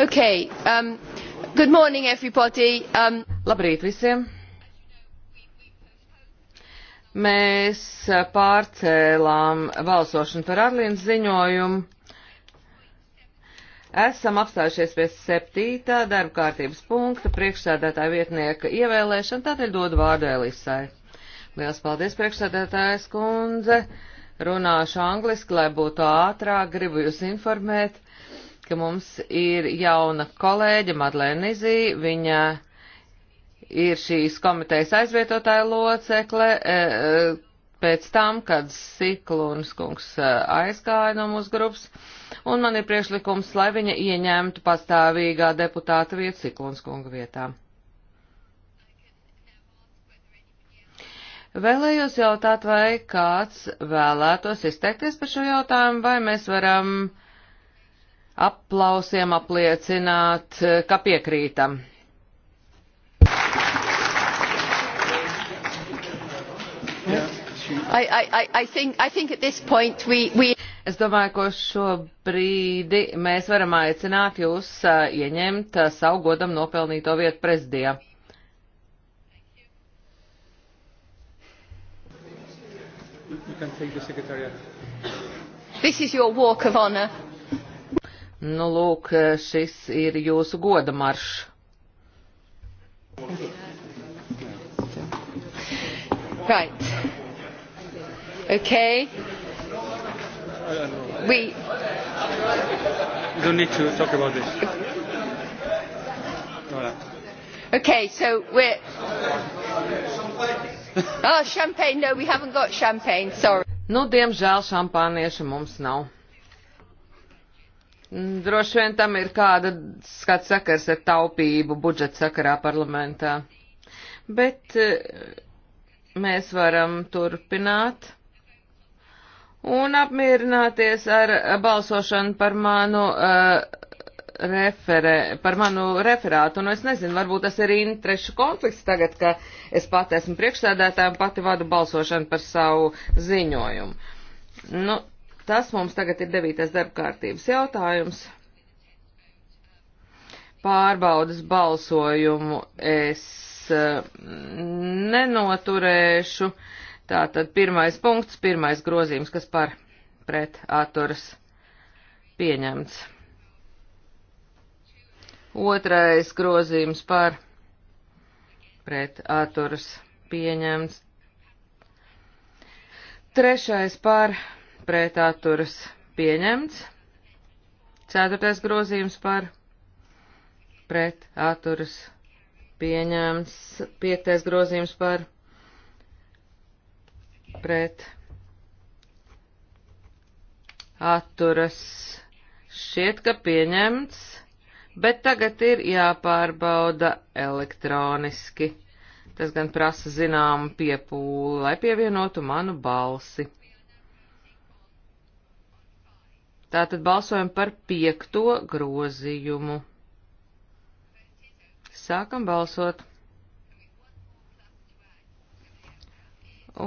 Okay, um, good morning everybody. Um... Labrīt visiem. Mēs uh, pārcēlām balsošanu par Arlīnas ziņojumu. Esam apstājušies pie septītā darba kārtības punkta priekšsēdētāja vietnieka ievēlēšana, tādēļ dodu vārdu Elisai. Liels paldies, priekšsēdētājas kundze. Runāšu angliski, lai būtu ātrāk. Gribu jūs informēt, ka mums ir jauna kolēģe Madlēna Izī, viņa ir šīs komitejas aizvietotāja locekle. E, e, pēc tam, kad Siklūnas kungs e, aizgāja no mūsu grupas, un man ir priekšlikums, lai viņa ieņemtu pastāvīgā deputāta vietu Siklūnas kunga vietā. Vēlējos jautāt, vai kāds vēlētos izteikties par šo jautājumu, vai mēs varam uh, aplausiem apliecināt, eh, ka piekrītam. I, I, I think, I think we, we... Es domāju, ka šobrīd mēs varam aicināt jūs eh, ieņemt eh, savu godam nopelnīto vietu prezidijā. This is your walk of honor. Nu, lūk, e, šis ir jūsu goda maršs. Right. Okay. We don't need to talk about this. Voilà. Okay, so we're. Oh, champagne. No, we haven't got champagne. Sorry. Nu, diemžēl šampānieša mums nav. Droši vien tam ir kāda skats sakars ar taupību budžeta sakarā parlamentā. Bet eh, mēs varam turpināt un apmierināties ar balsošanu par manu, uh, refere, par manu referātu. Un es nezinu, varbūt tas ir interešu konflikts tagad, ka es pati esmu priekšsēdētāja un pati vadu balsošanu par savu ziņojumu. Nu, Tas mums tagad ir devītais darbkārtības jautājums. Pārbaudas balsojumu es mm, nenoturēšu. Tātad pirmais punkts, pirmais grozījums, kas par pret atturas pieņemts. Otrais grozījums par pret atturas pieņemts. Trešais par pret pretāturas pieņemts. Ceturtais grozījums par pretāturas pieņemts. Piektais grozījums par pretāturas šķiet, ka pieņemts, bet tagad ir jāpārbauda elektroniski. Tas gan prasa zināmu piepūli, lai pievienotu manu balsi. Tātad balsojam par piekto grozījumu. Sākam balsot.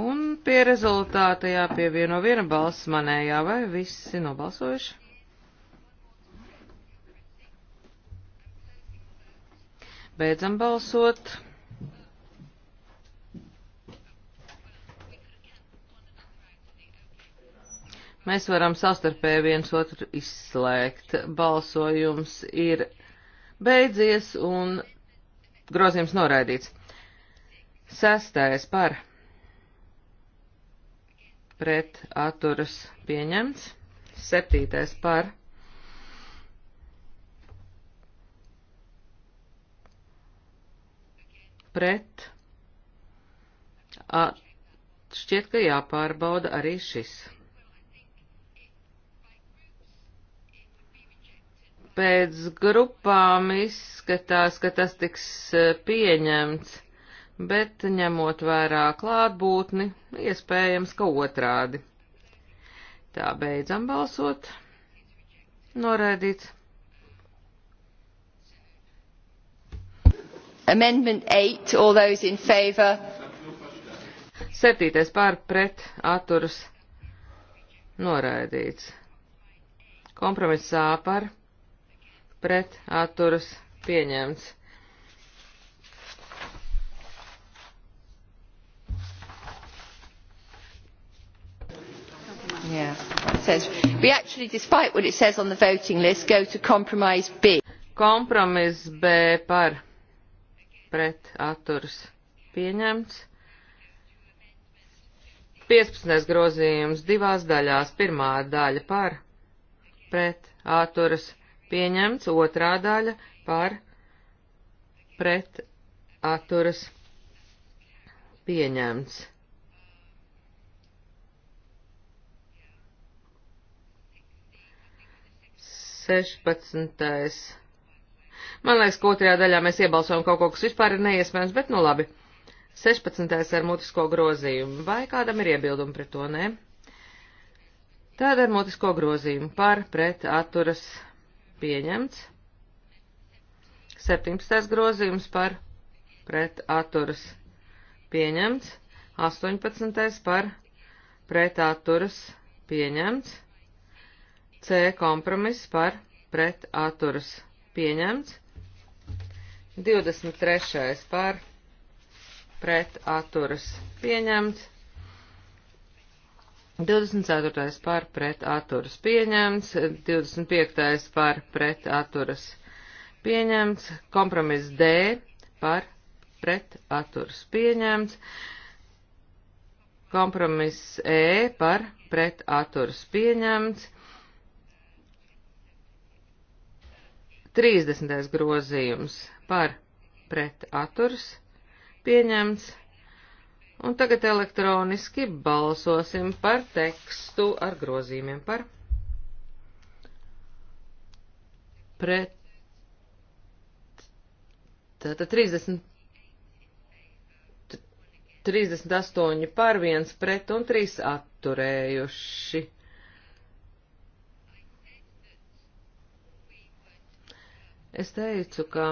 Un pie rezultāta jāpievieno viena balss manējā, vai visi nobalsojuši? Beidzam balsot. Mēs varam savstarpēji viens otru izslēgt. Balsojums ir beidzies un grozījums noraidīts. Sestais par pret atturas pieņemts. Septītais par pret. At, šķiet, ka jāpārbauda arī šis. pēc grupām izskatās, ka tas tiks eh, pieņemts, bet ņemot vērā klātbūtni, iespējams, ka otrādi. Tā beidzam balsot. Noraidīts. Amendment 8, all those in favor. Septītais pār pret atturas noraidīts. Kompromiss sāpar. par pret atturas pieņemts. Yeah. Says, we actually, despite what it says on the voting list, go to compromise B. Kompromiss B par pret atturs pieņemts. 15. grozījums divās daļās. Pirmā daļa par pret atturas pieņemts pieņemts otrā daļa par pret atturas pieņemts. Sešpadsmitais. Man liekas, ka otrajā daļā mēs iebalsojam kaut ko, kas vispār ir neiespējams, bet nu labi. 16. ar mutisko grozījumu. Vai kādam ir iebildumi pret to, nē? Tāda ar mutisko grozījumu par pret atturas pieņemts. 17. grozījums par pret atturas pieņemts. 18. par pret atturas pieņemts. C kompromiss par pret atturas pieņemts. 23. par pret atturas pieņemts. 24. par pret atturas pieņemts, 25. par pret atturas pieņemts, kompromiss D par pret atturas pieņemts, kompromiss E par pret atturas pieņemts, 30. grozījums par pret atturas pieņemts, Un tagad elektroniski balsosim par tekstu ar grozījumiem par pret. Tātad 30, 38 par 1 pret un 3 atturējuši. Es teicu, ka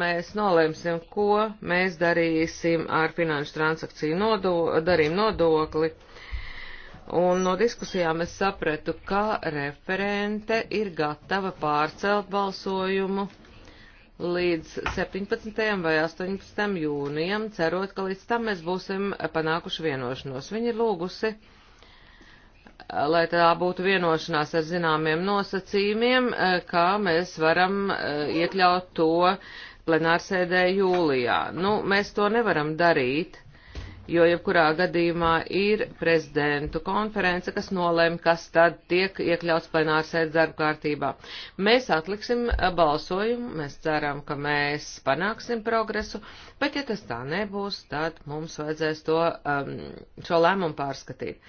mēs nolemsim, ko mēs darīsim ar finanšu transakciju nodo, darījumu nodokli. Un no diskusijām es sapratu, ka referente ir gatava pārcelt balsojumu līdz 17. vai 18. jūnijam, cerot, ka līdz tam mēs būsim panākuši vienošanos. Viņa ir lūgusi lai tā būtu vienošanās ar zināmiem nosacījumiem, eh, kā mēs varam eh, iekļaut to plenārsēdē jūlijā. Nu, mēs to nevaram darīt, jo jebkurā gadījumā ir prezidentu konference, kas nolēma, kas tad tiek iekļauts plenārsēdes darba kārtībā. Mēs atliksim balsojumu, mēs ceram, ka mēs panāksim progresu, bet ja tas tā nebūs, tad mums vajadzēs to, um, šo lēmumu pārskatīt.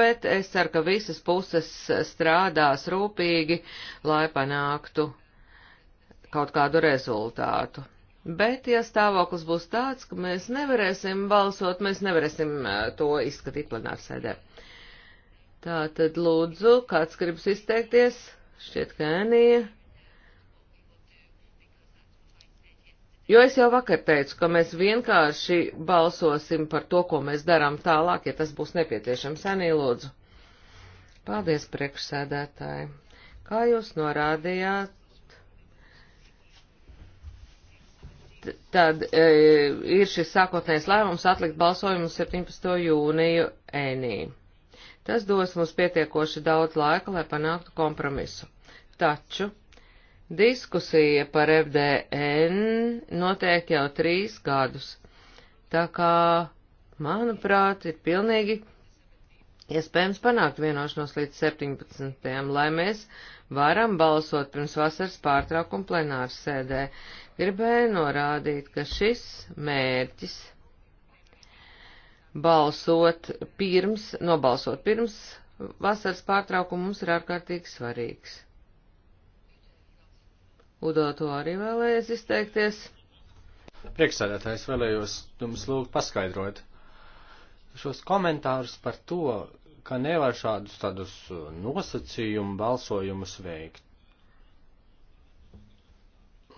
Bet es ceru, ka visas puses strādās rūpīgi, lai panāktu kaut kādu rezultātu. Bet, ja stāvoklis būs tāds, ka mēs nevarēsim balsot, mēs nevarēsim to izskatīt plenārsēdē. Tā tad lūdzu, kāds gribas izteikties? Šķiet, ka Enija. Jo es jau vakar teicu, ka mēs vienkārši balsosim par to, ko mēs darām tālāk, ja tas būs nepieciešams. Enija, lūdzu. Paldies, priekšsēdētāji. Kā jūs norādījāt, tad e, ir šis sākotnējs lēmums atlikt balsojumu 17. jūniju ēnī. Tas dos mums pietiekoši daudz laika, lai panāktu kompromisu. Taču diskusija par FDN notiek jau trīs gadus, tā kā, manuprāt, ir pilnīgi iespējams panākt vienošanos līdz 17. lai mēs varam balsot pirms vasaras pārtraukuma plenāras sēdē, Gribēju norādīt, ka šis mērķis balsot pirms, nobalsot pirms vasaras pārtraukuma mums ir ārkārtīgi svarīgs. Udo to arī vēlējies izteikties. Priekšsēdētājs vēlējos jums lūgt paskaidrot šos komentārus par to, ka nevar šādus tādus nosacījumu balsojumus veikt.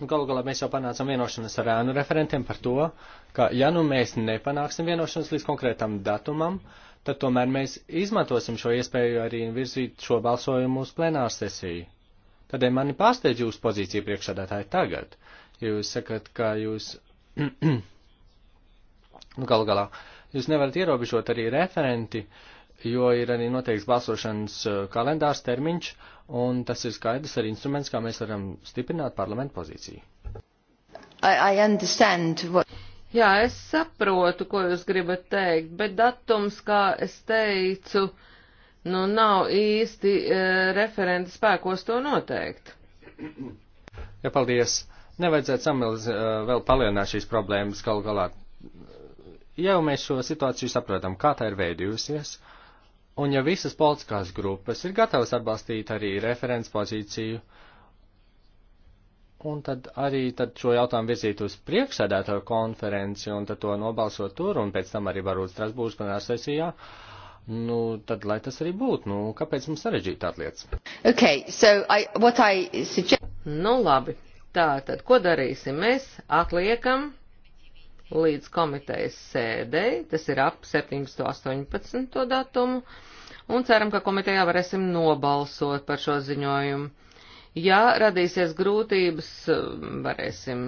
Galu galā mēs jau panācām vienošanos ar ēnu referentiem par to, ka ja nu mēs nepanāksim vienošanos līdz konkrētam datumam, tad tomēr mēs izmantosim šo iespēju arī virzīt šo balsojumu uz plenāru sesiju. Tādēļ mani pārsteidz jūsu pozīcija priekšsādātāji tagad, ja jūs sakat, ka jūs. nu, galu galā, jūs nevarat ierobežot arī referenti. Uh, jo ir arī noteikts balsošanas uh, kalendārs termiņš, un tas ir skaidrs arī instruments, kā mēs varam stiprināt parlamentu pozīciju. I, I understand what... Jā, es saprotu, ko jūs gribat teikt, bet datums, kā es teicu, nu nav īsti e, referenta spēkos to noteikt. Jā, paldies. Nevajadzētu samilz e, vēl palielināt šīs problēmas galu galā. Jau mēs šo situāciju saprotam, kā tā ir veidījusies, Un ja visas politiskās grupas ir gatavas atbalstīt arī referents pozīciju, un tad arī tad šo jautājumu virzīt uz priekšsēdētāju konferenci, un tad to nobalsot tur, un pēc tam arī varbūt Strasbūras plenārsesijā, nu, tad lai tas arī būtu, nu, kāpēc mums sarežģīt tādas lietas? Okay, so I, what I suggest... Nu, labi. Tā tad, ko darīsim? Mēs atliekam līdz komitejas sēdei, tas ir ap 17.18. datumu un ceram, ka komitejā varēsim nobalsot par šo ziņojumu. Ja radīsies grūtības, varēsim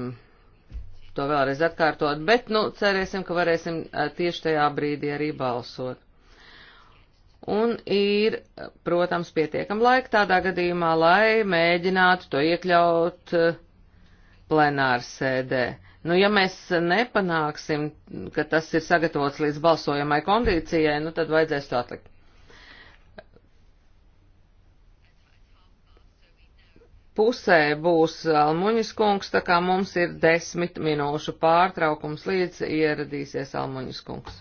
to vēlreiz atkārtot, bet, nu, cerēsim, ka varēsim eh, tieši tajā brīdī arī balsot. Un ir, protams, pietiekam laika tādā gadījumā, lai mēģinātu to iekļaut eh, plenāru sēdē. Nu, ja mēs nepanāksim, ka tas ir sagatavots līdz balsojamai kondīcijai, nu, tad vajadzēs to atlikt. pusē būs Almuņas kungs, tā kā mums ir desmit minūšu pārtraukums līdz ieradīsies Almuņas kungs.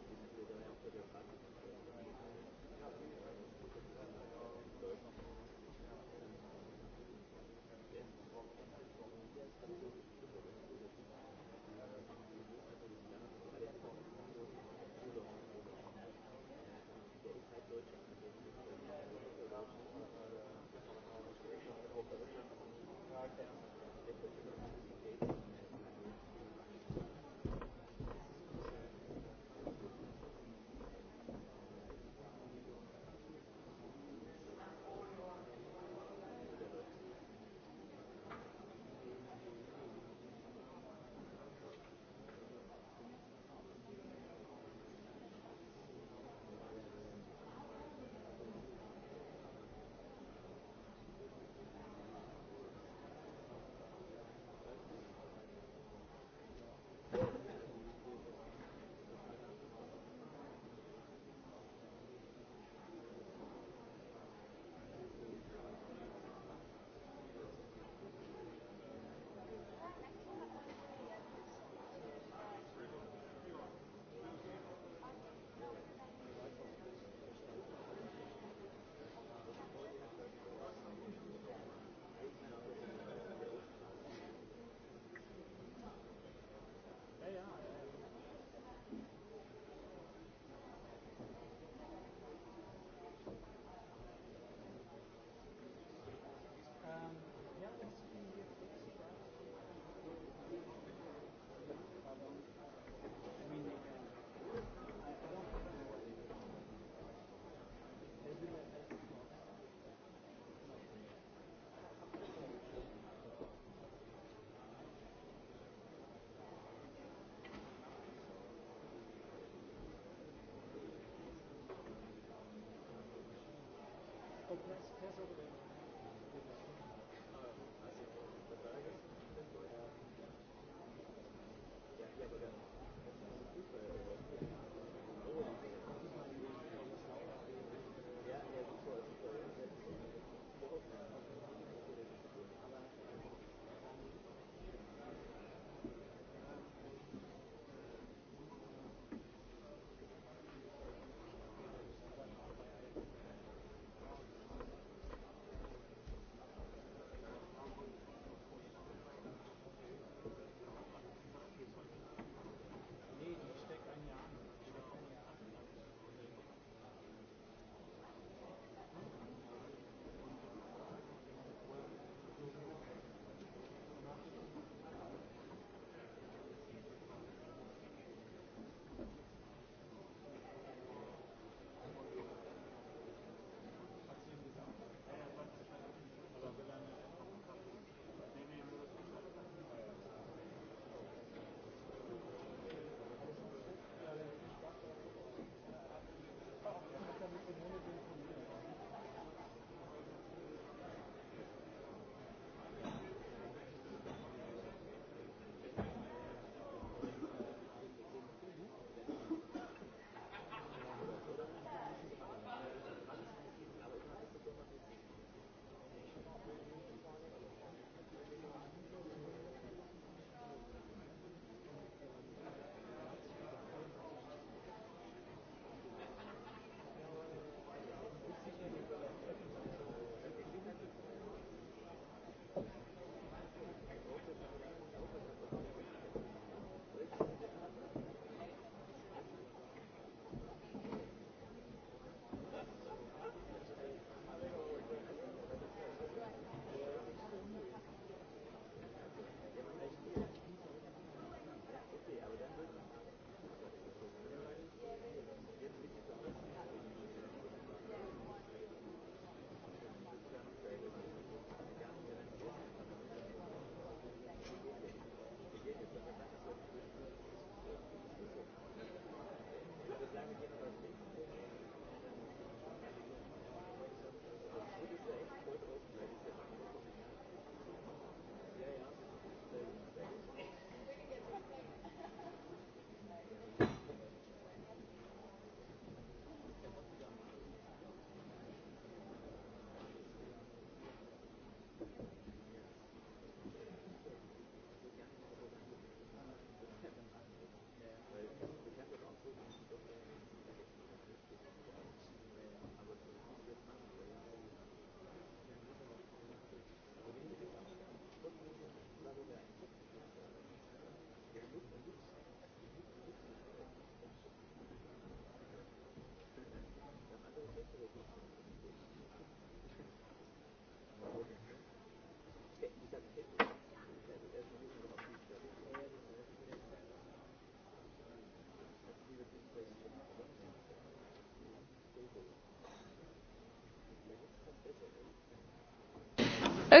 compromis, bien sûr, vous avez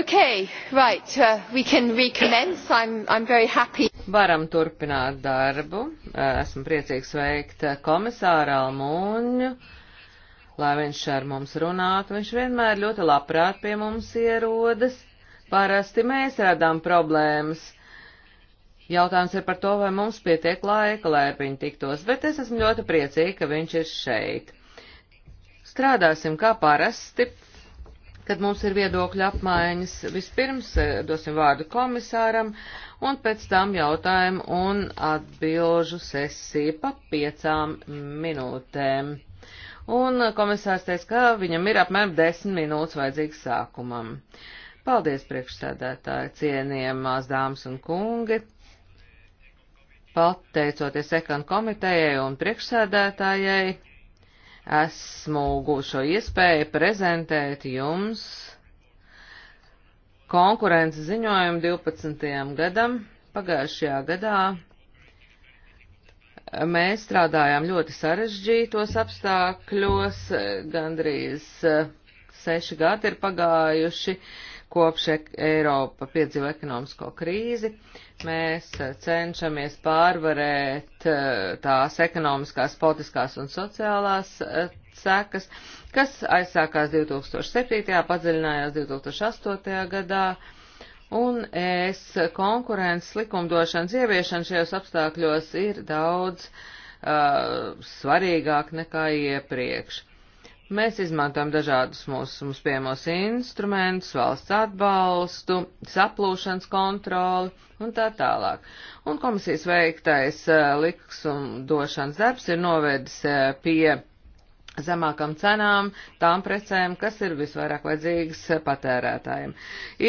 Okay, right, uh, we can recommence. I'm, I'm very happy. Varam turpināt darbu. Esmu priecīgs veikt komisāru Almūņu, lai viņš ar mums runātu. Viņš vienmēr ļoti labprāt pie mums ierodas. Parasti mēs redzam problēmas. Jautājums ir par to, vai mums pietiek laika, lai ar viņu tiktos, bet es esmu ļoti priecīgi, ka viņš ir šeit. Strādāsim kā parasti kad mums ir viedokļa apmaiņas. Vispirms eh, dosim vārdu komisāram un pēc tam jautājumu un atbilžu sesiju pa piecām minūtēm. Un komisārs teica, ka viņam ir apmēram desmit minūtes vajadzīgs sākumam. Paldies, priekšsēdētāji, cienījamās dāmas un kungi. Pateicoties ekan komitejai un priekšsēdētājai esmu guvušo iespēju prezentēt jums konkurences ziņojumu 12. gadam. Pagājušajā gadā mēs strādājām ļoti sarežģītos apstākļos, gandrīz eh, seši gadi ir pagājuši kopš Eiropa piedzīvo ekonomisko krīzi. Mēs cenšamies pārvarēt eh, tās ekonomiskās, politiskās un sociālās eh, sekas, kas aizsākās 2007. padziļinājās 2008. gadā, un es konkurences likumdošanas ieviešana šajos apstākļos ir daudz uh, svarīgāk nekā iepriekš. Mēs izmantojam dažādus mūsu mums piemos instrumentus, valsts atbalstu, saplūšanas kontroli un tā tālāk. Un komisijas veiktais e, likumdošanas darbs ir novedis e, pie zemākām cenām, tām precēm, kas ir visvairāk vajadzīgas patērētājiem.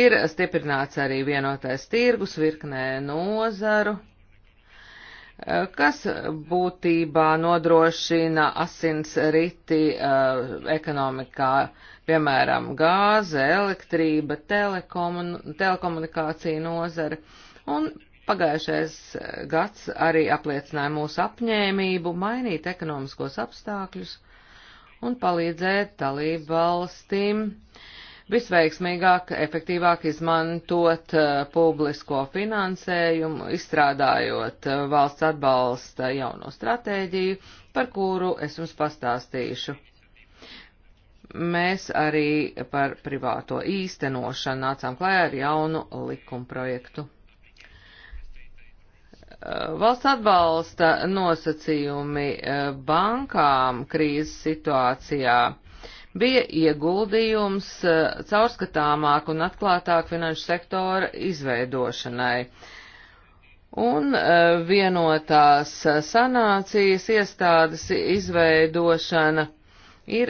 Ir stiprināts arī vienotais tirgus virknē nozaru, kas būtībā nodrošina asins riti uh, eh, ekonomikā, piemēram, gāze, elektrība, telekomun telekomunikācija nozara. Un pagājušais gads arī apliecināja mūsu apņēmību mainīt ekonomiskos apstākļus un palīdzēt dalību valstīm uh, visveiksmīgāk, efektīvāk izmantot uh, publisko finansējumu, izstrādājot uh, valsts atbalsta jauno stratēģiju, par kuru es jums pastāstīšu. Mēs arī par privāto īstenošanu nācām klājā ar jaunu likumprojektu. Uh, valsts atbalsta nosacījumi bankām krīzes situācijā bija ieguldījums eh, caurskatāmāk un atklātāk finanšu sektora izveidošanai. Un eh, vienotās eh, sanācijas iestādes izveidošana ir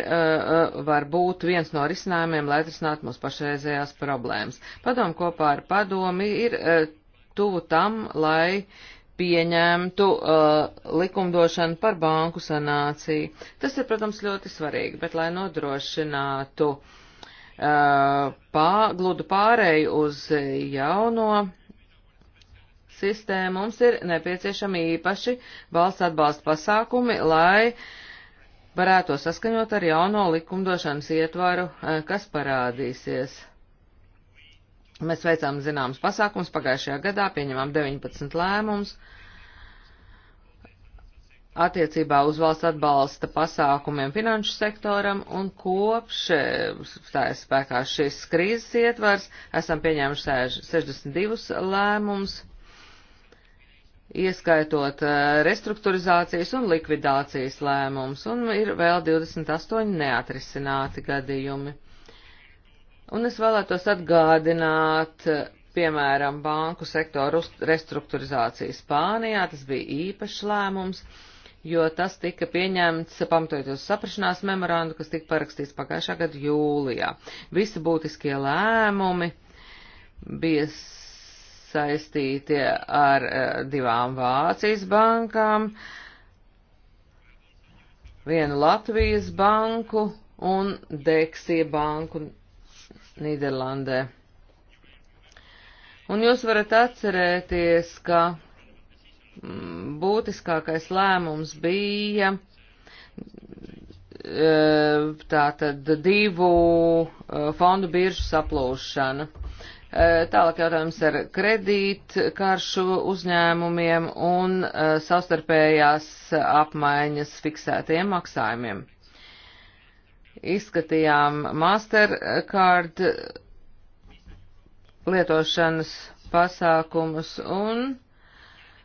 varbūt viens no risinājumiem, lai atrisinātu mūsu pašreizējās problēmas. Padomu kopā ar padomi ir tuvu tam, lai uh, pieņemtu uh, likumdošanu par banku sanāciju. Tas ir, protams, ļoti svarīgi, bet lai nodrošinātu uh, pā, gludu pārēju uz jauno sistēmu, mums ir nepieciešami īpaši valsts atbalsta pasākumi, lai varētu to saskaņot ar jauno likumdošanas ietvaru, uh, kas parādīsies. Mēs veicām zināmas pasākums pagājušajā gadā, pieņemām 19 lēmumus attiecībā uz valsts atbalsta pasākumiem finanšu sektoram un kopš stājas e, spēkā šis krīzes ietvars esam pieņēmuši 62 lēmumus, ieskaitot e, restruktūrizācijas un likvidācijas lēmumus, un ir vēl 28 neatrisināti gadījumi. Un es vēlētos atgādināt, piemēram, banku sektoru restruktūrizāciju Spānijā. Tas bija īpašs lēmums, jo tas tika pieņemts pamatojoties saprašanās memorandu, kas tika parakstīts pagājušā gada jūlijā. Visi būtiskie lēmumi bija saistīti ar uh, divām Vācijas bankām, vienu Latvijas banku un Deksija banku Nīderlandē. Un jūs varat atcerēties, ka mm, būtiskākais lēmums bija e, tātad divu e, fondu biržu saplūšana. E, tālāk jautājums ar kredītkaršu uzņēmumiem un savstarpējās apmaiņas fiksētiem maksājumiem izskatījām Mastercard lietošanas pasākumus un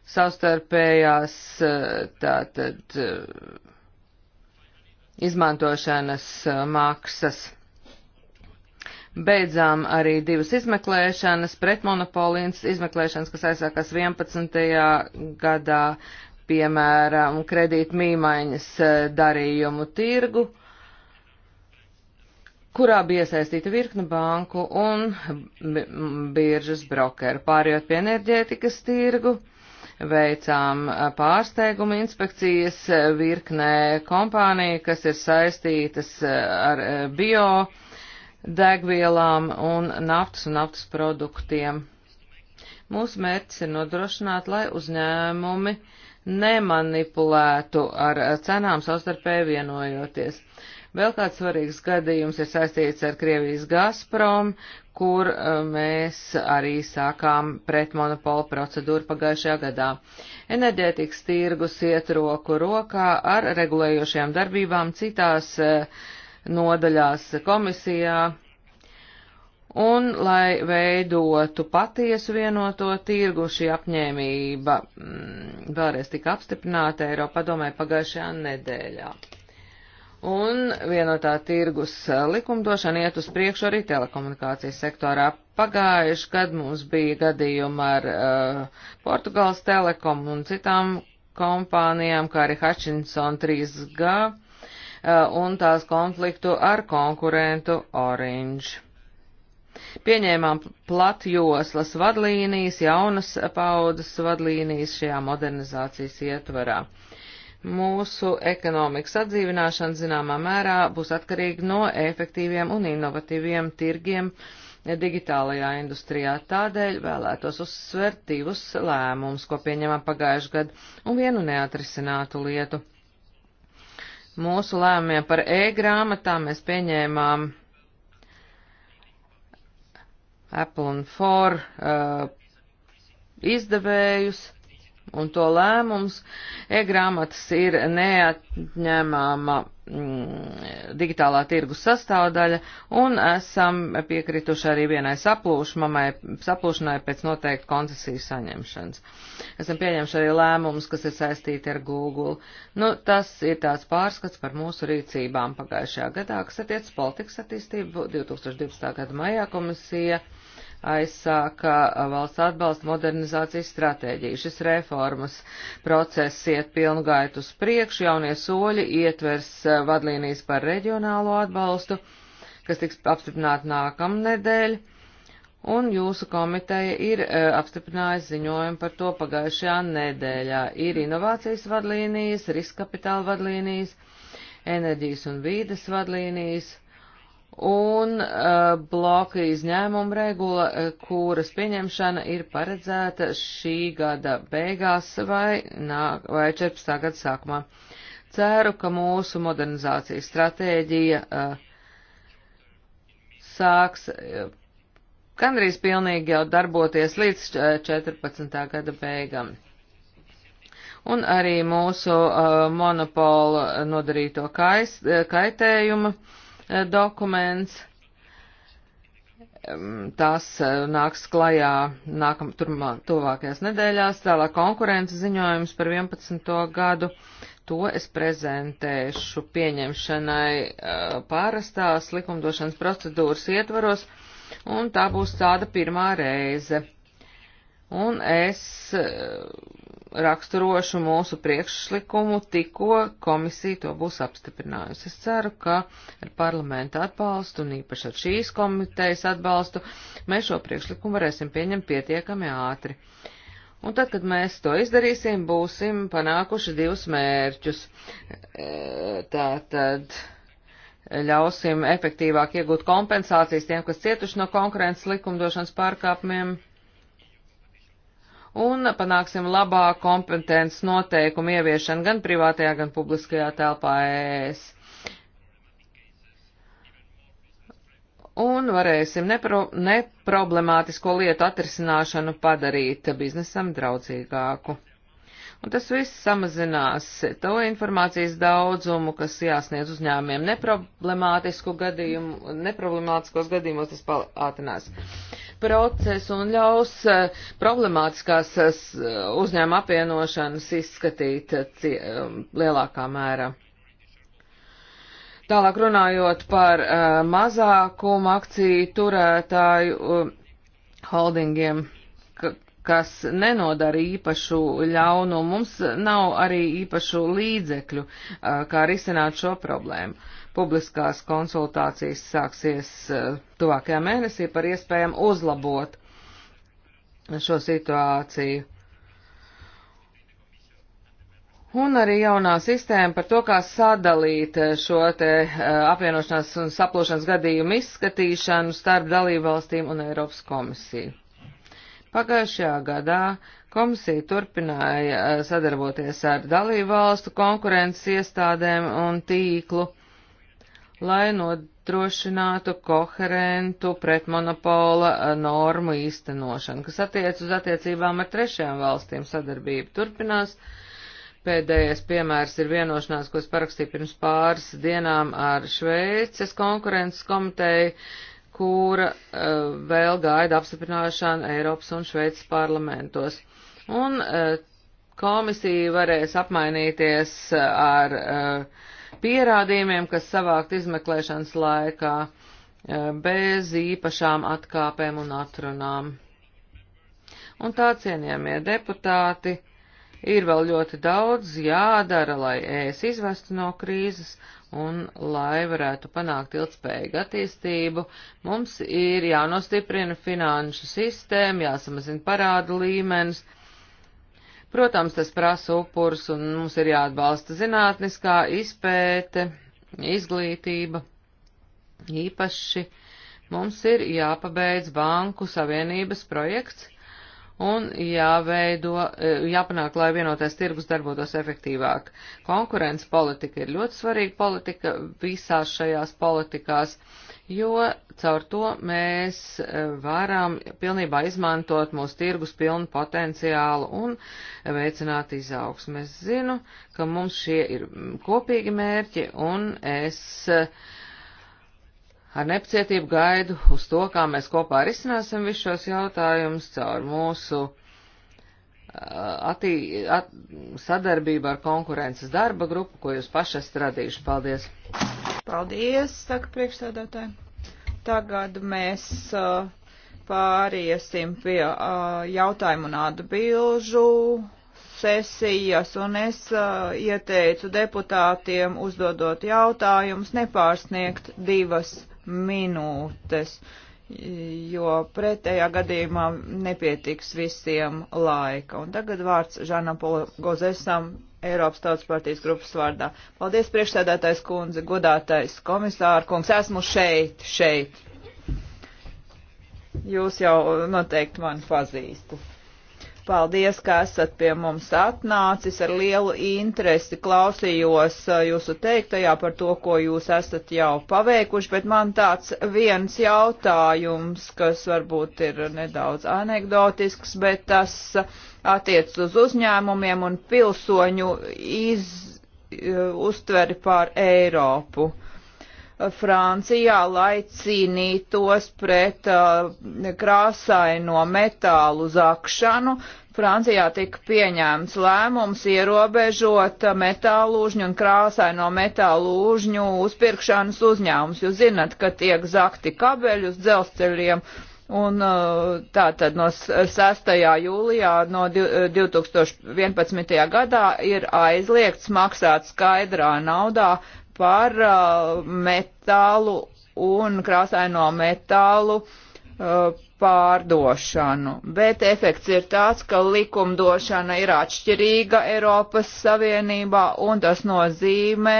savstarpējās eh, tātad eh, izmantošanas eh, maksas. Beidzām arī divas izmeklēšanas, pretmonopolijas izmeklēšanas, kas aizsākās 11. gadā, piemēram, kredīt mīmaiņas darījumu tirgu kurā bija iesaistīta virkne banku un biržas brokeru. Pārējot pie enerģētikas tirgu, veicām pārsteiguma inspekcijas virknē kompāniju, kas ir saistītas ar bio degvielām un naftas un naftas produktiem. Mūsu mērķis ir nodrošināt, lai uzņēmumi nemanipulētu ar cenām savstarpēji vienojoties. Uh, Vēl kāds svarīgs gadījums ir saistīts ar Krievijas Gazprom, kur eh, mēs arī sākām pretmonopola procedūru pagājušajā gadā. Enerģētikas tirgus iet roku rokā ar regulējošajām darbībām citās eh, nodaļās komisijā. Un, lai veidotu patiesu vienoto tirgu, šī apņēmība mm, vēlreiz tika apstiprināta Eiropadomē pagājušajā nedēļā. Un vienotā tirgus likumdošana iet uz priekšu arī telekomunikācijas sektorā. Pagājuši, kad mums bija gadījumi ar uh, Portugāles Telekom un citām kompānijām, kā arī Hutchinson 3G uh, un tās konfliktu ar konkurentu Orange. Pieņēmām platjoslas vadlīnijas, jaunas paudzes vadlīnijas šajā modernizācijas ietvarā. Uh, Mūsu ekonomikas atdzīvināšana zināmā mērā būs atkarīga no efektīviem un inovatīviem tirgiem digitālajā industrijā. Tādēļ vēlētos uzsvert divus lēmumus, ko pieņemam pagājušajā gadu, un vienu neatrisinātu lietu. Mūsu lēmumiem par e-grāmatām mēs pieņēmām Apple un Ford uh, izdevējus un to lēmums. E-grāmatas ir neatņemama mm, digitālā tirgus sastāvdaļa, un esam piekrituši arī vienai saplūšanai pēc noteikta koncesijas saņemšanas. Esam pieņemši arī lēmumus, kas ir saistīti ar Google. Nu, tas ir tāds pārskats par mūsu rīcībām pagājušajā gadā, kas attiec politikas attīstību 2012. gada maijā komisija aizsāka valsts atbalsta modernizācijas stratēģiju. Šis reformas process iet pilnu gaitu uz priekšu, jaunie soļi ietvers vadlīnijas par reģionālo atbalstu, kas tiks apstiprināti nākamnedēļ. Un jūsu komiteja ir e, apstiprinājusi ziņojumu par to pagājušajā nedēļā. Ir inovācijas vadlīnijas, riska kapitāla vadlīnijas, enerģijas un vīdes vadlīnijas, un uh, bloka izņēmuma regula, eh, kuras pieņemšana ir paredzēta šī gada beigās vai, nā, vai 14. gada sākumā. Ceru, ka mūsu modernizācijas stratēģija uh, sāks uh, gandrīz pilnīgi jau darboties līdz 14. gada beigam. Un arī mūsu uh, monopolu nodarīto kais, kaitējumu uh, Eh, dokuments. Tās eh, nāks klajā nākam, turmā, tuvākajās nedēļās, tālāk konkurences ziņojums par 11. gadu. To es prezentēšu pieņemšanai eh, pārastās likumdošanas procedūras ietvaros, un tā būs tāda pirmā reize. Un es raksturošu mūsu priekšlikumu, tikko komisija to būs apstiprinājusi. Es ceru, ka ar parlamentu atbalstu un īpaši ar šīs komitejas atbalstu mēs šo priekšlikumu varēsim pieņemt pietiekami ātri. Un tad, kad mēs to izdarīsim, būsim panākuši divus mērķus. E, tā tad ļausim efektīvāk iegūt kompensācijas tiem, kas cietuši no konkurences likumdošanas pārkāpumiem un panāksim labāku kompetences noteikumu ieviešanu gan privātajā, gan publiskajā telpā ES. Un varēsim nepro, neproblemātisko lietu atrisināšanu padarīt biznesam draudzīgāku. Un tas viss samazinās to informācijas daudzumu, kas jāsniedz uzņēmumiem neproblemātisku gadījumu, neproblemātiskos gadījumos tas paātrinās. Uh, procesu un ļaus eh, problemātiskās eh, uzņēma apvienošanas izskatīt eh, lielākā mērā. Tālāk runājot par mazākumu akciju turētāju holdingiem, kas nenodara īpašu ļaunumu, mums nav arī īpašu līdzekļu, kā risināt šo problēmu. Publiskās konsultācijas sāksies eh, tuvākajā mēnesī par iespējām uzlabot šo situāciju. Un arī jaunā sistēma par to, kā sadalīt eh, šo te eh, apvienošanās un saplūšanas gadījumu izskatīšanu starp dalībvalstīm un Eiropas komisiju. Pagājušajā gadā komisija turpināja sadarboties ar dalībvalstu konkurences iestādēm un tīklu lai nodrošinātu koherentu pretmonopola eh, normu īstenošanu, kas attiec uz attiecībām ar trešajām valstīm sadarbību turpinās. Pēdējais piemērs ir vienošanās, ko es parakstīju pirms pāris dienām ar Šveices konkurences komiteju, kura uh, vēl gaida apstiprināšanu Eiropas un Šveices parlamentos. Un uh, komisija varēs apmainīties ar uh, pierādījumiem, kas savākt izmeklēšanas laikā e, bez īpašām atkāpēm un atrunām. Un tā cienījamie deputāti, ir vēl ļoti daudz jādara, lai ēs izvestu no krīzes un lai varētu panākt ilgspējīgu attīstību. Mums ir jānostiprina finanšu sistēma, jāsamazina parādu līmenis Protams, tas prasa upurs un mums ir jāatbalsta zinātniskā izpēte, izglītība. Īpaši mums ir jāpabeidz Banku Savienības projekts, un jāveido, e, jāpanāk, lai vienotais tirgus darbotos efektīvāk. Konkurences politika ir ļoti svarīga politika visās šajās politikās, jo caur to mēs e, varam pilnībā izmantot mūsu tirgus pilnu potenciālu un veicināt izaugsmu. Es zinu, ka mums šie ir kopīgi mērķi un es uh, ar nepacietību gaidu uz to, kā mēs kopā risināsim visus šos jautājumus caur mūsu uh, attī, at, sadarbību ar konkurences darba grupu, ko jūs paši esat radījuši. Paldies! Paldies, saka priekšstādātāji. Tagad mēs uh, pāriesim pie uh, jautājumu un atbilžu sesijas, un es uh, ieteicu deputātiem uzdodot jautājumus nepārsniegt divas minūtes, jo pretējā gadījumā nepietiks visiem laika. Un tagad vārds Žanam Polgozesam Eiropas Tautas partijas grupas vārdā. Paldies, priekšsēdētājs kundze, godātais komisāra kungs, esmu šeit, šeit. Jūs jau noteikti mani pazīstat. Paldies, ka esat pie mums atnācis. Ar lielu interesi klausījos uh, jūsu teiktajā par to, ko jūs esat jau paveikuši, bet man tāds viens jautājums, kas varbūt ir nedaudz anegdotisks, bet tas uh, attiec uz uzņēmumiem un pilsoņu iz, uh, uztveri pār Eiropu. Uh, Francijā, lai cīnītos pret uh, krāsaino metālu zakšanu. Francijā tika pieņēmts lēmums ierobežot metālūžņu un krāsaino metālūžņu uzpirkšanas uzņēmums. Jūs zinat, ka tiek zakti kabeļi uz dzelzceļiem. Un uh, tā tad no 6. jūlijā no 2011. Uh, gadā ir aizliegts maksāt skaidrā naudā par uh, metālu un krāsaino metālu uh, pārdošanu. Bet efekts ir tāds, ka likumdošana ir atšķirīga Eiropas Savienībā, un tas nozīmē,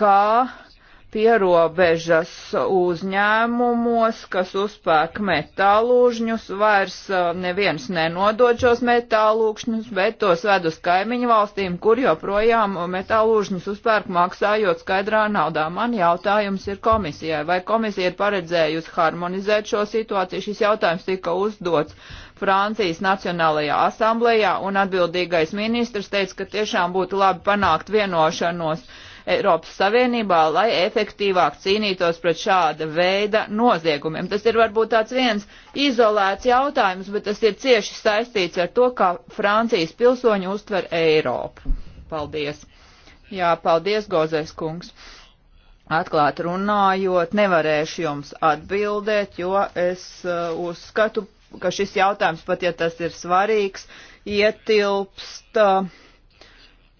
ka pierobežas uzņēmumos, kas uzpērk metālūžņus, vairs uh, neviens nenodod šos metālūžņus, bet tos ved uz kaimiņu valstīm, kur joprojām metālūžņus uzpērk maksājot skaidrā naudā. Man jautājums ir komisijai, vai komisija ir paredzējusi harmonizēt šo situāciju? Šis jautājums tika uzdots. Francijas Nacionālajā asamblējā un atbildīgais ministrs teica, ka tiešām būtu labi panākt vienošanos uh, Eiropas Savienībā, lai efektīvāk cīnītos pret šāda veida noziegumiem. Tas ir varbūt tāds viens izolēts jautājums, bet tas ir cieši saistīts ar to, kā Francijas pilsoņi uztver Eiropu. Paldies. Jā, paldies, Gozais kungs. Atklāt runājot, nevarēšu jums atbildēt, jo es uh, uzskatu, ka šis jautājums, pat ja tas ir svarīgs, ietilpst. Uh,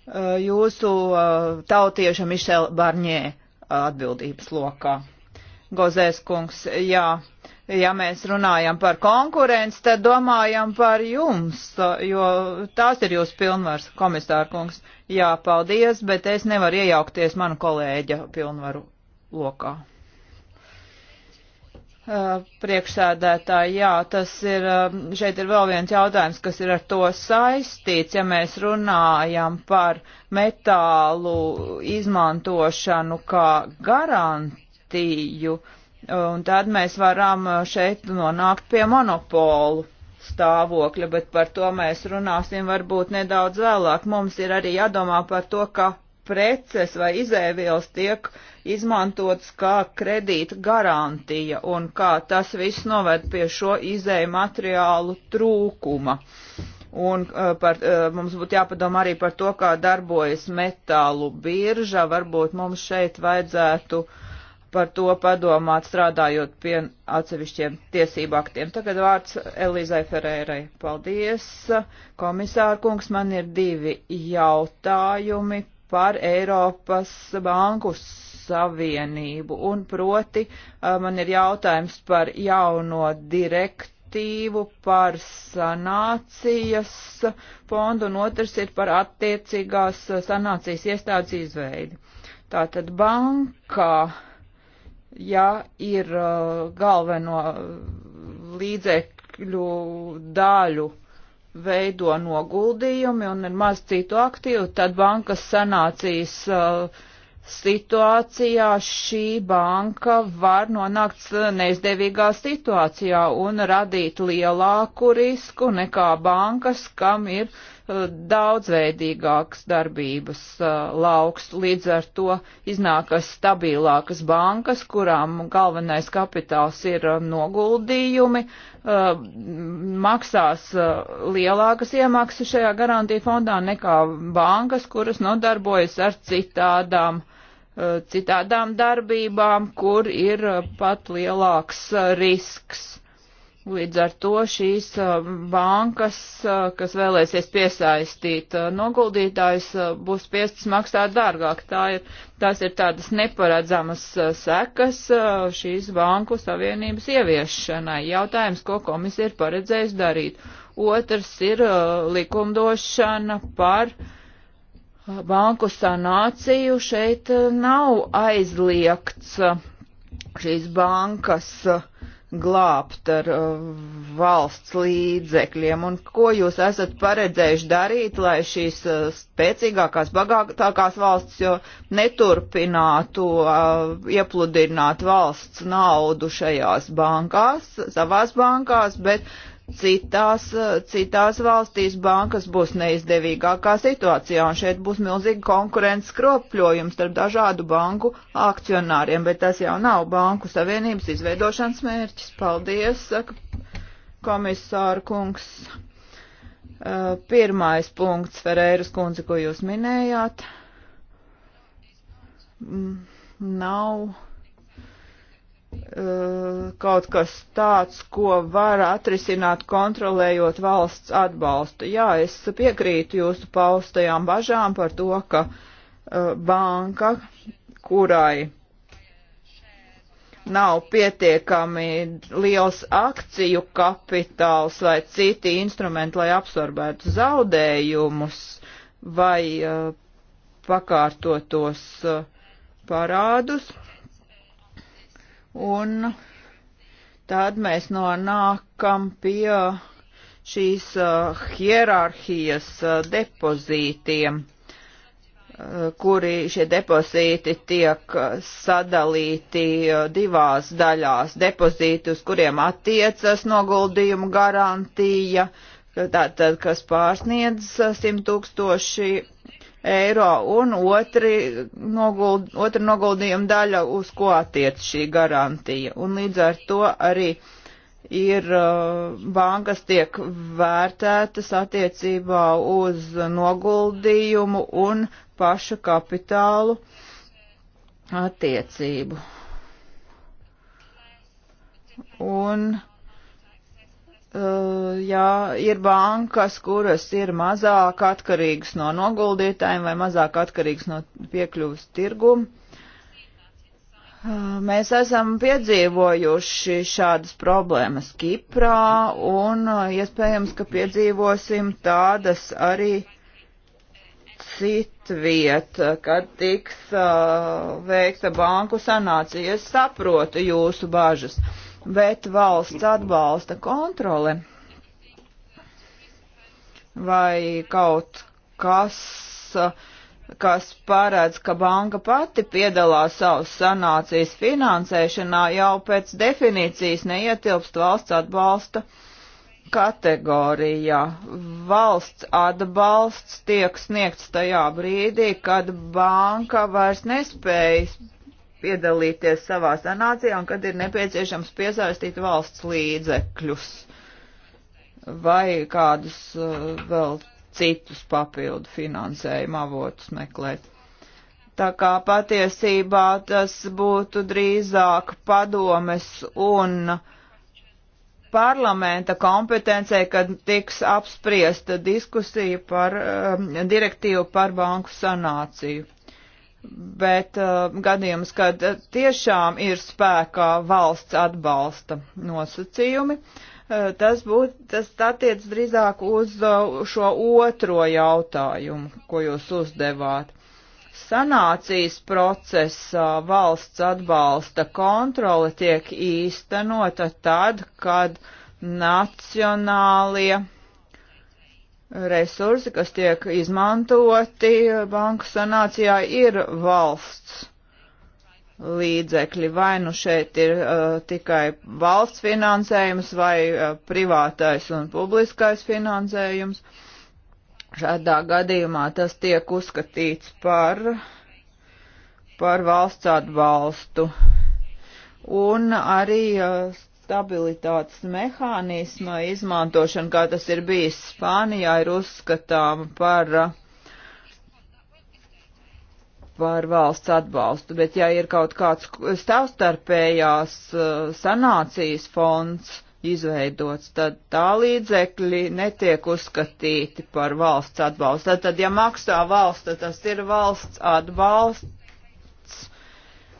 Eh, jūsu eh, tautieša Mišela Barņē eh, atbildības lokā. Gozēs kungs, jā, ja mēs runājam par konkurenci, tad domājam par jums, jo tās ir jūsu pilnvars, komisāra kungs. Jā, paldies, bet es nevaru iejaukties manu kolēģa pilnvaru lokā. Eh, priekšsēdētāji, jā, tas ir, eh, šeit ir vēl viens jautājums, kas ir ar to saistīts, ja mēs runājam par metālu izmantošanu kā garantiju, eh, un tad mēs varam šeit nonākt pie monopolu stāvokļa, bet par to mēs runāsim varbūt nedaudz vēlāk. Mums ir arī jādomā par to, ka preces vai izēvielas tiek izmantotas kā kredīta garantija un kā tas viss noved pie šo izēju materiālu trūkuma. Un uh, par, uh, mums būtu jāpadomā arī par to, kā darbojas metālu birža. Varbūt mums šeit vajadzētu par to padomāt, strādājot pie atsevišķiem tiesību aktiem. Tagad vārds Elīzai Ferērai. Paldies, komisāra kungs. Man ir divi jautājumi par Eiropas banku savienību. Un proti man ir jautājums par jauno direktīvu, par sanācijas fondu un otrs ir par attiecīgās sanācijas iestādes izveidi. Tātad bankā, ja ir galveno līdzekļu daļu, veido noguldījumi un ir maz citu aktīvu, tad bankas sanācijas uh, situācijā šī banka var nonākt uh, neizdevīgā situācijā un radīt lielāku risku nekā bankas, kam ir uh, Uh, daudzveidīgāks darbības uh, lauks, līdz ar to iznākas stabilākas bankas, kurām galvenais kapitāls ir uh, noguldījumi, maksās lielākas iemaksas šajā garantija fondā nekā bankas, kuras nodarbojas ar citādām citādām darbībām, kur ir pat lielāks risks Līdz ar to šīs uh, bankas, uh, kas vēlēsies piesaistīt uh, noguldītājus, būs spiestas maksāt dārgāk. Tā ir, tās ir tādas neparedzamas sekas šīs banku savienības ieviešanai. Jautājums, ko komisija ir paredzējusi darīt. Otrs ir likumdošana par banku sanāciju. Šeit nav aizliegts šīs bankas glābt ar uh, valsts līdzekļiem un ko jūs esat paredzējuši darīt, lai šīs uh, spēcīgākās, bagātākās valsts jo neturpinātu uh, iepludināt valsts naudu šajās bankās, savās bankās, bet Citās, citās valstīs bankas būs neizdevīgākā situācijā, un šeit būs milzīga konkurences kropļojums starp dažādu banku akcionāriem, bet tas jau nav banku savienības izveidošanas mērķis. Paldies, saka komisāra kungs. Uh, pirmais punkts, Ferēras kundze, ko jūs minējāt, mm, nav Eh, kaut kas tāds, ko var atrisināt kontrolējot valsts atbalstu. Jā, es piekrītu jūsu paustajām bažām par to, ka eh, banka, kurai nav pietiekami liels akciju kapitāls vai citi instrumenti, lai absorbētu zaudējumus vai eh, pakārtotos parādus, un tad mēs nonākam pie šīs uh, hierarhijas uh, depozītiem, uh, kuri šie depozīti tiek uh, sadalīti uh, divās daļās. Depozīti, uz kuriem attiecas noguldījumu garantija, tātad, kas pārsniedz 100 uh, tūkstoši eiro, un otri noguld, otra noguldījuma daļa, uz ko attiec šī garantija. Un līdz ar to arī ir uh, bankas tiek vērtētas attiecībā uz noguldījumu un paša kapitālu attiecību. Un uh, Uh, jā, ir bankas, kuras ir mazāk atkarīgas no noguldītājiem vai mazāk atkarīgas no piekļuvas tirgumu. Uh, eh, mēs esam piedzīvojuši šādas problēmas Kiprā un uh, iespējams, ka piedzīvosim tādas arī citviet, kad tiks veikta banku sanācija. Es saprotu jūsu bažas. Uh, bet valsts atbalsta kontrole vai kaut kas, kas paredz, ka banka pati piedalās savas sanācijas finansēšanā, jau pēc definīcijas neietilpst valsts atbalsta kategorijā. Valsts atbalsts tiek sniegts tajā brīdī, kad banka vairs nespējas piedalīties savā sanācijā un kad ir nepieciešams piesaistīt valsts līdzekļus vai kādus uh, vēl citus papildu finansējumu avotus meklēt. Tā kā patiesībā tas būtu drīzāk padomes un parlamenta kompetencē, kad tiks apspriesta diskusija par um, direktīvu par banku sanāciju bet uh, gadījums, kad uh, tiešām ir spēkā valsts atbalsta nosacījumi, uh, tas būtu, tas attiec drīzāk uz uh, šo otro jautājumu, ko jūs uzdevāt. Sanācijas procesā valsts atbalsta kontrole tiek īstenota tad, kad nacionālie resursi, kas tiek izmantoti banku sanācijā, ir valsts līdzekļi. Vai nu šeit ir uh, tikai valsts finansējums vai uh, privātais un publiskais finansējums. Šādā gadījumā tas tiek uzskatīts par, par valsts atbalstu. Un arī uh, stabilitātes mehānisma izmantošana, kā tas ir bijis Spānijā, ir uzskatām par, par valsts atbalstu. Bet ja ir kaut kāds savstarpējās eh, sanācijas fonds izveidots, tad tā līdzekļi netiek uzskatīti par valsts atbalstu. Tad, tad ja maksā valsts, tad tas ir valsts atbalsts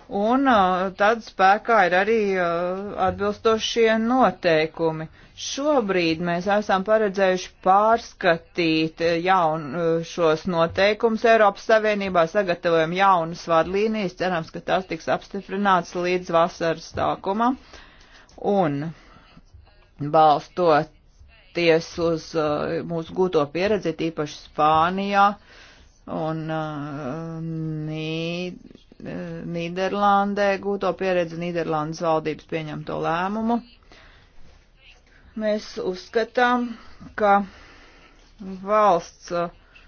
un uh, tad spēkā ir arī uh, atbilstošie noteikumi. Šobrīd mēs esam paredzējuši pārskatīt uh, jaun, šos noteikumus Eiropas Savienībā, sagatavojam jaunas vadlīnijas, cerams, ka tās tiks apstiprināts līdz vasaras sākumam. Un balstoties uz mūsu gūto pieredzi, tīpaši Spānijā un uh, Nīderlandē, Nīderlandē, gūto pieredzi Nīderlandes valdības pieņemto lēmumu. Mēs uzskatām, ka valsts uh,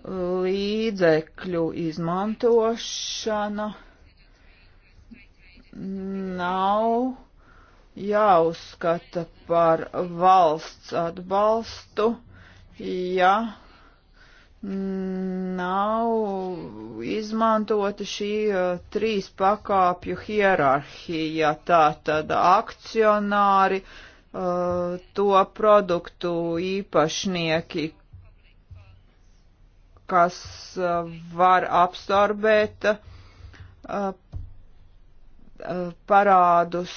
līdzekļu izmantošana nav jāuzskata par valsts atbalstu, ja nav izmantota šī uh, trīs pakāpju hierarhija, tātad akcionāri, uh, to produktu īpašnieki, kas uh, var absorbēt parādus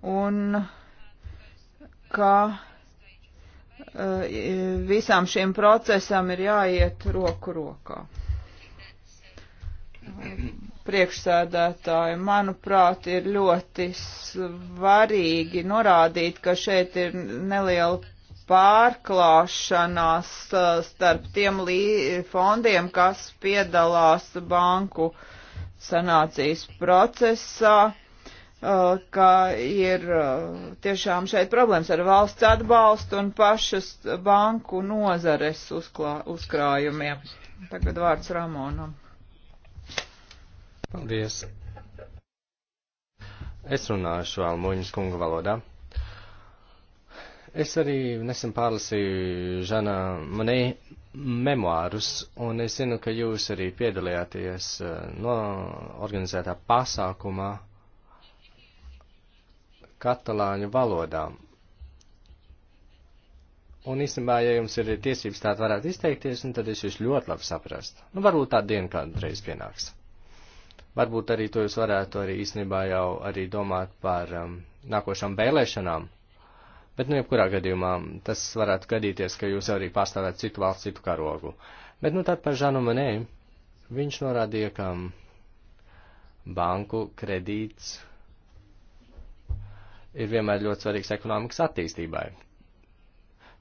un ka Eh, visām šiem procesam ir jāiet roku rokā. Priekšsēdētāji, manuprāt, ir ļoti svarīgi norādīt, ka šeit ir neliela pārklāšanās eh, starp tiem fondiem, kas piedalās banku sanācijas procesā Uh, ka ir uh, tiešām šeit problēmas ar valsts atbalstu un pašas banku nozares uzklā, uzkrājumiem. Tagad vārds Ramonam. Paldies. Es runāšu Almoņas kunga valodā. Es arī nesen pārlasīju Žana Monei memoārus, un es zinu, ka jūs arī piedalījāties uh, no organizētā pasākumā uh, katalāņu valodām. Un īstenībā, ja jums ir tiesības tā varētu izteikties, tad es jūs ļoti labi saprastu. Nu, varbūt tā diena kādreiz pienāks. Varbūt arī to jūs varētu arī īstenībā jau arī domāt par um, nākošām vēlēšanām. Bet, nu, jebkurā gadījumā tas varētu gadīties, ka jūs arī pārstāvēt citu valstu, citu karogu. Bet, nu, tad par Žanu Manē, viņš norādīja, ka um, banku kredīts ir vienmēr ļoti svarīgs ekonomikas attīstībai.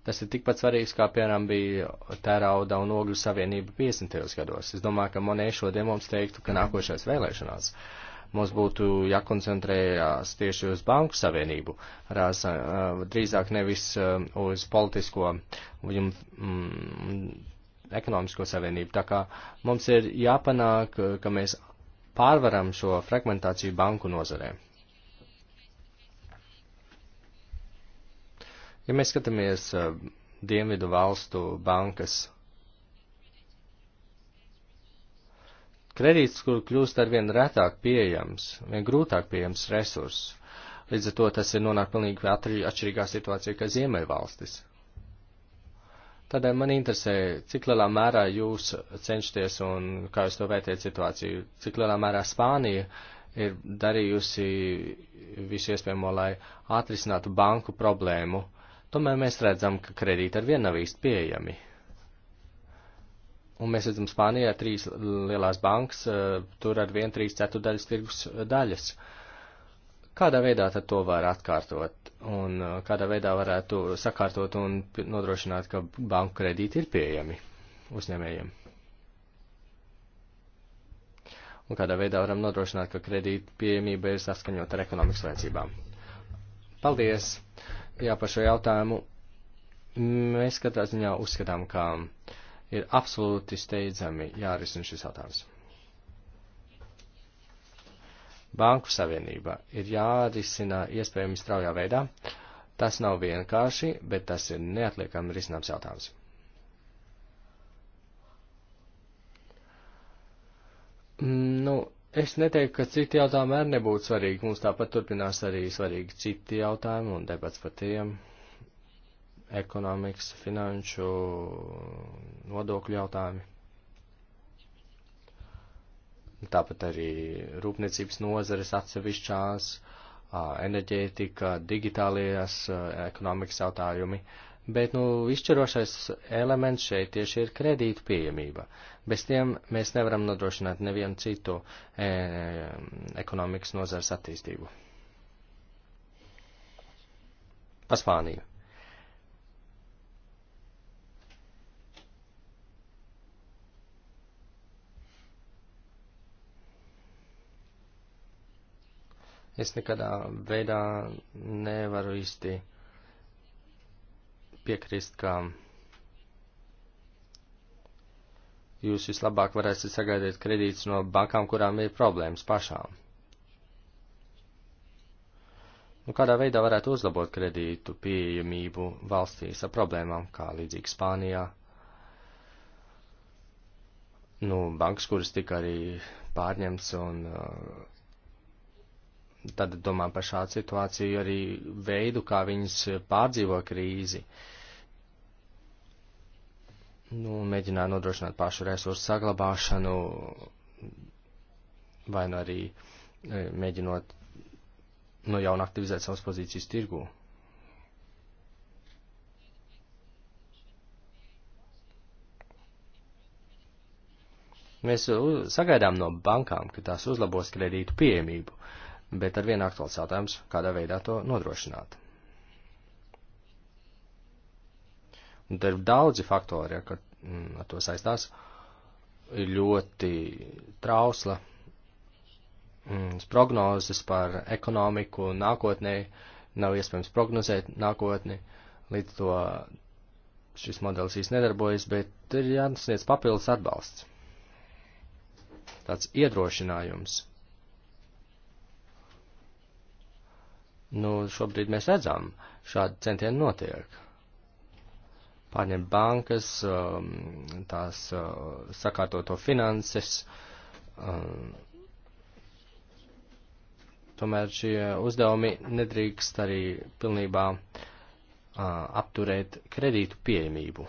Tas ir tikpat svarīgs, kā, piemēram, bija tērauda un ogļu savienība 50. gados. Es domāju, ka Monē šodien mums teiktu, ka nākošais vēlēšanās mums būtu jākoncentrējās tieši uz banku savienību, rās, uh, drīzāk nevis uh, uz politisko un mm, ekonomisko savienību. Tā kā mums ir jāpanāk, ka mēs pārvaram šo fragmentāciju banku nozarē. Ja mēs skatāmies uh, Dienvidu valstu bankas, kredīts, kur kļūst arvien retāk pieejams, vien grūtāk pieejams resurss, līdz ar to tas ir nonāk pilnīgi atšķirīgā situācija kā Ziemeļvalstis. Tādēļ man interesē, cik lielā mērā jūs cenšaties un kā jūs to vērtējat situāciju, cik lielā mērā Spānija ir darījusi visu iespējamo, lai atrisinātu banku problēmu Tomēr mēs redzam, ka kredīti ar vienu nav īsti pieejami. Un mēs redzam, Spānijā trīs lielās bankas, eh, tur ar vienu trīs ceturdaļas tirgus eh, daļas. Kādā veidā tad to var atkārtot? Un eh, kādā veidā varētu sakārtot un nodrošināt, ka banku kredīti ir pieejami uzņēmējiem? Un kādā veidā varam nodrošināt, ka kredīta pieejamība ir saskaņota ar ekonomikas vajadzībām? Paldies! jā, par šo jautājumu mēs katrā ziņā uzskatām, ka ir absolūti steidzami jārisina šis jautājums. Banku savienība ir jārisina iespējami straujā veidā. Tas nav vienkārši, bet tas ir neatliekami risināms jautājums. Nu, Es neteiktu, ka citi jautājumi arī nebūtu svarīgi. Mums tāpat turpinās arī svarīgi citi jautājumi un debats par tiem - ekonomikas, finanšu, nodokļu jautājumi. Tāpat arī rūpniecības nozares atsevišķās, enerģētika, digitālajās ekonomikas jautājumi. Uh, bet, nu, izšķirošais elements šeit tieši ir kredītu pieejamība. Bez tiem mēs nevaram nodrošināt nevienu citu e, ekonomikas nozars attīstību. Paspāniju. Es nekadā veidā nevaru īsti piekrist, ka jūs vislabāk varēsiet sagaidīt kredītus no bankām, kurām ir problēmas pašām. Nu, kādā veidā varētu uzlabot kredītu pieejamību valstīs ar problēmām, kā līdzīgi Spānijā? Nu, bankas, kuras tika arī pārņemts un uh, tad domā par šādu situāciju arī veidu, kā viņas pārdzīvo krīzi. Nu, mēģināja nodrošināt pašu resursu saglabāšanu, vai nu arī e, mēģinot no nu, jauna aktivizēt savas pozīcijas tirgū. Mēs sagaidām no bankām, ka tās uzlabos kredītu pieejamību. Uh, bet ar vienu aktuāls jautājums, kādā veidā to nodrošināt. Un te ir daudzi faktori, ja, kad mm, ar to saistās, ir ļoti trausla mm, prognozes par ekonomiku nākotnē, nav iespējams prognozēt nākotni, līdz to šis modelis īsti nedarbojas, bet ir jāsniedz papildus atbalsts. Tāds iedrošinājums Nu, šobrīd mēs redzam, šādi centieni notiek. Pārņem bankas, um, tās uh, sakārto to finanses. Um, tomēr šie uzdevumi nedrīkst arī pilnībā uh, apturēt kredītu pieejamību.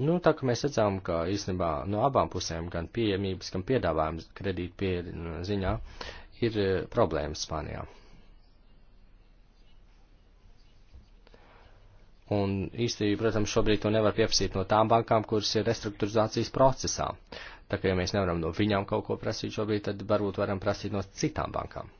Nu, tā kā mēs redzam, ka īstenībā no abām pusēm, gan pieejamības, gan piedāvājums kredīt pie ziņā, uh, ir eh, problēmas Spānijā. Un īstenībā, protams, šobrīd to nevar pieprasīt no tām bankām, kuras ir restruktūrizācijas procesā. Tā kā, ja mēs nevaram no viņām kaut ko prasīt šobrīd, tad varbūt varam prasīt no citām bankām.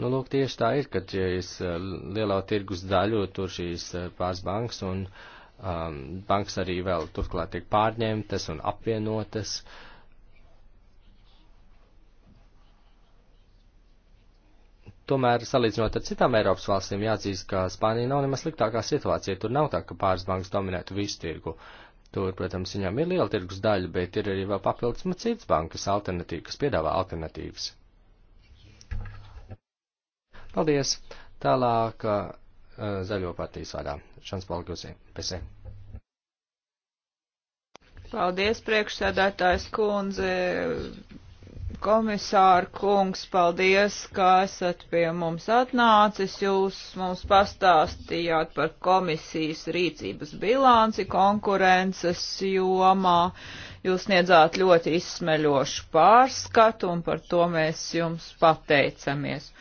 Nu, lūk, tieši tā ir, kad šīs eh, lielā tirgus daļu tur šīs eh, pāris bankas un um, bankas arī vēl turklāt tiek pārņemtas un apvienotas. Uh, Tomēr, salīdzinot ar citām Eiropas valstīm, jāatzīst, ka Spānija nav nemaz sliktākā situācija. Tur nav tā, ka pāris bankas dominētu visu tirgu. Tur, protams, viņām ir liela tirgus daļa, bet ir arī vēl papildus citas bankas alternatīvas, kas piedāvā alternatīvas. Paldies! Tālāk uh, zaļo partijas vārdā. Šans Balguzī, PSE. Paldies, priekšsēdētājs kundze. Komisāra kungs, paldies, ka esat pie mums atnācis. Jūs mums pastāstījāt par komisijas rīcības bilanci konkurences jomā. Jūs sniedzāt ļoti izsmeļošu pārskatu un par to mēs jums pateicamies.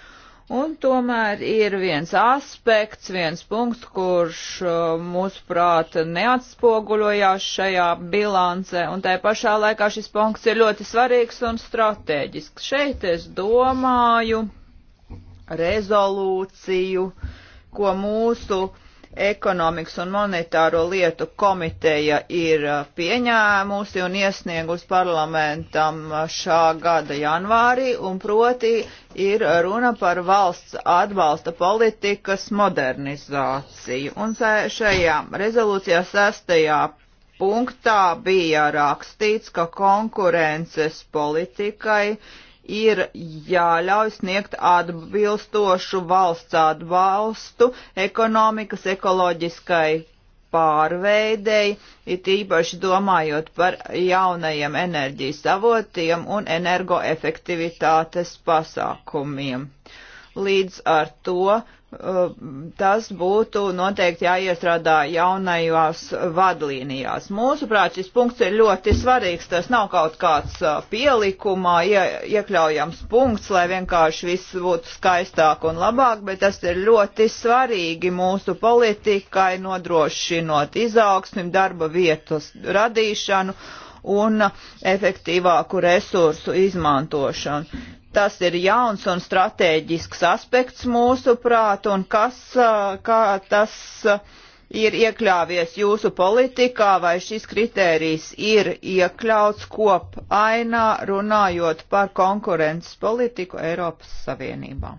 Un tomēr ir viens aspekts, viens punkts, kurš uh, mūsuprāt neatspoguļojās šajā bilancē, un tai pašā laikā šis punkts ir ļoti svarīgs un strateģisks. Šeit es domāju rezolūciju, ko mūsu uh, ekonomikas un monetāro lietu komiteja ir uh, pieņēmusi un iesniegusi parlamentam uh, šā gada janvārī, un proti ir runa par valsts atbalsta politikas modernizāciju. Un šajā rezolūcijā sestajā punktā bija rakstīts, ka konkurences politikai ir jāļauj sniegt atbilstošu valsts atbalstu ekonomikas ekoloģiskai pārveidei, it īpaši domājot par jaunajiem enerģijas avotiem un energoefektivitātes pasākumiem. Līdz ar to Eh, tas būtu noteikti jāiestrādā jaunajās vadlīnijās. Mūsuprāt, šis punkts ir ļoti svarīgs. Tas nav kaut kāds eh, pielikumā ie, iekļaujams punkts, lai vienkārši viss būtu skaistāk un labāk, bet tas ir ļoti svarīgi mūsu politikai nodrošinot izaugsmi, darba vietas radīšanu un efektīvāku resursu izmantošanu. Tas ir jauns un strateģisks aspekts mūsu prāt, un kas, kā tas ir iekļāvies jūsu politikā, vai šis kritērijs ir iekļauts kopainā, runājot par konkurences politiku Eiropas Savienībā.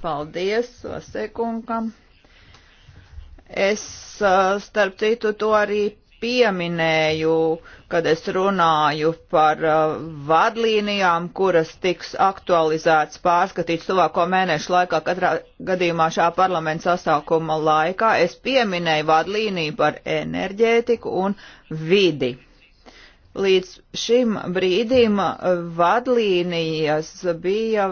Paldies, Vasekunkam. Es, starp citu, to arī pieminēju, kad es runāju par uh, vadlīnijām, kuras tiks aktualizētas, pārskatītas tuvāko mēnešu laikā, katrā gadījumā šā parlamenta sasākuma laikā, es pieminēju vadlīniju par enerģētiku un vidi. Līdz šim brīdim vadlīnijas bija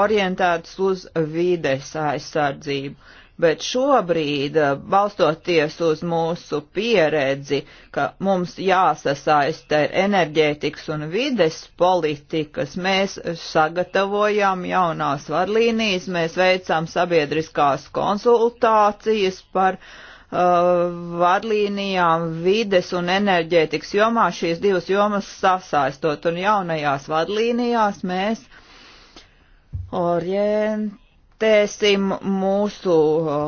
orientētas uz vides aizsardzību bet šobrīd, eh, balstoties uz mūsu pieredzi, ka mums jāsasaista ir enerģētikas un vides politikas, mēs sagatavojam jaunās varlīnijas, mēs veicam sabiedriskās konsultācijas par uh, vadlīnijām vides un enerģētikas jomā šīs divas jomas sasaistot, un jaunajās vadlīnijās mēs orient investēsim mūsu uh,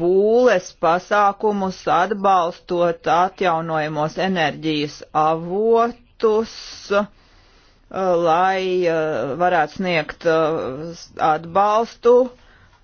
pūles pasākumus atbalstot atjaunojamos enerģijas avotus, uh, lai uh, varētu sniegt atbalstu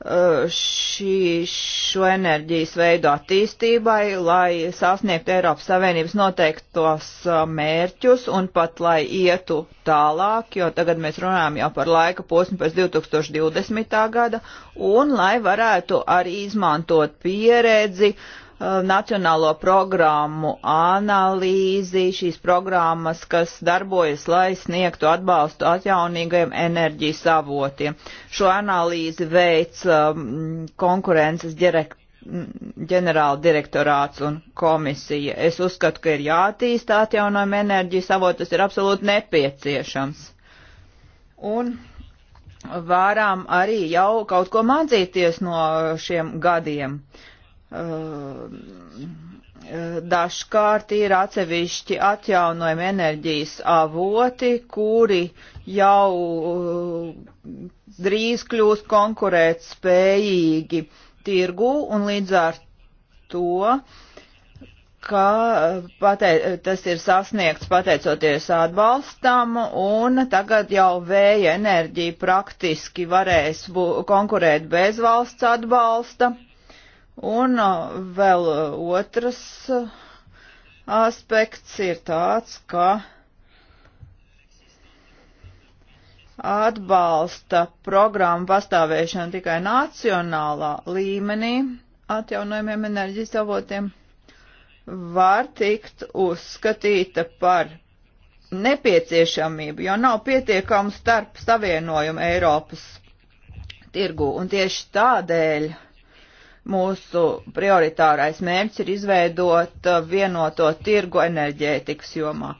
Uh, šī, šo enerģijas veidu attīstībai, lai sasniegtu Eiropas Savienības noteiktos uh, mērķus un pat lai ietu tālāk, jo tagad mēs runājam jau par laika posmu pēc 2020. gada, un lai varētu arī izmantot pieredzi uh, Uh, nacionālo programmu analīzi, šīs programmas, kas darbojas, lai sniegtu atbalstu atjaunīgajiem enerģijas avotiem. Šo analīzi veic um, konkurences direkt, ģenerāla direktorāts un komisija. Es uzskatu, ka ir jātīsta atjaunojuma enerģijas avot, tas ir absolūti nepieciešams. Un varam arī jau kaut ko mācīties no šiem gadiem. Uh, Ehm, dažkārt ir atsevišķi atjaunojami enerģijas avoti, kuri jau ehm, drīz kļūs konkurēt spējīgi tirgu un līdz ar to, ka ehm, pateic, tas ir sasniegts pateicoties atbalstam un tagad jau vēja enerģija praktiski varēs konkurēt bez valsts atbalsta Un vēl otrs aspekts ir tāds, ka atbalsta programmu pastāvēšanu tikai nacionālā līmenī atjaunojumiem enerģijas avotiem var tikt uzskatīta par nepieciešamību, jo nav pietiekamu starp savienojumu Eiropas tirgu. Un tieši tādēļ uh, mūsu prioritārais mērķis ir izveidot uh, vienoto tirgu enerģētikas jomā.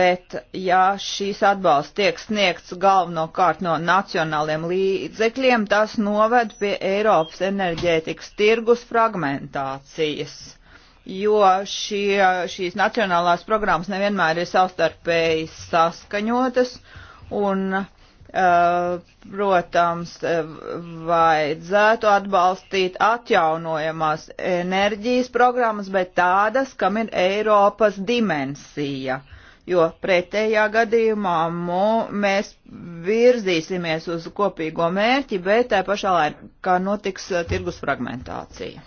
Bet, ja šīs atbalsts tiek sniegts galvenokārt no nacionāliem līdzekļiem, tas noved pie Eiropas enerģētikas tirgus fragmentācijas, jo šie, šīs nacionālās programmas nevienmēr ir savstarpēji saskaņotas un uh, Uh, protams, uh, vajadzētu atbalstīt atjaunojamās enerģijas programmas, bet tādas, kam ir Eiropas dimensija, jo pretējā gadījumā mēs virzīsimies uz kopīgo mērķi, bet tā pašā laikā notiks uh, tirgus fragmentācija.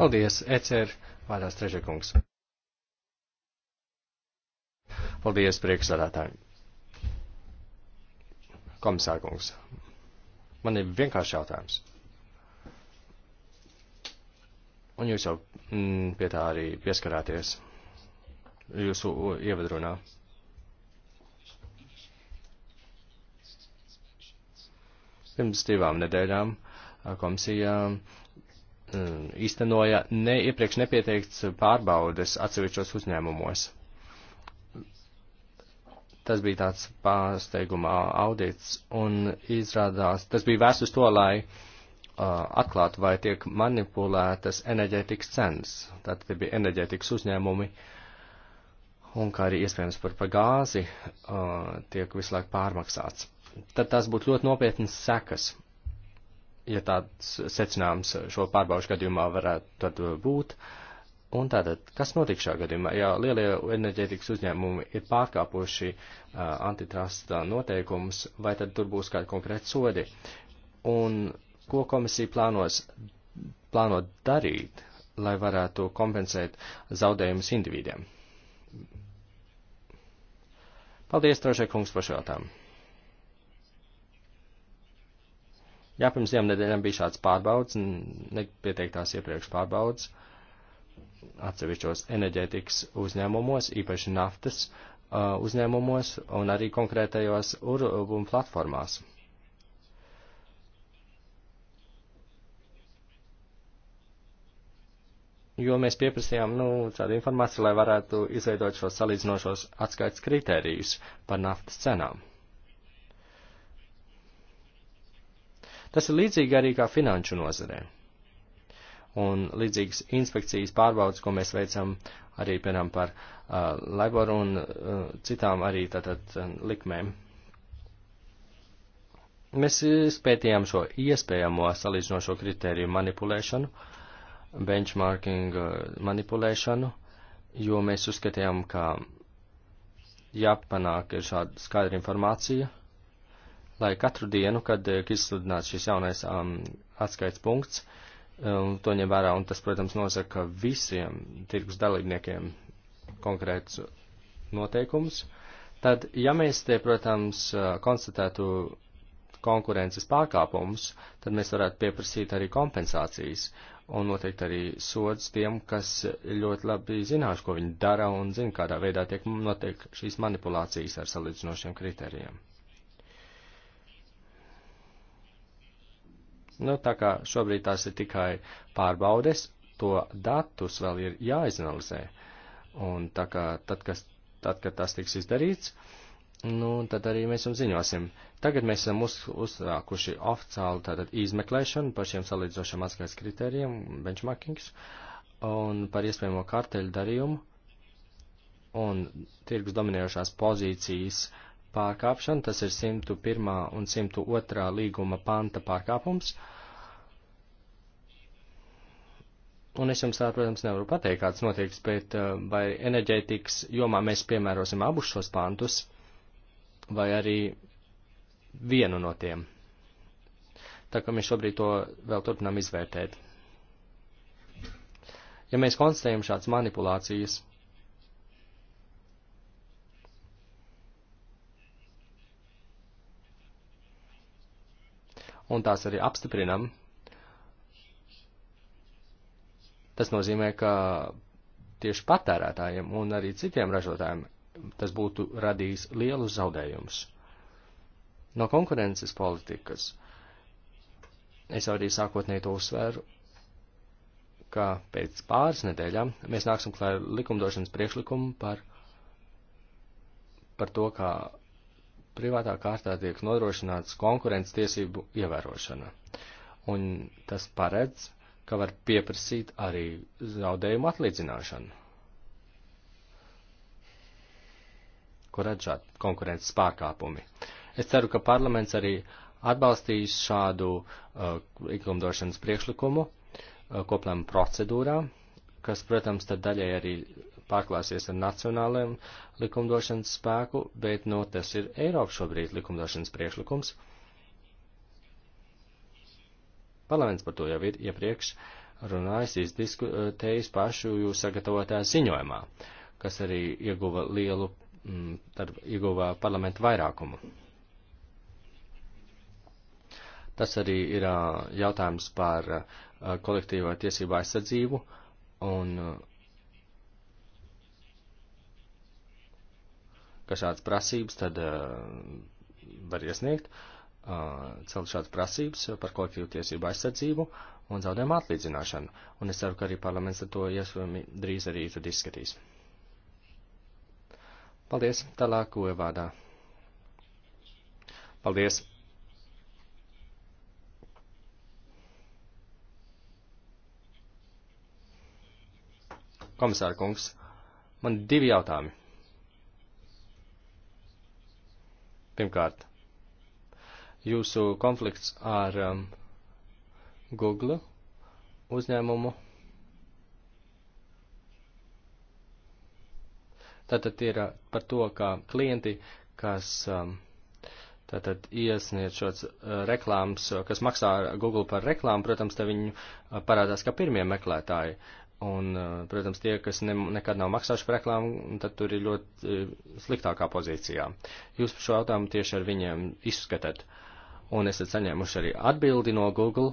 Paldies, Ecer, vārdā Strežekungs. Paldies, priekšsādātāji. Komisārkungs, man ir vienkārši jautājums. Un jūs jau mm, pie tā arī pieskarāties jūsu ievadrunā. Pirms divām nedēļām komisija mm, īstenoja ne iepriekš nepieteikts pārbaudes atsevišķos uzņēmumos. Tas bija tāds pārsteiguma audits, un izrādās, tas bija vērsts uz to, lai uh, atklātu, vai tiek manipulētas enerģētikas cenas. Tātad tie bija enerģētikas uzņēmumi, un kā arī iespējams par, par gāzi uh, tiek visu laiku pārmaksāts. Tad tās būtu ļoti nopietnas sekas, ja tāds secinājums šo pārbaušu gadījumā varētu tad uh, būt. Uh, Un tātad, kas notiek šā gadījumā? Ja lielie enerģētikas uzņēmumi ir pārkāpuši uh, antitrusta noteikumus, vai tad tur būs kādi konkrēti sodi? Un ko komisija plānos, plāno darīt, lai varētu kompensēt zaudējumus individiem? Paldies, Trošai kungs, par šo jautājumu. Jā, pirms divām nedēļām bija šāds pārbauds, nepieteiktās iepriekš pārbauds. Uh, atsevišķos enerģētikas uzņēmumos, īpaši naftas uh, uzņēmumos un arī konkrētajos urbuma platformās. Jo mēs pieprasījām nu, tādu informāciju, lai varētu izveidot šos salīdzinošos atskaits kritērijus par naftas cenām. Tas ir līdzīgi arī kā finanšu nozarēm un līdzīgas inspekcijas pārbaudas, ko mēs veicam arī, piemēram, par uh, laboru un uh, citām arī tātad uh, likmēm. Mēs izpētījām uh, šo iespējamo salīdzinošo kritēriju manipulēšanu, benchmarking uh, manipulēšanu, jo mēs uzskatījām, ka jāpanāk šāda skaidra informācija, lai katru dienu, kad izsludināts šis jaunais um, atskaits punkts, uh, un to ņem vērā, un tas, protams, nosaka visiem tirgus dalībniekiem konkrēts noteikums. Tad, ja mēs te, protams, konstatētu konkurences pārkāpumus, tad mēs varētu pieprasīt arī kompensācijas un noteikti arī sods tiem, kas ļoti labi zināšu, ko viņi dara un zina, kādā veidā tiek notiek šīs manipulācijas ar salīdzinošiem kritērijiem. Nu, tā kā šobrīd tās ir tikai pārbaudes, to datus vēl ir jāizanalizē. Un tā kā tad, kas, tad kad tas tiks izdarīts, nu, tad arī mēs jums ziņosim. Tagad mēs esam uz, uzsākuši oficiāli tātad izmeklēšanu par šiem salīdzošiem atskaits kritērijiem, benchmarkings, un par iespējamo karteļu darījumu un tirgus dominējošās pozīcijas uh, pārkāpšana, tas ir 101. un 102. līguma panta pārkāpums. Un es jums tā, protams, nevaru pateikt, kāds notiks, bet eh, vai enerģētikas jomā mēs piemērosim abus šos pantus, vai arī vienu no tiem. Tā kā mēs šobrīd to vēl turpinām izvērtēt. Ja mēs konstatējam šādas manipulācijas, un tās arī apstiprinam. Tas nozīmē, ka tieši patērētājiem un arī citiem ražotājiem tas būtu radījis lielus zaudējumus. No konkurences politikas es arī sākotnēji to uzsvēru, ka pēc pāris nedēļām mēs nāksim klāt likumdošanas priekšlikumu par, par to, kā privātā kārtā tiek nodrošināts konkurences tiesību ievērošana, un tas paredz, ka var pieprasīt arī zaudējumu atlīdzināšanu, kur atžāt konkurences pārkāpumi. Es ceru, ka parlaments arī atbalstīs šādu uh, likumdošanas priekšlikumu uh, koplēmu procedūrā, kas, protams, tad daļai arī pārklāsies ar nacionālajiem likumdošanas spēku, bet, nu, no, tas ir Eiropas šobrīd likumdošanas priekšlikums. Parlaments par to jau ir iepriekš runājis, izdiskutējis pašu jūs sagatavotā ziņojumā, kas arī ieguva lielu, m, mm, ieguva parlamentu vairākumu. Tas arī ir jautājums par kolektīvā tiesību aizsardzību un ka šāds prasības tad uh, var iesniegt, uh, celt šāds prasības par kolektīvu tiesību aizsardzību un zaudējumu atlīdzināšanu, un es ceru, ka arī parlaments ar to iespējami drīz arī tad izskatīs. Paldies, tālāk, ko vārdā. Paldies! Komisāra kungs, man divi jautājumi. Pirmkārt, jūsu konflikts ar um, Google uzņēmumu. Tātad ir uh, par to, ka klienti, kas um, tātad iesniedz šos uh, reklāmas, uh, kas maksā Google par reklāmu, protams, te viņi parādās kā pirmie meklētāji. Un, uh, protams, tie, kas ne, nekad nav maksājuši par reklāmu, tad tur ir ļoti uh, sliktākā pozīcijā. Jūs šo jautājumu tieši ar viņiem izskatāt. Un esat saņēmuši arī atbildi no Google,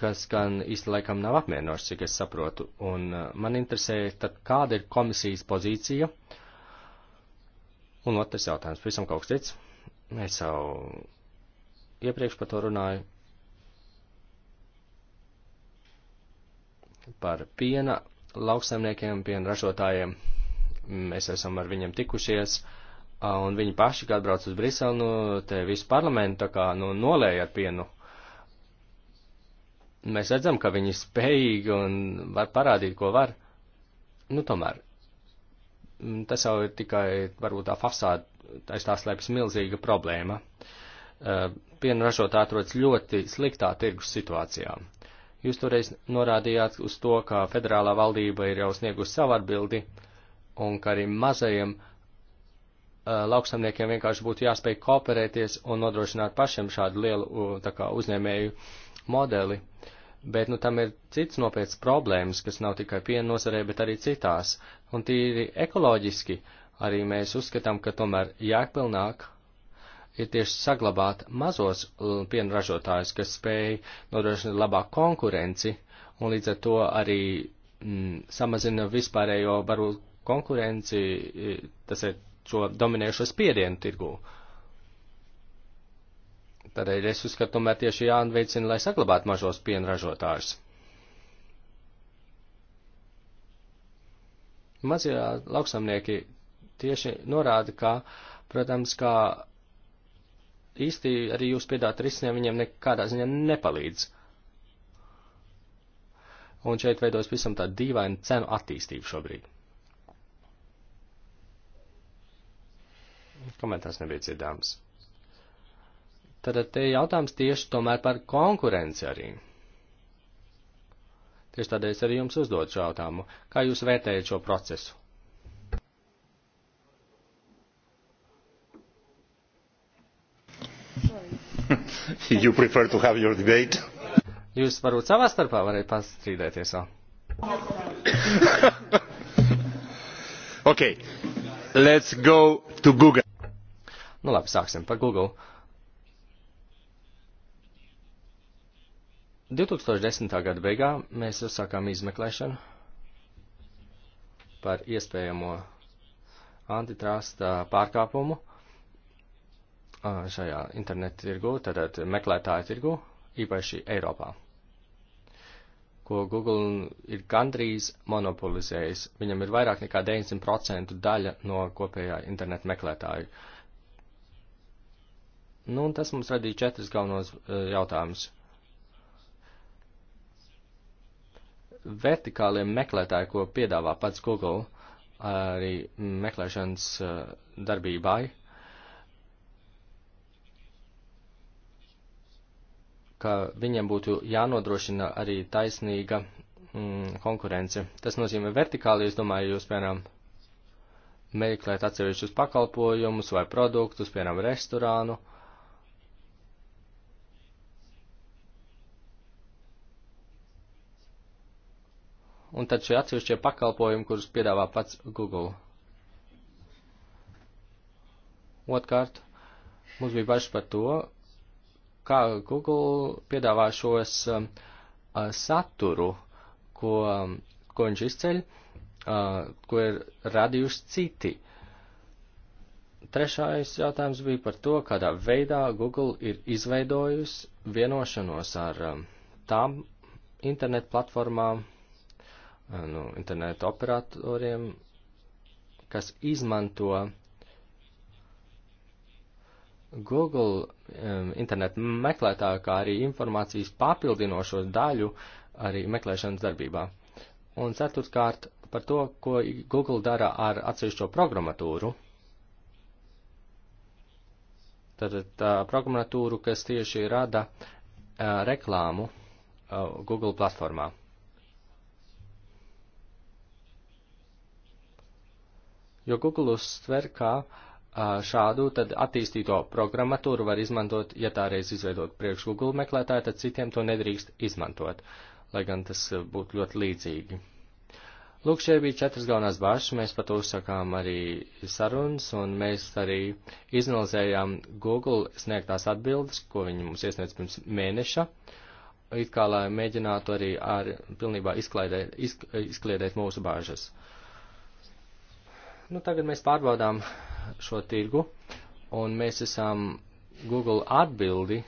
kas gan īsti laikam nav apmierinošs, cik es saprotu. Un uh, man interesē, tad kāda ir komisijas pozīcija? Un otrs jautājums, pavisam kaut kas cits. Es jau iepriekš par to runāju. par piena lauksaimniekiem, piena ražotājiem. Mm, mēs esam ar viņiem tikušies, un viņi paši, kad atbrauc uz Briselu, nu, te visu parlamentu tā kā, nu, nolēja ar pienu. Mēs redzam, ka viņi spējīgi un var parādīt, ko var. Nu, tomēr, mm, tas jau ir tikai, varbūt tā fasāde, aiz tā slēpjas milzīga problēma. Piena ražotāji atrodas ļoti sliktā tirgus situācijā. Uh, Jūs toreiz norādījāt uz to, ka federālā valdība ir jau sniegusi savu atbildi un ka arī mazajiem uh, lauksamniekiem vienkārši būtu jāspēj kooperēties un nodrošināt pašiem šādu lielu uh, kā, uzņēmēju modeli. Bet nu, tam ir cits nopietns problēmas, kas nav tikai piena nozarē, bet arī citās. Un tīri ekoloģiski arī mēs uzskatām, ka tomēr jāpilnāk ir tieši saglabāt mazos uh, pienražotājus, kas spēj nodrošināt labāku konkurenci un līdz ar to arī mm, samazina vispārējo varbūt konkurenci, tas ir šo dominējošo spiedienu tirgū. Tādēļ es uzskatu, tomēr tieši jāveicina, lai saglabātu mažos pienražotājus. Mazie lauksamnieki tieši norāda, ka, protams, kā īsti arī jūs piedāt risinājumu viņiem nekādā ziņā nepalīdz. Un šeit veidos visam tā dīvaina cenu attīstība šobrīd. Komentārs nebija dzirdāms. Tad te jautājums tieši tomēr par konkurenci arī. Tieši tādēļ es arī jums uzdodu šo jautājumu. Kā jūs vērtējat šo procesu? you prefer to have your debate. Jūs varbūt savā starpā varētu pastrīdēties vēl. ok, let's go to Google. Nu labi, sāksim par Google. 2010. gada beigā mēs uzsākām izmeklēšanu par iespējamo antitrusta pārkāpumu šajā internetu tirgu, tātad meklētāju tirgu, īpaši Eiropā, ko Google ir gandrīz monopolizējis. Viņam ir vairāk nekā 90% daļa no kopējā internetu meklētāju. Nu, un tas mums radīja četras galvenos e, jautājumus. Vertikāliem meklētāji, ko piedāvā pats Google, arī meklēšanas e, darbībai ka viņiem būtu jānodrošina arī taisnīga mm, konkurence. Tas nozīmē vertikāli, es domāju, jūs, piemēram, meklēt atsevišķus pakalpojumus vai produktus, piemēram, restorānu. Un tad šie atsevišķie pakalpojumi, kurus piedāvā pats Google. Otkārt, mums bija bažas par to, kā Google piedāvā šos um, uh, saturu, ko, um, ko viņš izceļ, uh, ko ir radījuši citi. Trešais jautājums bija par to, kādā veidā Google ir izveidojusi vienošanos ar um, tām internet platformām, uh, nu, internet operatoriem, kas izmanto Google um, internetu meklētāju, kā arī informācijas papildinošo daļu arī meklēšanas darbībā. Un ceturtkārt par to, ko Google dara ar atsevišķo programmatūru. Tātad tā programmatūru, kas tieši rada uh, reklāmu uh, Google platformā. Jo Google uztver, ka uh, šādu tad attīstīto programmatūru var izmantot, ja tā reiz izveidot priekš Google meklētāju, tad citiem to nedrīkst izmantot, lai gan tas būtu ļoti līdzīgi. Lūk, šie bija četras galvenās bāžas, mēs pat uzsakām arī sarunas, un mēs arī izanalizējām Google sniegtās atbildes, ko viņi mums iesniedz pirms mēneša, it kā lai mēģinātu arī ar pilnībā izklaidēt, izk, izkliedēt mūsu bāžas. Nu, tagad mēs pārbaudām šo tirgu, un mēs esam Google atbildi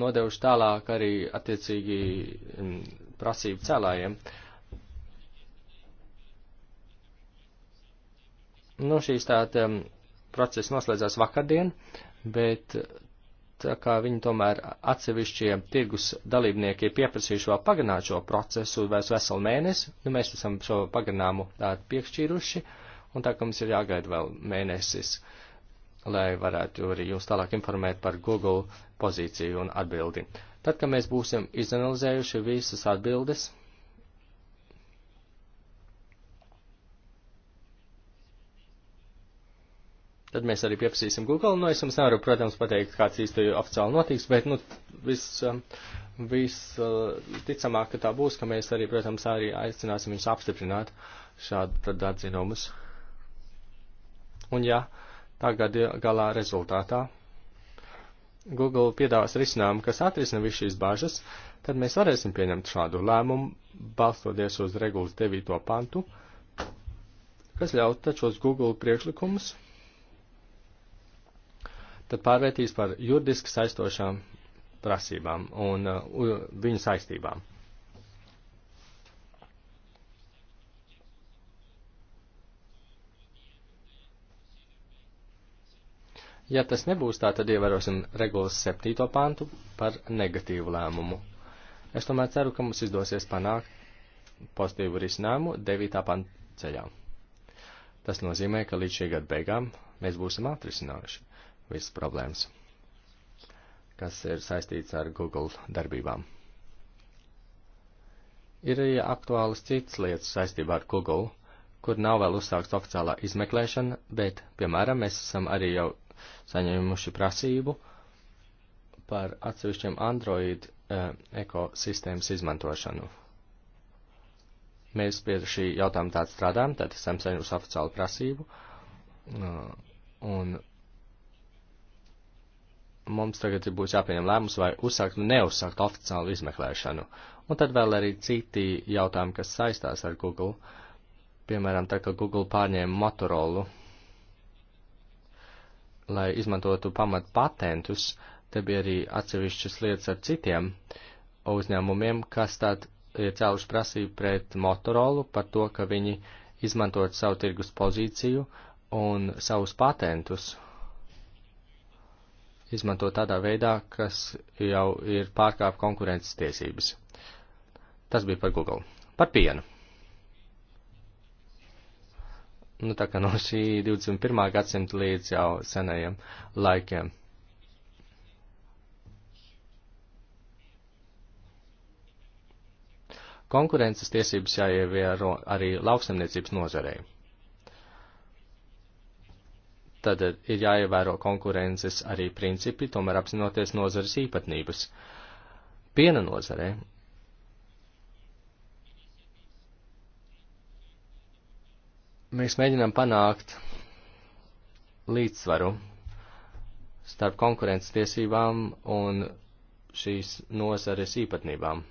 nodevuši tālāk arī attiecīgi mm, prasību cēlājiem. Nu, šīs tāda mm, procesa noslēdzās vakardien, bet tā eh, kā viņi tomēr atsevišķie tirgus dalībnieki ir pieprasījuši vēl pagarināt šo procesu vēl veselu mēnesi, nu mēs esam šo pagarinājumu tādu piekšķīruši, un tā kā mums ir jāgaida vēl mēnesis, lai varētu arī jūs tālāk informēt par Google pozīciju un atbildi. Tad, kad mēs būsim izanalizējuši visas atbildes, Tad mēs arī pieprasīsim Google, nu es jums nevaru, protams, pateikt, kāds īsti oficiāli notiks, bet, nu, viss, um, viss ticamāk, ka tā būs, ka mēs arī, protams, arī aicināsim viņus apstiprināt šādu tad atzinumus. Un jā, tagad galā rezultātā Google piedāvās risinājumu, kas atrisina visu šīs bažas, tad mēs varēsim pieņemt šādu lēmumu, balstoties uz regulas 9. pantu, kas ļauj tačos Google priekšlikumus tad pārvērtīs par juridiski saistošām prasībām un uh, viņu saistībām. Ja tas nebūs tā, tad ievērosim regulas septīto pantu par negatīvu lēmumu. Es tomēr ceru, ka mums izdosies panākt pozitīvu risinājumu devītā panta ceļā. Tas nozīmē, ka līdz šī gada beigām mēs būsim atrisinājuši visas problēmas, kas ir saistīts ar Google darbībām. Ir arī aktuālas citas lietas saistībā ar Google, kur nav vēl uzsākts oficiālā izmeklēšana, bet, piemēram, mēs esam arī jau saņēmuši prasību par atsevišķiem Android eh, ekosistēmas izmantošanu. Mēs pie šī jautājuma tāda strādājam, tad esam saņēmuši oficiālu prasību, eh, un mums tagad būs jāpieņem lēmums, vai uzsākt vai neuzsākt oficiālu izmeklēšanu. Un tad vēl arī citi jautājumi, kas saistās ar Google. Piemēram, tā kā Google pārņēma Motorola, lai izmantotu pamat patentus, te bija arī atsevišķas lietas ar citiem uzņēmumiem, kas tād ir cēluši prasību pret Motorola par to, ka viņi izmantot savu tirgus pozīciju un savus patentus izmanto tādā veidā, kas jau ir pārkāp konkurences tiesības. Tas bija par Google. Par pienu. Nu, tā kā no šī 21. gadsimta līdz jau senajiem laikiem. Konkurences tiesības jāievēro arī lauksemniecības nozarei. Tad ir jāievēro konkurences arī principi, tomēr apzinoties nozares īpatnības. Piena nozarē mēs mēģinām panākt līdzsvaru starp konkurences tiesībām un šīs nozares īpatnībām.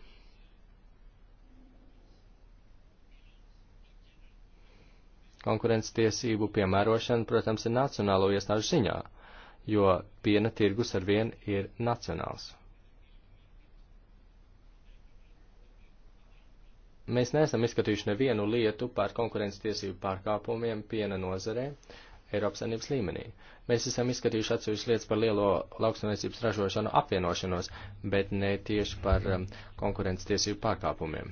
Konkurences tiesību piemērošana, protams, ir nacionālo iestāžu ziņā, jo piena tirgus ar vien ir nacionāls. Mēs neesam izskatījuši nevienu lietu par konkurences tiesību pārkāpumiem piena nozarē Eiropas Savienības līmenī. Mēs esam izskatījuši atsevišķas lietas par lielo lauksaimniecības ražošanu apvienošanos, bet ne tieši par um, konkurences tiesību pārkāpumiem.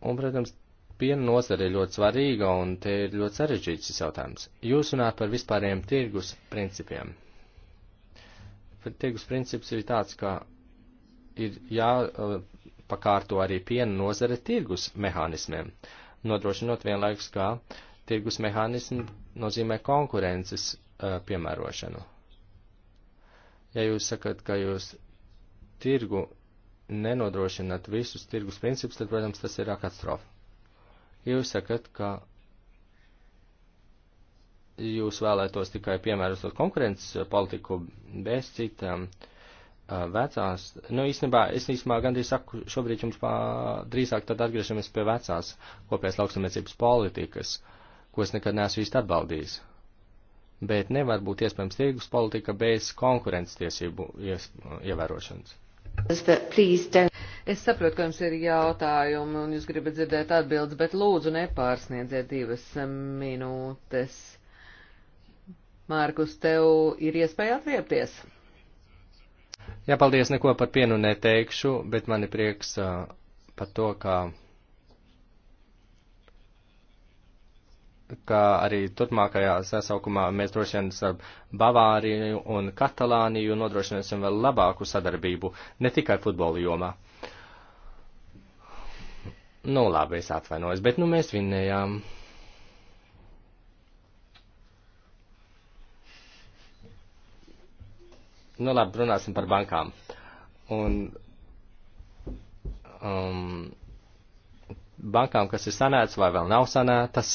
Un, protams, piena nozare ir ļoti svarīga un te ir ļoti sarežģīts šis jautājums. Jūs runājat par vispārējiem tirgus principiem. Tirgus princips ir tāds, ka ir jāpakārto eh, arī piena nozare tirgus mehānismiem, nodrošinot vienlaikus, kā tirgus mehānismi nozīmē konkurences uh, piemērošanu. Ja jūs sakat, ka jūs tirgu nenodrošināt visus tirgus principus, tad, protams, tas ir katastrofa. Jūs sakat, ka jūs vēlētos tikai piemērot konkurences politiku bez citām uh, vecās. Nu, īstenībā, es īstenībā gandrīz saku, šobrīd jums pā, drīzāk tad atgriežamies pie vecās kopējās lauksamniecības politikas, ko es nekad neesmu īsti atbaldījis. Bet nevar būt iespējams tirgus politika bez konkurences tiesību ies, ievērošanas. Es saprotu, ka jums ir jautājumi un jūs gribat dzirdēt atbildes, bet lūdzu nepārsniedziet divas minūtes. Mārkus, tev ir iespēja atriepties. Jā, paldies, neko par pienu neteikšu, bet man ir prieks uh, par to, ka. Kā ka arī turpmākajā sasaukumā mēs droši vien ar Bavāriju un Katalāniju nodrošināsim vēl labāku sadarbību, ne tikai futbola jomā. Nu, labi, es atvainojos, bet nu mēs vinnējām. Nu, labi, runāsim par bankām. Un, um, bankām, kas ir sanētas vai vēl nav sanētas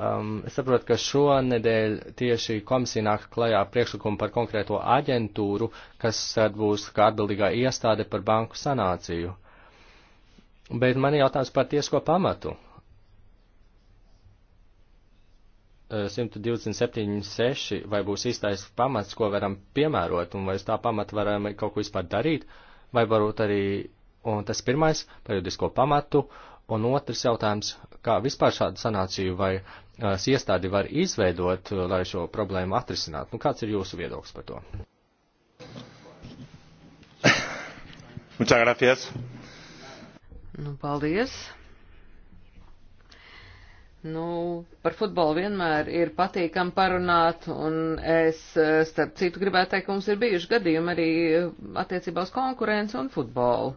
Um, es saprotu, ka šonedēļ tieši komisija nāk klajā priekšlikumu par konkrēto aģentūru, kas tad būs kā atbildīgā iestāde par banku sanāciju. Bet man ir jautājums par tiesko pamatu. 127.6 uh, vai būs īstais pamats, ko varam piemērot, un vai uz tā pamata varam kaut ko vispār darīt, vai varbūt arī, un tas pirmais, par juridisko pamatu, un otrs jautājums, kā vispār šādu sanāciju vai eh, iestādi var izveidot, eh, lai šo problēmu atrisinātu. Nu, kāds ir jūsu viedoklis par to? Muchas gracias. Nu, paldies. Nu, par futbolu vienmēr ir patīkami parunāt, un es, eh, starp citu, gribētu teikt, ka mums ir bijuši gadījumi arī attiecībā uz konkurenci un futbolu.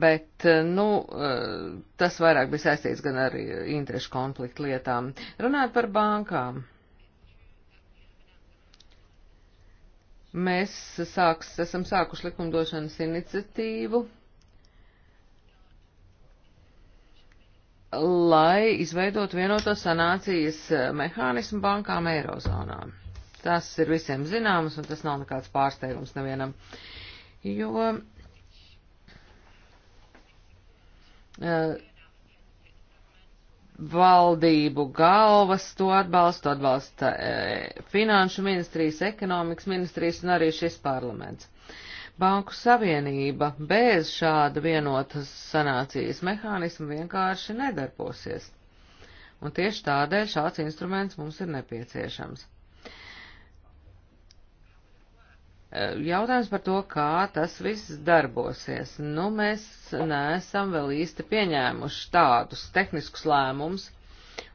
Bet, nu, eh, tas vairāk bija saistīts gan ar interešu konfliktu lietām. Runājot par bankām. Mēs sāks, esam sākuši likumdošanas iniciatīvu, lai izveidot vienoto sanācijas mehānismu bankām Eirozonā. Tas ir visiem zināms, un tas nav nekāds pārsteigums nevienam, jo Uh, valdību galvas to atbalstu, atbalsta uh, finanšu ministrijas, ekonomikas ministrijas un arī šis parlaments. Banku savienība bez šāda vienotas sanācijas mehānisma vienkārši nedarbosies. Un tieši tādēļ šāds instruments mums ir nepieciešams. Jautājums par to, kā tas viss darbosies. Nu, mēs neesam vēl īsti pieņēmuši tādus tehniskus lēmumus,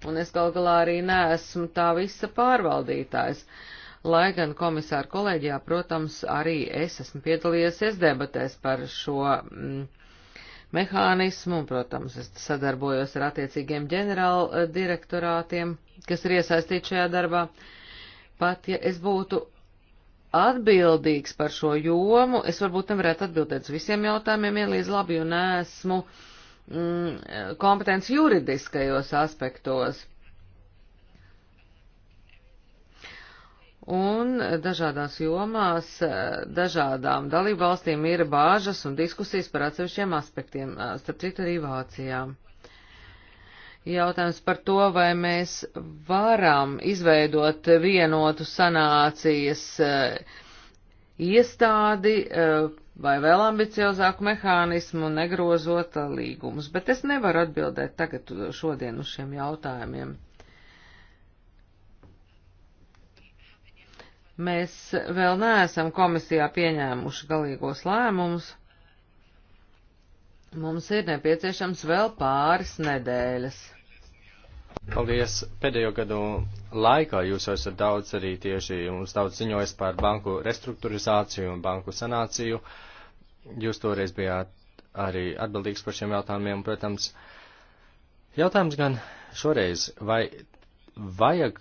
un es gal galā arī neesmu tā visa pārvaldītājs. Lai gan komisāra kolēģijā, protams, arī es esmu piedalījies, es debatēs par šo mm, mehānismu, un, protams, es sadarbojos ar attiecīgiem ģenerāla direktorātiem, kas ir iesaistīti šajā darbā. Pat ja es būtu atbildīgs par šo jomu. Es varbūt nevarētu atbildēt uz visiem jautājumiem, ja līdz labi, jo nesmu mm, kompetents juridiskajos aspektos. Un dažādās jomās, dažādām dalībvalstīm ir bāžas un diskusijas par atsevišķiem aspektiem, starp citu arī Vācijām. Jautājums par to, vai mēs varam izveidot vienotu sanācijas eh, iestādi eh, vai vēl ambiciozāku mehānismu, negrozot līgumus. Bet es nevaru atbildēt tagad šodien uz šiem jautājumiem. Mēs vēl neesam komisijā pieņēmuši galīgos lēmumus. Mums ir nepieciešams vēl pāris nedēļas. Paldies! Pēdējo gadu laikā jūs esat daudz arī tieši mums daudz ziņojis par banku restruktūrizāciju un banku sanāciju. Jūs toreiz bijāt arī atbildīgs par šiem jautājumiem, protams. Jautājums gan šoreiz, vai vajag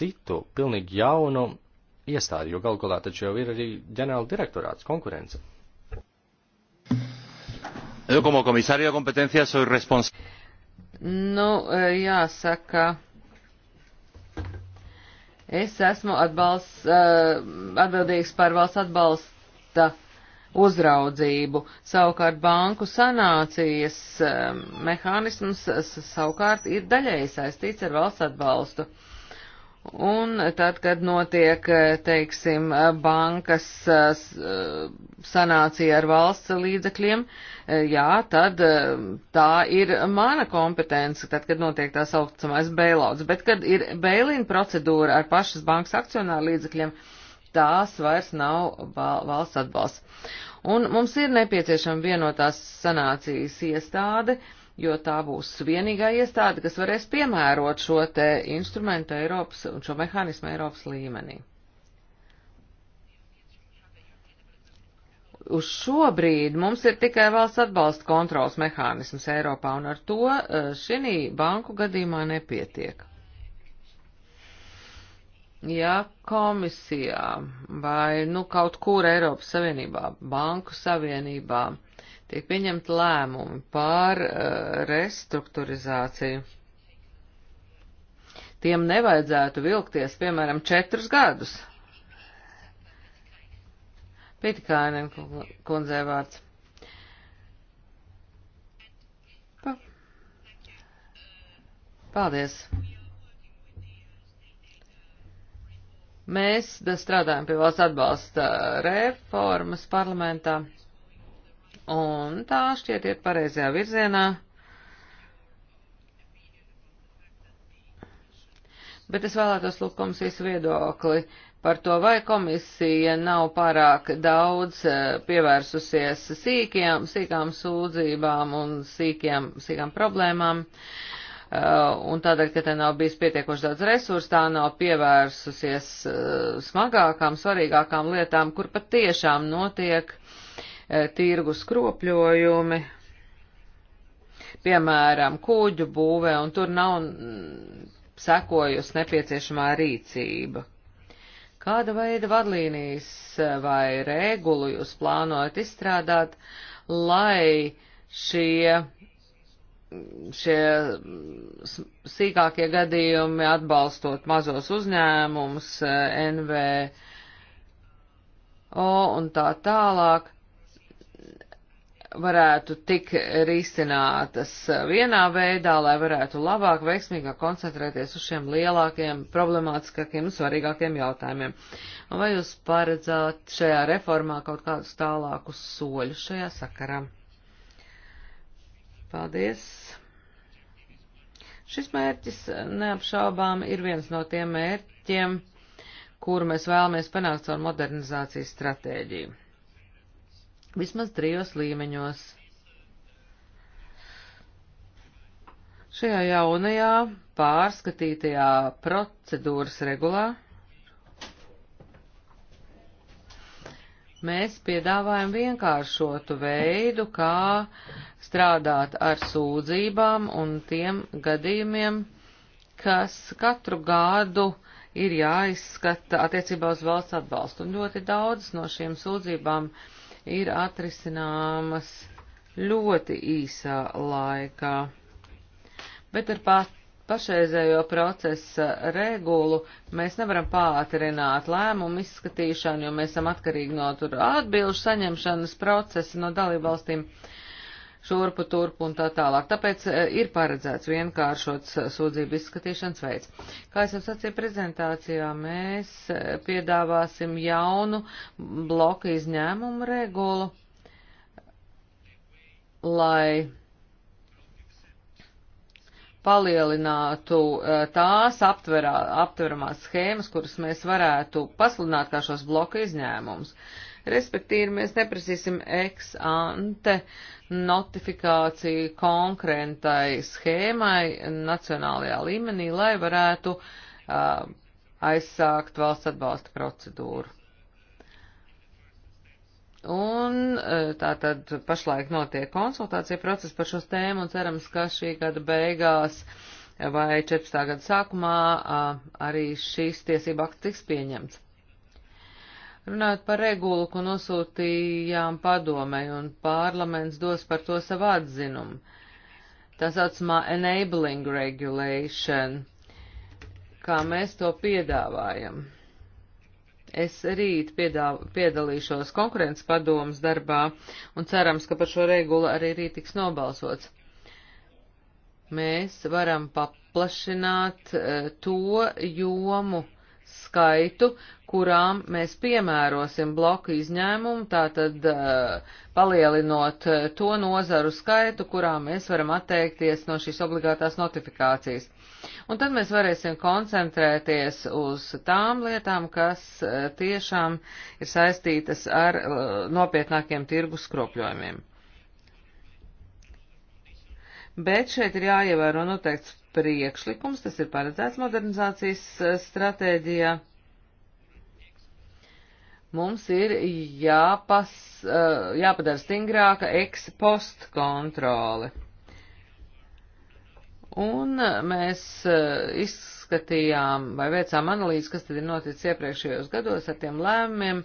citu, pilnīgi jaunu iestādi, jo galu galā taču jau ir arī ģenerāla direktorāts konkurence. Yo como comisario de competencia soy responsable. Nu, eh, jāsaka, es esmu atbalsts, eh, atbildīgs par valsts atbalsta uzraudzību. Savukārt banku sanācijas eh, mehānisms savukārt ir daļēji saistīts ar valsts atbalstu. Uh, Un tad, kad notiek, eh, teiksim, eh, bankas eh, sanācija ar valsts līdzekļiem, jā, tad tā ir mana kompetence, tad, kad notiek tā saucamais bailouts. Bet, kad ir bailīna procedūra ar pašas bankas akcionāru līdzekļiem, tās vairs nav valsts atbalsts. Un mums ir nepieciešama vienotās sanācijas iestāde. Uh, jo tā būs vienīgā iestāde, kas varēs piemērot šo te instrumentu Eiropas un šo mehānismu Eiropas līmenī. Uz šobrīd mums ir tikai valsts atbalsta kontrols mehānisms Eiropā, un ar to e, šī banku gadījumā nepietiek. Ja komisijā vai nu kaut kur Eiropas Savienībā, Banku Savienībā, tiek pieņemti lēmumi pār uh, restruktūrizāciju. Tiem nevajadzētu vilkties, piemēram, četrus gadus. Pitikainen kundzē vārds. Pa. Paldies. Mēs strādājam pie valsts atbalsta reformas parlamentā un tā šķiet iet pareizajā virzienā. Bet es vēlētos lūgt komisijas viedokli par to, vai komisija nav pārāk daudz eh, pievērsusies sīkiem, sīkām sūdzībām un sīkiem, sīkām problēmām. Eh, un tādēļ, ka te nav bijis pietiekoši daudz resursu, tā nav pievērsusies eh, smagākām, svarīgākām lietām, kur pat tiešām notiek E, tirgus kropļojumi, piemēram, kūģu būvē, un tur nav sekojusi nepieciešamā rīcība. Kāda veida vadlīnijas e, vai regulu jūs plānojat izstrādāt, lai šie, šie sīkākie gadījumi atbalstot mazos uzņēmumus, e, NVO un tā tālāk, varētu tik risinātas vienā veidā, lai varētu labāk, veiksmīgāk koncentrēties uz šiem lielākiem, problemātiskākiem un svarīgākiem jautājumiem. Un vai jūs paredzāt šajā reformā kaut kādus tālākus soļus šajā sakarā? Paldies! Šis mērķis neapšaubām ir viens no tiem mērķiem, kuru mēs vēlamies panākt caur modernizācijas stratēģiju vismaz trijos līmeņos. Šajā jaunajā pārskatītajā procedūras regulā mēs piedāvājam vienkāršotu veidu, kā strādāt ar sūdzībām un tiem gadījumiem, kas katru gadu ir jāizskata attiecībā uz valsts atbalstu. Un ļoti daudz no šiem sūdzībām uh, ir atrisināmas ļoti īsā laikā. Bet ar pat pašreizējo procesa regulu mēs nevaram pātrināt lēmumu izskatīšanu, jo mēs esam atkarīgi no tur atbilžu saņemšanas procesa no dalībvalstīm. valstīm šurpu turpu un tā tālāk. Tāpēc e, ir paredzēts vienkāršots e, sūdzību izskatīšanas veids. Kā es jau sacīju prezentācijā, mēs e, piedāvāsim jaunu bloku izņēmumu regulu, lai palielinātu tās aptverā, aptveramās schēmas, kuras mēs varētu pasludināt kā šos bloku izņēmumus. Uh, Respektīvi, mēs neprasīsim ex ante notifikāciju konkrētai schēmai nacionālajā līmenī, lai varētu uh, aizsākt valsts atbalsta procedūru. Un tātad pašlaik notiek konsultācija process par šo tēmu un cerams, ka šī gada beigās vai 14. gada sākumā arī šīs tiesība akts tiks pieņemts. Runājot par regulu, ko nosūtījām padomei, un parlaments dos par to savu atzinumu. Tā saucamā enabling regulation, kā mēs to piedāvājam. Es rīt piedāv, piedalīšos konkurences padomas darbā un cerams, ka par šo regulu arī rīt tiks nobalsots. Mēs varam paplašināt uh, to jomu skaitu, kurām mēs piemērosim bloku izņēmumu, tātad eh, palielinot eh, to nozaru skaitu, kurām mēs varam atteikties no šīs obligātās notifikācijas. Un tad mēs varēsim koncentrēties uz tām lietām, kas eh, tiešām ir saistītas ar nopietnākiem tirgus skropļojumiem. Bet šeit ir jāievēro noteikts priekšlikums, tas ir paredzēts modernizācijas e, stratēģijā. Mums ir jāpas, e, jāpadara stingrāka ekspost kontrole. Un uh, mēs uh, izskatījām vai veicām analīzi, kas tad ir noticis iepriekšējos gados ar tiem lēmumiem,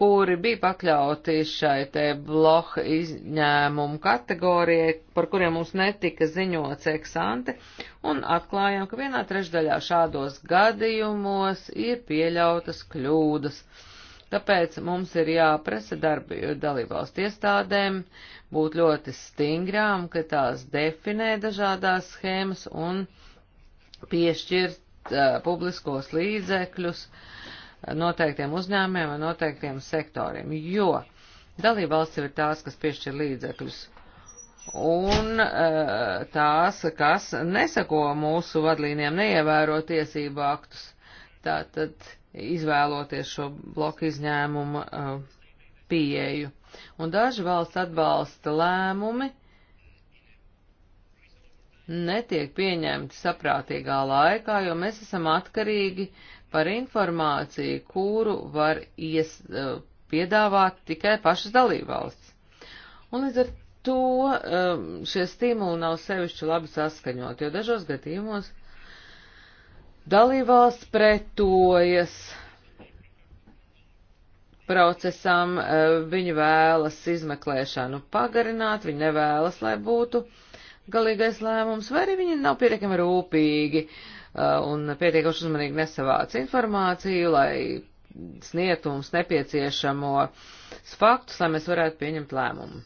kuri bija pakļauti šai te bloha izņēmumu kategorijai, par kuriem mums netika ziņots eksante, un atklājām, ka vienā trešdaļā šādos gadījumos ir pieļautas kļūdas. Uh, Tāpēc mums ir jāprasa darbi dalībvalstu iestādēm būt ļoti stingrām, ka tās definē dažādās schēmas un piešķirt uh, publiskos līdzekļus noteiktiem uzņēmiem un noteiktiem sektoriem, jo dalībvalsts ir tās, kas piešķir līdzekļus un uh, tās, kas nesako mūsu vadlīnijām, neievēro tiesību aktus. Tātad. Tā, izvēloties šo bloku izņēmumu uh, pieeju. Un daži valsts atbalsta lēmumi netiek pieņemti saprātīgā laikā, jo mēs esam atkarīgi par informāciju, kuru var ies, uh, piedāvāt tikai pašas dalībvalsts. Un līdz ar to um, šie stimuli nav sevišķi labi saskaņot, jo dažos gadījumos Dalībvalsts pretojas procesam, e, viņi vēlas izmeklēšanu pagarināt, viņi nevēlas, lai būtu galīgais lēmums, vai arī viņi nav pietiekami rūpīgi e, un pietiekoši uzmanīgi nesavāc informāciju, lai sniegtu mums nepieciešamo faktus, lai mēs varētu pieņemt lēmumu.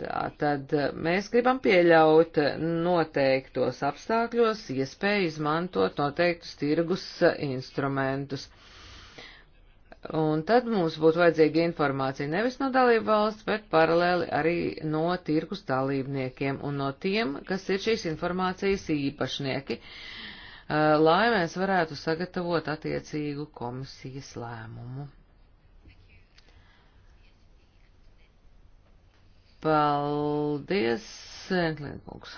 Tā tad eh, mēs gribam pieļaut noteiktos apstākļos iespēju izmantot noteiktus tirgus eh, instrumentus. Un tad mums būtu vajadzīga informācija nevis no dalību valsts, bet paralēli arī no tirgus dalībniekiem un no tiem, kas ir šīs informācijas īpašnieki, eh, lai mēs varētu sagatavot attiecīgu komisijas lēmumu. Paldies, Klienkungs.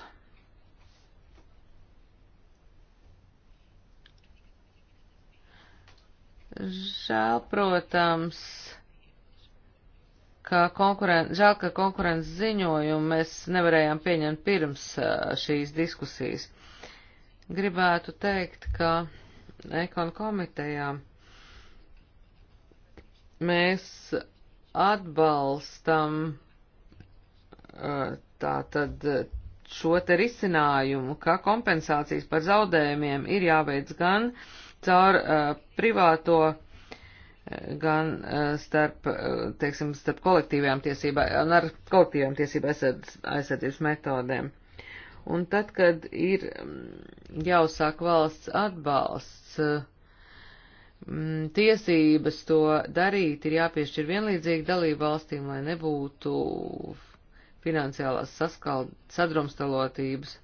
Žēl, protams, ka konkuren... žēl, ka konkurences ziņojumu mēs nevarējām pieņemt pirms šīs diskusijas. Gribētu teikt, ka ekon komitejā mēs atbalstam Eh, tā tad eh, šo te risinājumu, ka kompensācijas par zaudējumiem ir jāveic gan caur uh, privāto, gan uh, starp, uh, teiksim, starp kolektīvajām tiesībām, ar kolektīvajām tiesību aizsardzības metodēm. Un tad, kad ir mm, jāuzsāk valsts atbalsts, mm, tiesības to darīt ir jāpiešķir vienlīdzīgi dalību valstīm, lai nebūtu finansiālās saskald, sadrumstalotības.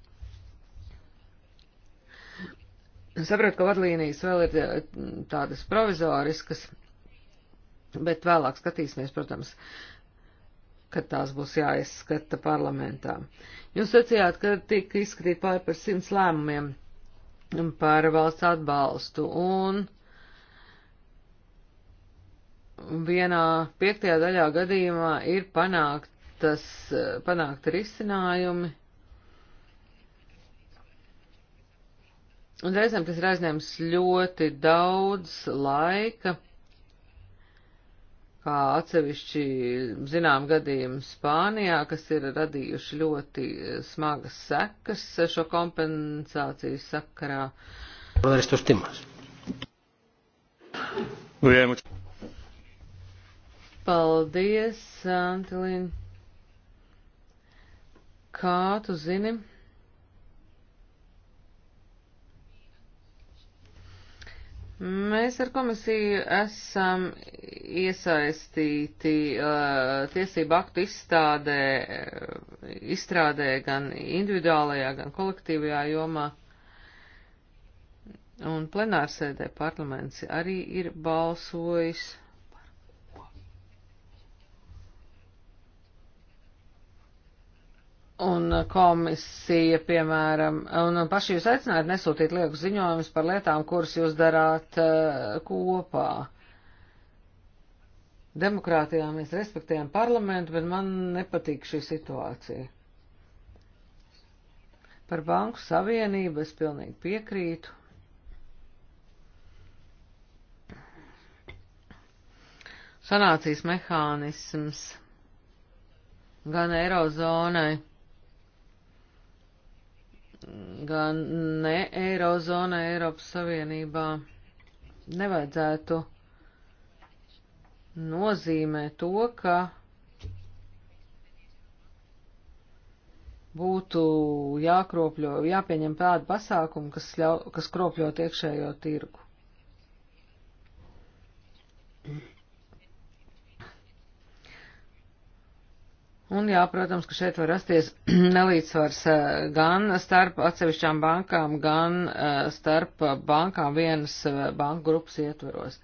Saprotu, ka vadlīnijas vēl ir eh, tādas provizoriskas, bet vēlāk skatīsimies, protams, kad tās būs jāizskata parlamentā. Jūs sacījāt, ka tika izskatīt pār par simts lēmumiem par valsts atbalstu, un vienā piektajā daļā gadījumā ir panākt tas eh, panākt risinājumi. Un reizēm tas ir aizņēmis ļoti daudz laika, kā atsevišķi zinām gadījumi Spānijā, kas ir radījuši ļoti eh, smagas sekas šo kompensācijas sakarā. Paldies, Antilīna kā tu zini. Mēs ar komisiju esam iesaistīti uh, tiesību aktu izstādē, uh, izstrādē gan individuālajā, gan kolektīvajā jomā. Un plenārsēdē parlaments arī ir balsojis. Un uh, komisija, piemēram, un paši jūs aicinājāt nesūtīt lieku ziņojumus par lietām, kuras jūs darāt uh, kopā. Demokrātijā mēs respektējam parlamentu, bet man nepatīk šī situācija. Par banku savienību es pilnīgi piekrītu. Sanācijas mehānisms gan Eirozonai gan ne Eirozona Eiropas Savienībā nevajadzētu nozīmē to, ka būtu jākropļo, jāpieņem tādi pasākumi, kas, ļau, kas kropļot iekšējo tirgu. Mm. Un jā, protams, ka šeit var rasties nelīdzsvars eh, gan starp atsevišķām bankām, gan eh, starp bankām vienas eh, banku grupas ietvaros.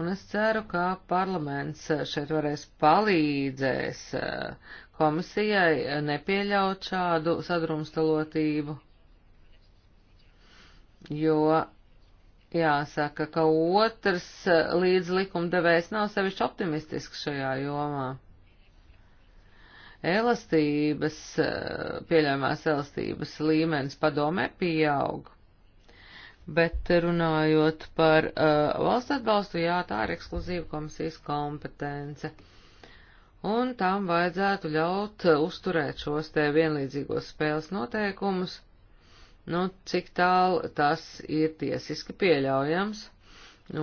Un es ceru, ka parlaments šeit varēs palīdzēs komisijai nepieļaut šādu sadrumstalotību, jo jāsaka, ka otrs līdz likumdevējs nav sevišķi optimistisks šajā jomā elastības, eh, pieļaujamās elastības līmenis padomē pieaug. Bet runājot par uh, valsts atbalstu, jā, tā ir ekskluzīva komisijas kompetence. Un tām vajadzētu ļaut eh, uzturēt šos te vienlīdzīgos spēles noteikumus, nu, cik tālu tas ir tiesiski pieļaujams,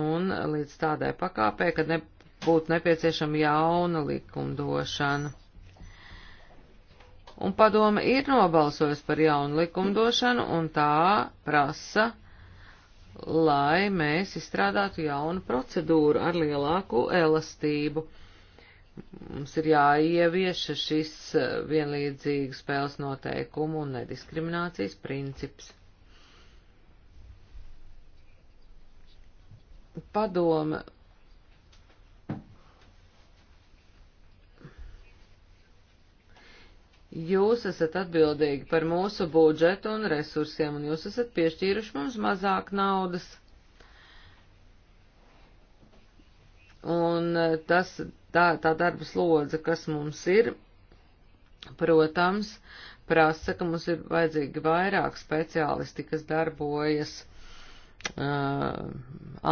un līdz tādai pakāpē, kad ne, būtu nepieciešama jauna likumdošana un padome ir nobalsojusi par jaunu likumdošanu, un tā prasa, lai mēs izstrādātu jaunu procedūru ar lielāku elastību. Mums ir jāievieš šis eh, vienlīdzīgs spēles noteikumu un nediskriminācijas princips. Padome Jūs esat atbildīgi par mūsu budžetu un resursiem, un jūs esat piešķīruši mums mazāk naudas. Un eh, tas, tā, tā darba slodze, kas mums ir, protams, prasa, ka mums ir vajadzīgi vairāk speciālisti, kas darbojas uh,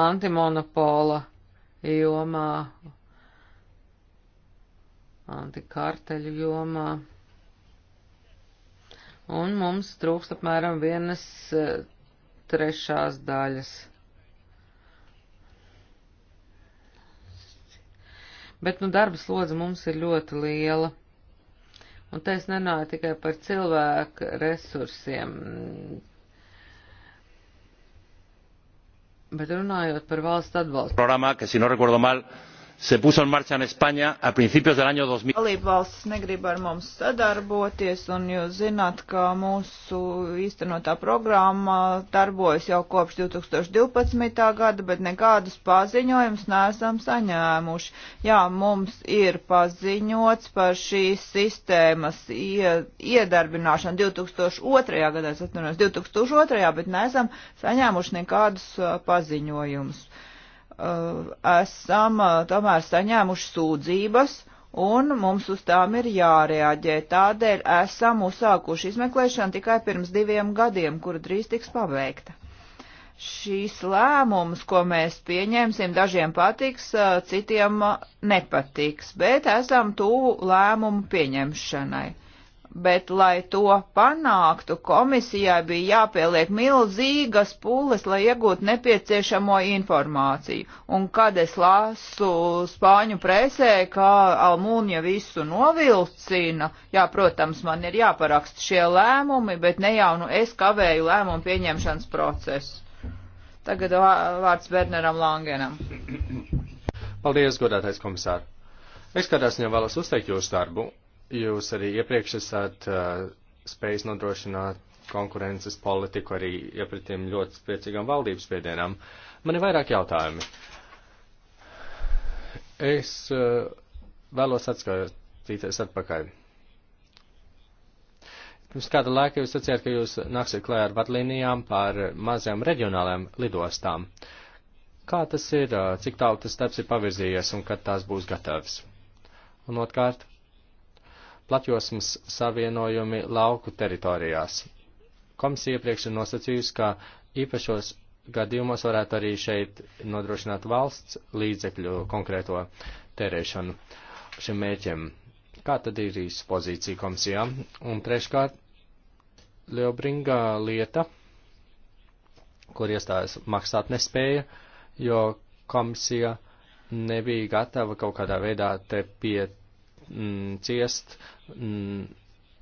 antimonopola jomā, antikarteļu jomā un mums trūkst apmēram vienas eh, trešās daļas. Bet, nu, darba slodze mums ir ļoti liela. Un te es nenāju tikai par cilvēku resursiem, bet runājot par valsts atbalstu. Programā, kas, ja no recordo mal, se puso en marcha en España a principios del año 2000. Dalībvalstis negrib ar mums sadarboties, un jūs zināt, ka mūsu īstenotā programma darbojas jau kopš 2012. gada, bet nekādus paziņojumus neesam saņēmuši. Jā, mums ir paziņots par šīs sistēmas iedarbināšanu 2002. gadā, es atceros, 2002. bet neesam saņēmuši nekādus paziņojumus. Uh, Eh, esam eh, tomēr saņēmuši sūdzības un mums uz tām ir jārēģē. Tādēļ esam uzsākuši izmeklēšanu tikai pirms diviem gadiem, kura drīz tiks pabeigta. Šīs lēmumus, ko mēs pieņemsim, dažiem patiks, eh, citiem nepatiks, bet esam tuvu lēmumu pieņemšanai bet, lai to panāktu, komisijai bija jāpieliek milzīgas pūles, lai iegūtu nepieciešamo informāciju. Un kad es lasu spāņu presē, kā Almūņa visu novilcina, jā, protams, man ir jāparaksta šie lēmumi, bet ne jau nu es kavēju lēmumu pieņemšanas procesu. Tagad vārds Berneram Langenam. Paldies, godātais komisār! Es kādā ziņā vēlos uzteikt jūsu darbu Jūs arī iepriekš esat uh, spējis nodrošināt konkurences politiku arī iepratiem ļoti spēcīgām valdības spiedienām. Man ir vairāk jautājumi. Es uh, vēlos atskatīties atpakaļ. Pirms kāda laika jūs sacījāt, ka jūs nāksiet klē ar vadlīnijām par mazajām reģionālajām lidostām. Kā tas ir, uh, cik tālu tas darbs ir pavirzījies un kad tās būs gatavas? Un otkārt, platjosmas savienojumi lauku teritorijās. Komisija iepriekš ir nosacījusi, ka īpašos gadījumos varētu arī šeit nodrošināt valsts līdzekļu konkrēto tērēšanu šim mēķiem. Kā tad ir īsa pozīcija komisijā? Un treškārt, Liobringa lieta, kur iestājas maksāt nespēja, jo komisija nebija gatava kaut kādā veidā te piet mm, ciest mm,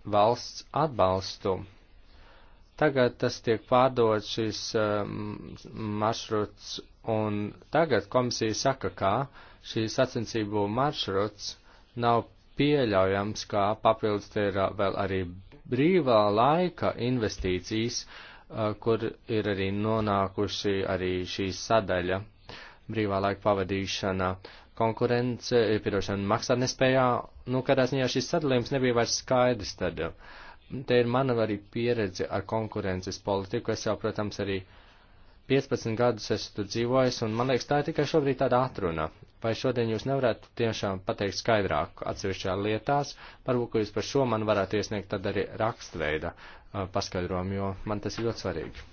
valsts atbalstu. Tagad tas tiek pārdots šis mm, maršruts, un tagad komisija saka, ka šīs sacensību maršruts nav pieļaujams, kā papildus te ir uh, vēl arī brīvā laika investīcijas, uh, kur ir arī nonākuši arī šī sadaļa brīvā laika pavadīšana konkurence, eh, piedošana maksātnespējā, nu, kādā ziņā šis sadalījums nebija vairs skaidrs tad. Eh, te ir mana arī pieredze ar konkurences politiku, es jau, protams, arī 15 gadus esmu tur dzīvojis, un man liekas, tā ir tikai šobrīd tāda atruna. Vai šodien jūs nevarētu tiešām pateikt skaidrāk atsevišķā lietās, varbūt, ka jūs par šo man varētu iesniegt tad arī rakstveida eh, paskaidrojumu, jo man tas ir ļoti svarīgi.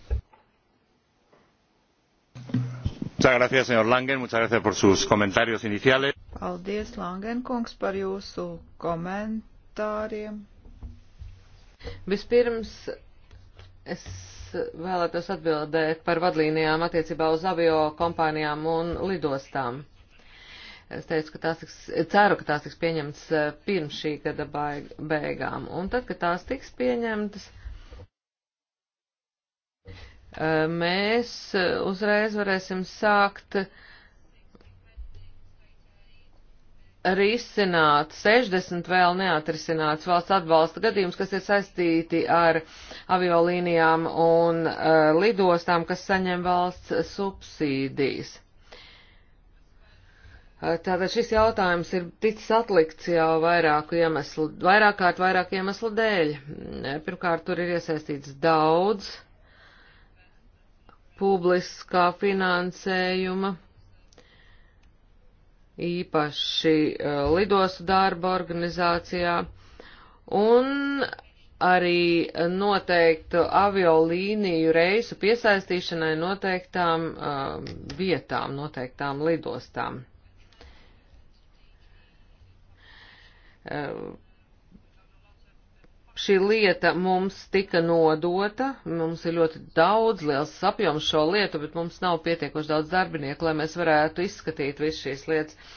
Gracias, señor Langen. Muchas gracias por sus comentarios iniciales. Paldies, Langenkungs, par jūsu komentāriem. Vispirms es vēlētos atbildēt par vadlīnijām attiecībā uz avio kompānijām un lidostām. Es teicu, ka tās tiks, ceru, ka tās tiks pieņemtas eh, pirms šī gada beigām. Un tad, kad tās tiks pieņemtas, Eh, mēs eh, uzreiz varēsim sākt eh, risināt 60 vēl neatrisināts valsts atbalsta gadījums, kas ir saistīti ar aviolīnijām un uh, lidostām, kas saņem valsts subsīdijas. Tātad šis jautājums ir ticis atlikts jau vairāku iemeslu, vairāk kārt vairāku iemeslu dēļ. Pirmkārt, tur ir iesaistīts daudz uh, publiskā finansējuma, īpaši e, lidostu darba organizācijā, un arī noteiktu aviolīniju reisu piesaistīšanai noteiktām uh, vietām, noteiktām lidostām. Uh, šī lieta mums tika nodota, mums ir ļoti daudz liels apjoms šo lietu, bet mums nav pietiekoši daudz darbinieku, lai mēs varētu izskatīt visu šīs lietas.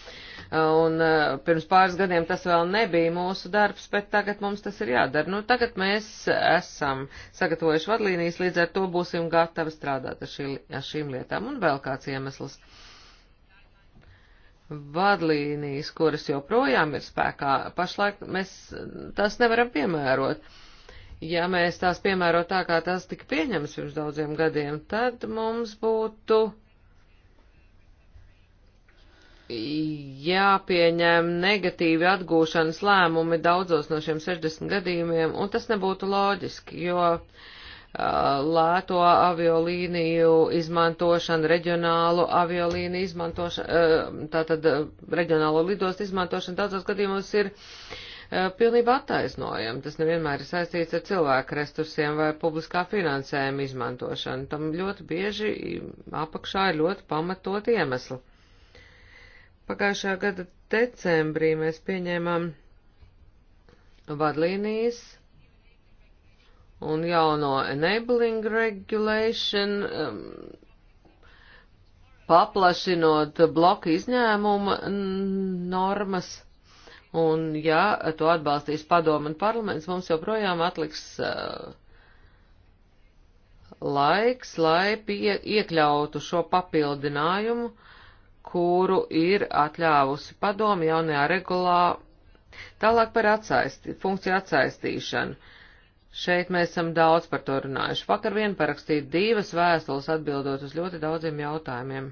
Un eh, pirms pāris gadiem tas vēl nebija mūsu darbs, bet tagad mums tas ir jādara. Nu, tagad mēs esam sagatavojuši vadlīnijas, līdz ar to būsim gatavi strādāt ar, šī, ar šīm lietām. Un vēl kāds iemesls. Uh, vadlīnijas, kuras joprojām ir spēkā, pašlaik mēs tās nevaram piemērot. Ja mēs tās piemērot tā, kā tās tika pieņemts pirms daudziem gadiem, tad mums būtu jāpieņem negatīvi atgūšanas lēmumi daudzos no šiem 60 gadījumiem, un tas nebūtu loģiski, jo uh, Uh, lēto aviolīniju izmantošanu, reģionālu aviolīniju izmantošanu, uh, tātad uh, reģionālo lidostu izmantošanu daudzos gadījumos ir pilnībā attaisnojama. Tas nevienmēr ir saistīts ar cilvēku resursiem vai publiskā finansējuma izmantošanu. Tam ļoti bieži apakšā ir ļoti pamatot iemesli. Pagājušā gada decembrī mēs pieņēmām vadlīnijas un jauno enabling regulation, um, paplašinot bloku izņēmumu normas. Un ja to atbalstīs padomu un parlaments, mums joprojām atliks uh, laiks, lai pie, iekļautu šo papildinājumu, kuru ir atļāvusi padomu jaunajā regulā. Tālāk par atsaisti, funkciju atsaistīšanu. Šeit mēs esam daudz par to runājuši. Vakar vien parakstīju divas vēstules atbildot uz ļoti daudziem jautājumiem,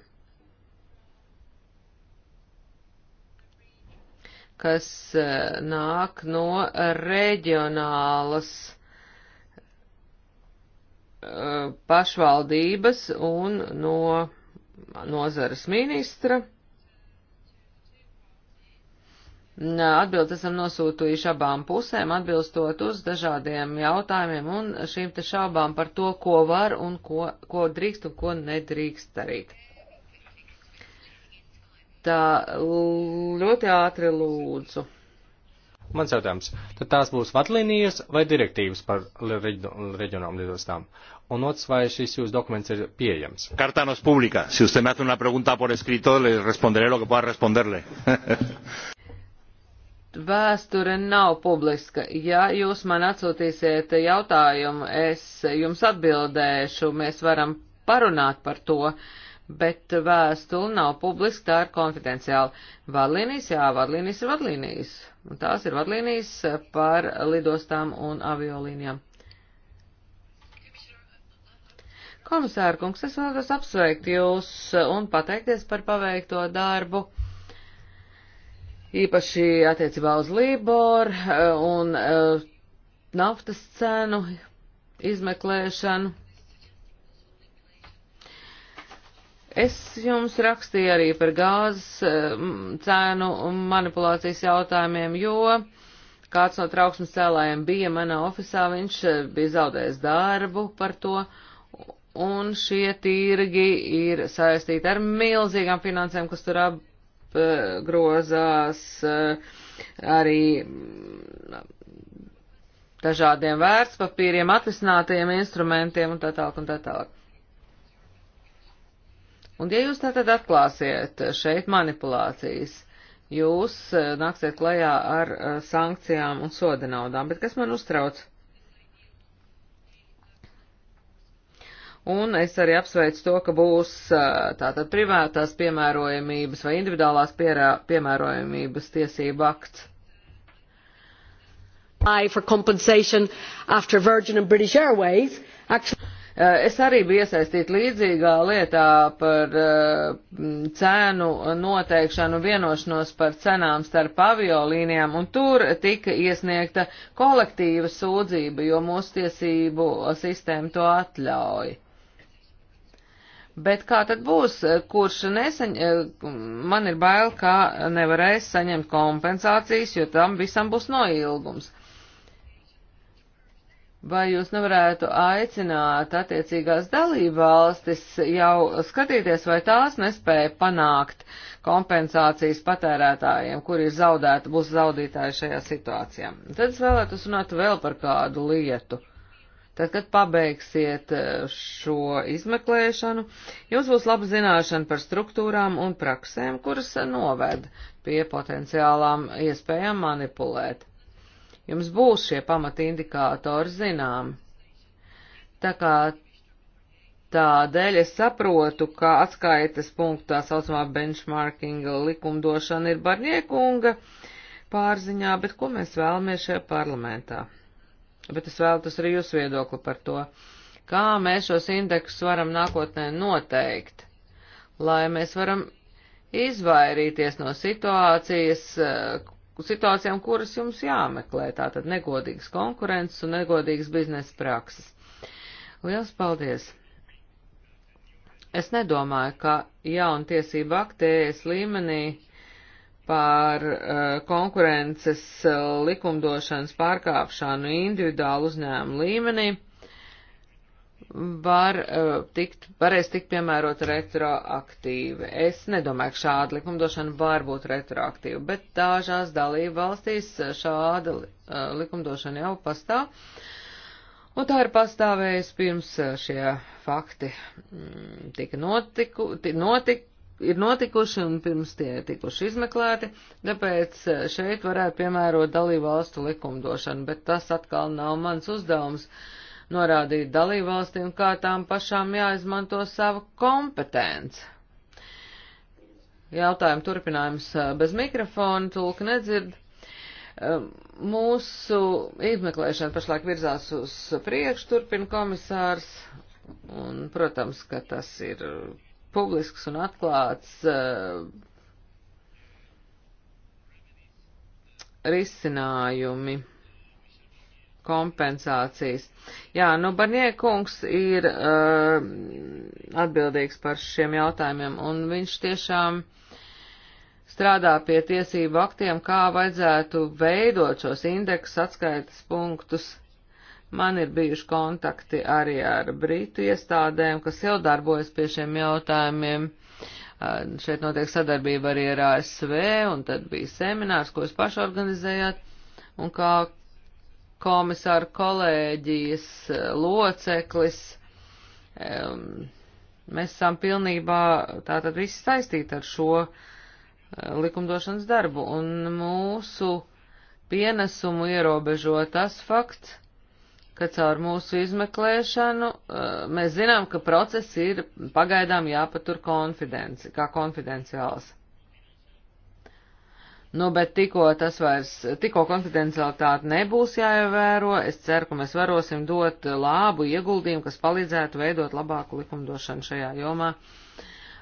kas eh, nāk no reģionālas eh, pašvaldības un no nozares ministra. Atbildes esam nosūtījuši abām pusēm, atbilstot uz dažādiem jautājumiem un šīm te šaubām par to, ko var un ko, ko drīkst un ko nedrīkst darīt. Tā ļoti ātri lūdzu. Mans jautājums, tad tās būs vadlīnijas vai direktīvas par reģionālām lidostām? un otrs, vai šis jūsu dokuments ir pieejams. Carta nos publica. Si usted me hace una pregunta por escrito, le responderé lo que pueda responderle. Vēsture nav publiska. Ja jūs man atsūtīsiet jautājumu, es jums atbildēšu, mēs varam parunāt par to, bet vēstule nav publiska, tā ir konfidenciāla. Vadlīnijas, jā, vadlīnijas ir vadlīnijas, un tās ir vadlīnijas par lidostām un aviolīnijām. Komisārkungs, es vēlos apsveikt jūs un pateikties par paveikto darbu īpaši attiecībā uz Libor eh, un eh, naftas cenu izmeklēšanu. Es jums rakstīju arī par gāzes eh, cēnu manipulācijas jautājumiem, jo kāds no trauksmes cēlājiem bija manā ofisā, viņš bija zaudējis darbu par to, un šie tirgi ir saistīti ar milzīgām finansēm, kas tur ap grozās eh, arī mm, dažādiem vērtspapīriem, atrisinātajiem instrumentiem un tā tālāk un tā tālāk. Un ja jūs tātad atklāsiet šeit manipulācijas, jūs eh, nāksiet klajā ar eh, sankcijām un soda naudām, bet kas man uztrauc? Un es arī apsveicu to, ka būs tātad privātās piemērojamības vai individuālās pierā, piemērojamības tiesība akts. For compensation after Virgin and British Airways. Actually... Es arī biju iesaistīta līdzīgā lietā par cēnu noteikšanu, vienošanos par cenām starp aviolīnijām, un tur tika iesniegta kolektīva sūdzība, jo mūsu tiesību sistēma to atļauj. Bet kā tad būs, kurš nesaņ, eh, man ir bail, ka nevarēs saņemt kompensācijas, jo tam visam būs noilgums. Vai jūs nevarētu aicināt attiecīgās dalībvalstis jau skatīties, vai tās nespēja panākt kompensācijas patērētājiem, kuri ir zaudēti, būs zaudītāji šajā situācijā? Tad es vēlētos runāt vēl par kādu lietu. Uh, Tad, kad pabeigsiet eh, šo izmeklēšanu, jums būs laba zināšana par struktūrām un praksēm, kuras eh, noved pie potenciālām iespējām manipulēt. Jums būs šie pamati indikātori zinām. Tā kā Tādēļ es saprotu, ka atskaites punktā saucamā benchmarking likumdošana ir Barņiekunga pārziņā, bet ko mēs vēlamies šajā parlamentā? bet es vēlētos arī jūsu viedokli par to, kā mēs šos indeksus varam nākotnē noteikt, lai mēs varam izvairīties no situācijas, eh, situācijām, kuras jums jāmeklē, tātad negodīgas konkurences un negodīgas biznesa prakses. Liels paldies! Es nedomāju, ka jauna tiesība aktējas līmenī par uh, konkurences uh, likumdošanas pārkāpšanu individuālu uzņēmumu līmenī var uh, tikt, varēs tikt piemērot retroaktīvi. Es nedomāju, ka šāda likumdošana var būt retroaktīva, bet dažās dalību valstīs šāda uh, likumdošana jau pastāv. Un tā ir pastāvējusi pirms šie fakti mm, tika notiku, notika ir notikuši un pirms tie ir tikuši izmeklēti, tāpēc eh, šeit varētu piemērot dalībvalstu likumdošanu, bet tas atkal nav mans uzdevums norādīt dalībvalstīm, kā tām pašām jāizmanto sava kompetence. Jautājums turpinājums eh, bez mikrofona, tulka nedzird. Eh, mūsu izmeklēšana pašlaik virzās uz priekšu, turpina komisārs, un, protams, ka tas ir publisks un atklāts uh, risinājumi kompensācijas. Jā, nu, Barniekungs ir uh, atbildīgs par šiem jautājumiem, un viņš tiešām strādā pie tiesību aktiem, kā vajadzētu veidot šos indeksus atskaitas punktus Man ir bijuši kontakti arī ar Brītu iestādēm, kas jau darbojas pie šiem jautājumiem. Šeit notiek sadarbība arī ar ASV, un tad bija seminārs, ko jūs paši organizējāt. Un kā komisāra kolēģijas loceklis, mēs esam pilnībā tātad visi saistīti ar šo likumdošanas darbu, un mūsu pienesumu ierobežo tas fakts, ka caur mūsu izmeklēšanu eh, mēs zinām, ka process ir pagaidām jāpatur konfidenci, kā konfidenciāls. Nu, bet tikko tas vairs, tikko konfidencialitāte nebūs jāievēro, es ceru, ka mēs varosim dot labu ieguldījumu, kas palīdzētu veidot labāku likumdošanu šajā jomā. Uh,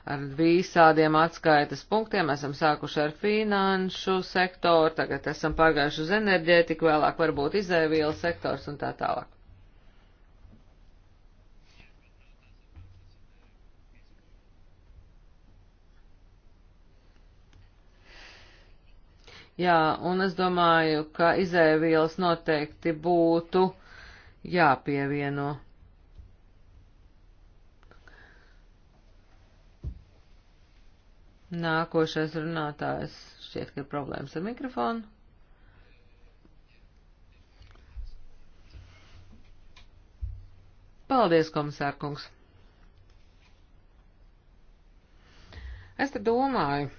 ar visādiem atskaitas punktiem. Esam sākuši ar finanšu sektoru, tagad esam pagājuši uz enerģētiku, vēlāk varbūt izēvielu sektors un tā tālāk. Jā, un es domāju, ka izēvielas noteikti būtu jāpievieno. Nākošais runātājs šķiet, ka ir problēmas ar mikrofonu. Paldies, komisārkungs. Es te domāju,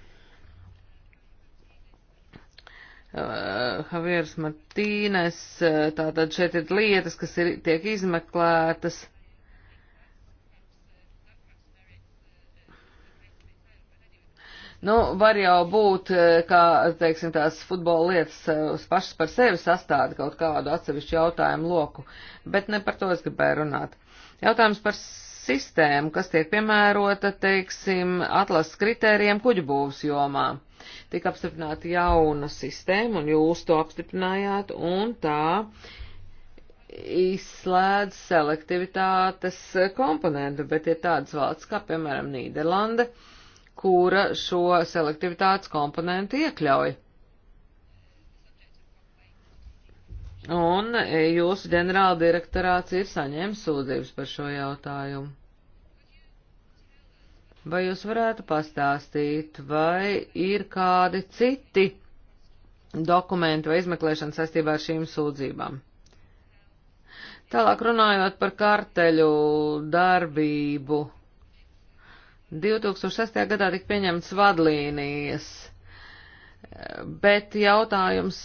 uh, Javieris Martīnes, uh, tātad šeit ir lietas, kas ir, tiek izmeklētas. Uh, Nu, var jau būt, e, ka, teiksim, tās futbola lietas e, pašas par sevi sastāda kaut kādu atsevišķu jautājumu loku, bet ne par to es gribēju runāt. Jautājums par sistēmu, kas tiek piemērota, teiksim, atlases kritērijiem kuģu būvs jomā. Tik apstiprināta jauna sistēma, un jūs to apstiprinājāt, un tā izslēdz selektivitātes komponentu, bet ir tādas valsts kā, piemēram, Nīderlanda, uh, kura šo selektivitātes komponentu iekļauj. Un jūsu ģenerāla direktorāts ir saņēmis sūdzības par šo jautājumu. Vai jūs varētu pastāstīt, vai ir kādi citi dokumenti vai izmeklēšana saistībā ar šīm sūdzībām? Tālāk runājot par karteļu darbību 2006. gadā tika pieņemts vadlīnijas, bet jautājums,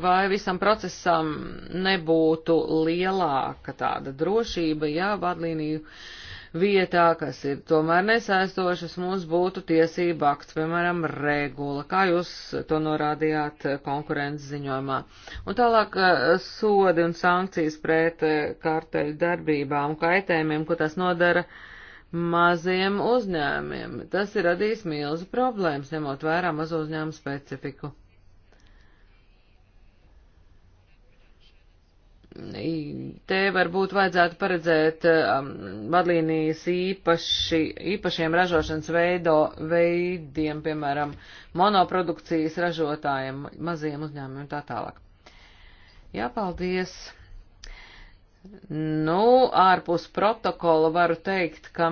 vai visam procesam nebūtu lielāka tāda drošība, ja vadlīniju vietā, kas ir tomēr nesaistošas, mums būtu tiesība akts, piemēram, regula, kā jūs to norādījāt eh, konkurences ziņojumā. Un tālāk eh, sodi un sankcijas pret eh, kārteļu darbībām, kaitējumiem, ko tas nodara. Uh, maziem uzņēmiem. Tas ir radījis milzu problēmas, ņemot vērā mazo uzņēmumu specifiku. Te varbūt vajadzētu paredzēt um, vadlīnijas īpaši, īpašiem ražošanas veido, veidiem, piemēram, monoprodukcijas ražotājiem, maziem uzņēmumiem un tā tālāk. Jā, paldies! Nu, ārpus protokola varu teikt, ka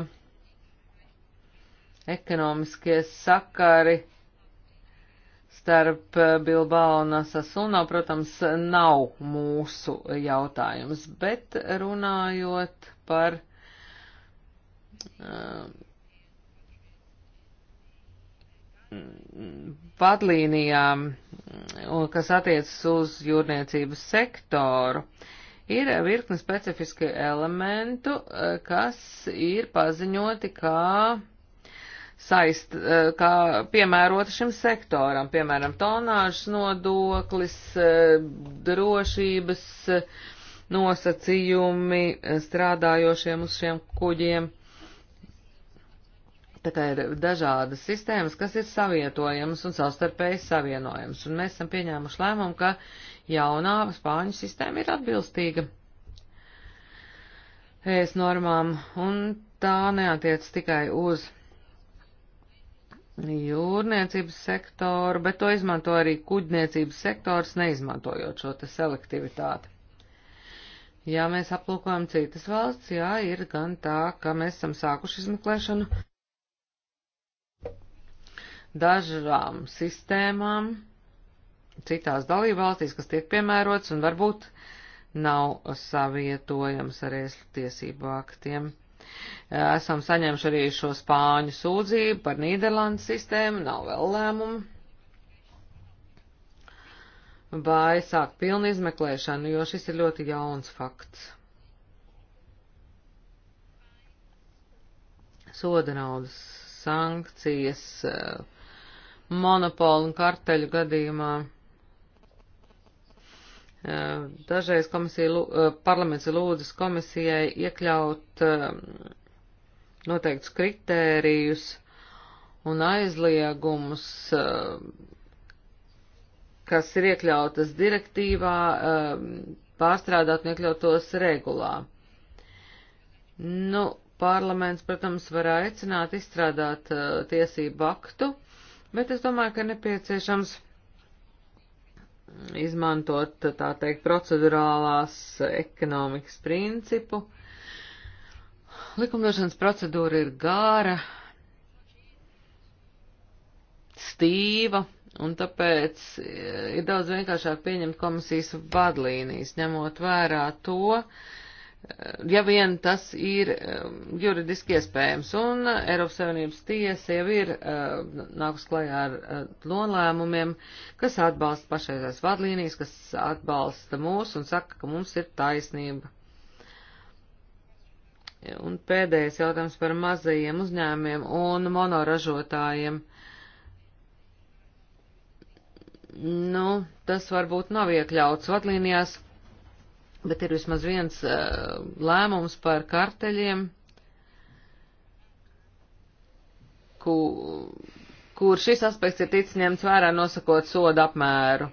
ekonomiskie sakari starp Bilbao un Asasuno, protams, nav mūsu jautājums, bet runājot par um, vadlīnijām, uh, kas attiecas uz jūrniecības sektoru, uh, Ir virkne specifiski elementu, eh, kas ir paziņoti kā saist, eh, kā piemērota šim sektoram, piemēram, tonāžas nodoklis, eh, drošības nosacījumi strādājošiem uz šiem kuģiem. Tā kā ir dažādas sistēmas, kas ir savietojamas un savstarpēji savienojamas, un mēs esam pieņēmuši lēmumu, ka jaunā spāņu sistēma ir atbilstīga ēst e normām, un tā neatiec tikai uz jūrniecības sektoru, bet to izmanto arī kuģniecības sektors, neizmantojot šo te selektivitāti. Ja mēs aplūkojam citas valsts, jā, ir gan tā, ka mēs esam sākuši izmeklēšanu dažām sistēmām, citās dalībvalstīs, kas tiek piemērots un varbūt nav savietojams ar es tiesību aktiem. Esam saņemši arī šo spāņu sūdzību par Nīderlandes sistēmu, nav vēl lēmumu. Vai sākt pilnu izmeklēšanu, jo šis ir ļoti jauns fakts. Soda naudas sankcijas eh, monopola un karteļu gadījumā. Eh, dažreiz komisija, eh, parlaments ir lūdzis komisijai iekļaut eh, noteiktus kritērijus un aizliegumus, kas ir iekļautas direktīvā, pārstrādāt un iekļaut tos regulā. Nu, parlaments, protams, var aicināt izstrādāt tiesību aktu, bet es domāju, ka nepieciešams izmantot, tā teikt, procedurālās ekonomikas principu. Likumdošanas procedūra ir gāra, stīva, un tāpēc e, ir daudz vienkāršāk pieņemt komisijas vadlīnijas, ņemot vērā to, uh, ja vien tas ir um, juridiski iespējams. Un uh, Eiropas Savienības tiesa jau ir uh, nākus klajā ar uh, nolēmumiem, kas atbalsta pašreizās vadlīnijas, kas atbalsta mūs un saka, ka mums ir taisnība. Un pēdējais jautājums par mazajiem uzņēmiem un monoražotājiem. Nu, tas varbūt nav iekļauts vadlīnijās bet ir vismaz viens uh, lēmums par karteļiem, ku, kur šis aspekts ir ticis ņemts vērā nosakot sodu apmēru.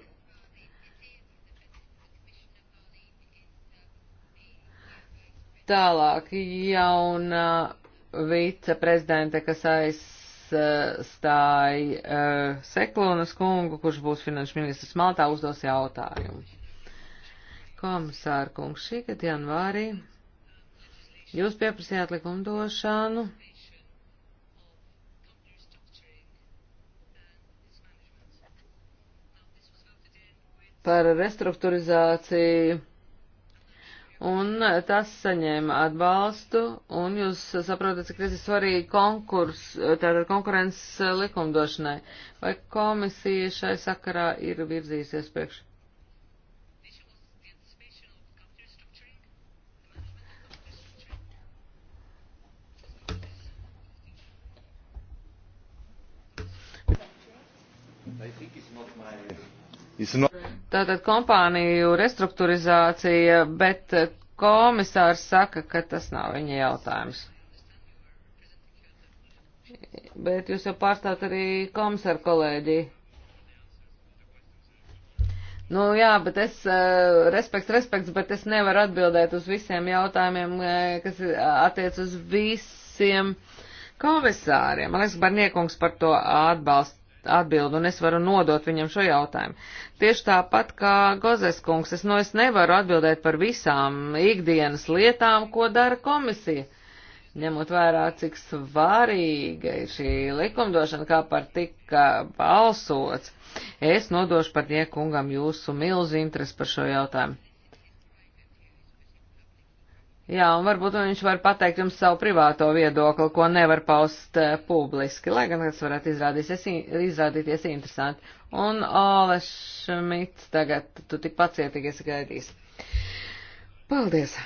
Tālāk jauna viceprezidente, kas aizstāja uh, eh, Seklonas kungu, kurš būs finanšu ministrs Maltā, uzdos jautājumu. Komisāra kungs, šī gada janvārī jūs pieprasījāt likumdošanu par restruktūrizāciju, un tas saņēma atbalstu, un jūs saprotat, cik tas ir svarīgi konkurs, tātad konkurences likumdošanai. Vai komisija šai sakarā ir virzījusies priekš? Tātad kompāniju restruktūrizācija, bet komisārs saka, ka tas nav viņa jautājums. Bet jūs jau pārstāvat arī komisāru kolēģi. Nu jā, bet es, eh, respekts, respekts, bet es nevaru atbildēt uz visiem jautājumiem, eh, kas attiec uz visiem komisāriem. Man liekas, Barniekungs par to atbalst, atbildi, un es varu nodot viņam šo jautājumu. Tieši tāpat kā Gozes kungs, es, no, nu, es nevaru atbildēt par visām ikdienas lietām, ko dara komisija. Ņemot vērā, cik svarīga ir šī likumdošana, kā par tika balsots, es nodošu par niekungam jūsu milzu interesi par šo jautājumu. Jā, un varbūt viņš var pateikt jums savu privāto viedokli, ko nevar paust uh, publiski, lai gan tas varētu izrādīties interesanti. Un Ole Šmits, tagad tu tik pacietīgi esi gaidījis. Paldies!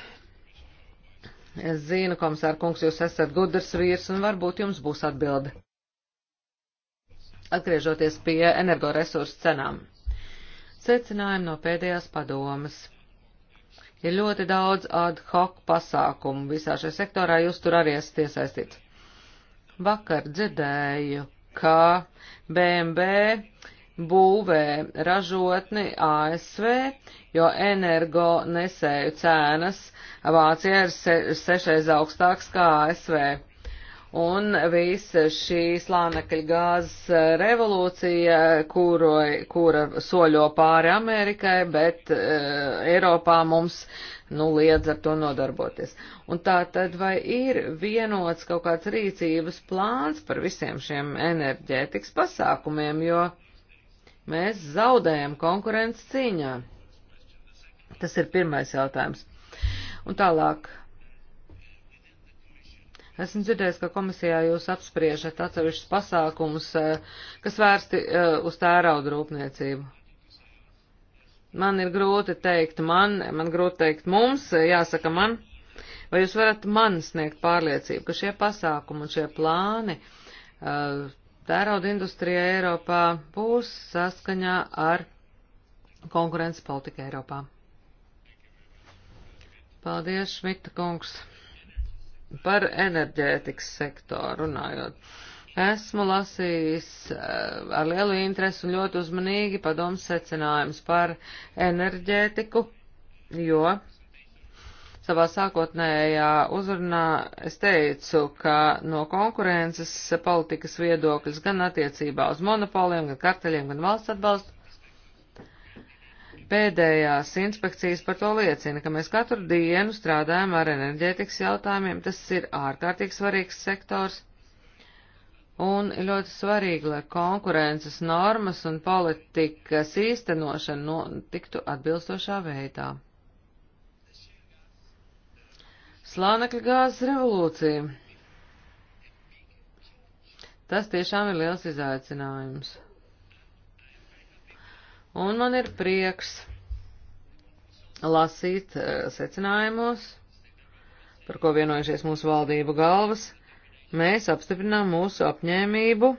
Es zinu, komisār kungs, jūs esat gudrs vīrs, un varbūt jums būs atbilde. Atgriežoties pie energoresursu cenām. Secinājumi no pēdējās padomas Ir ļoti daudz ad hoc pasākumu visā šajā sektorā, jūs tur arī esat iesaistīts. Vakar dzirdēju, ka BMW būvē ražotni ASV, jo energo nesēju cēnas Vācijā ir se, sešreiz augstāks kā ASV. Un visa šī slānekļa gāzes eh, revolūcija, kuro, kura soļo pāri Amerikai, bet e, Eiropā mums nu liedz ar to nodarboties. Un tā tad vai ir vienots kaut kāds rīcības plāns par visiem šiem enerģētikas pasākumiem, jo mēs zaudējam konkurences cīņā? Tas ir pirmais jautājums. Un tālāk Esmu dzirdējis, ka komisijā jūs apspriežat atsevišķus pasākumus, eh, kas vērsti eh, uz tērauda rūpniecību. Man ir grūti teikt man, man grūti teikt mums, eh, jāsaka man, vai jūs varat man sniegt pārliecību, ka šie pasākumi un šie plāni tērauda industrijā Eiropā būs saskaņā ar konkurences politiku Eiropā. Paldies, Šmita kungs! par enerģētikas sektoru runājot. Esmu lasījis eh, ar lielu interesi un ļoti uzmanīgi padoms secinājums par enerģētiku, jo savā sākotnējā uzrunā es teicu, ka no konkurences politikas viedokļas gan attiecībā uz monopoliem, gan karteļiem, gan valsts atbalstu Pēdējās inspekcijas par to liecina, ka mēs katru dienu strādājam ar enerģētikas jautājumiem. Tas ir ārkārtīgi svarīgs sektors un ļoti svarīgi, lai konkurences normas un politikas īstenošana notiktu atbilstošā veidā. Slānekļa gāzes revolūcija. Tas tiešām ir liels izaicinājums. Un man ir prieks lasīt eh, secinājumos, par ko vienojušies mūsu valdību galvas, mēs apstiprinām mūsu apņēmību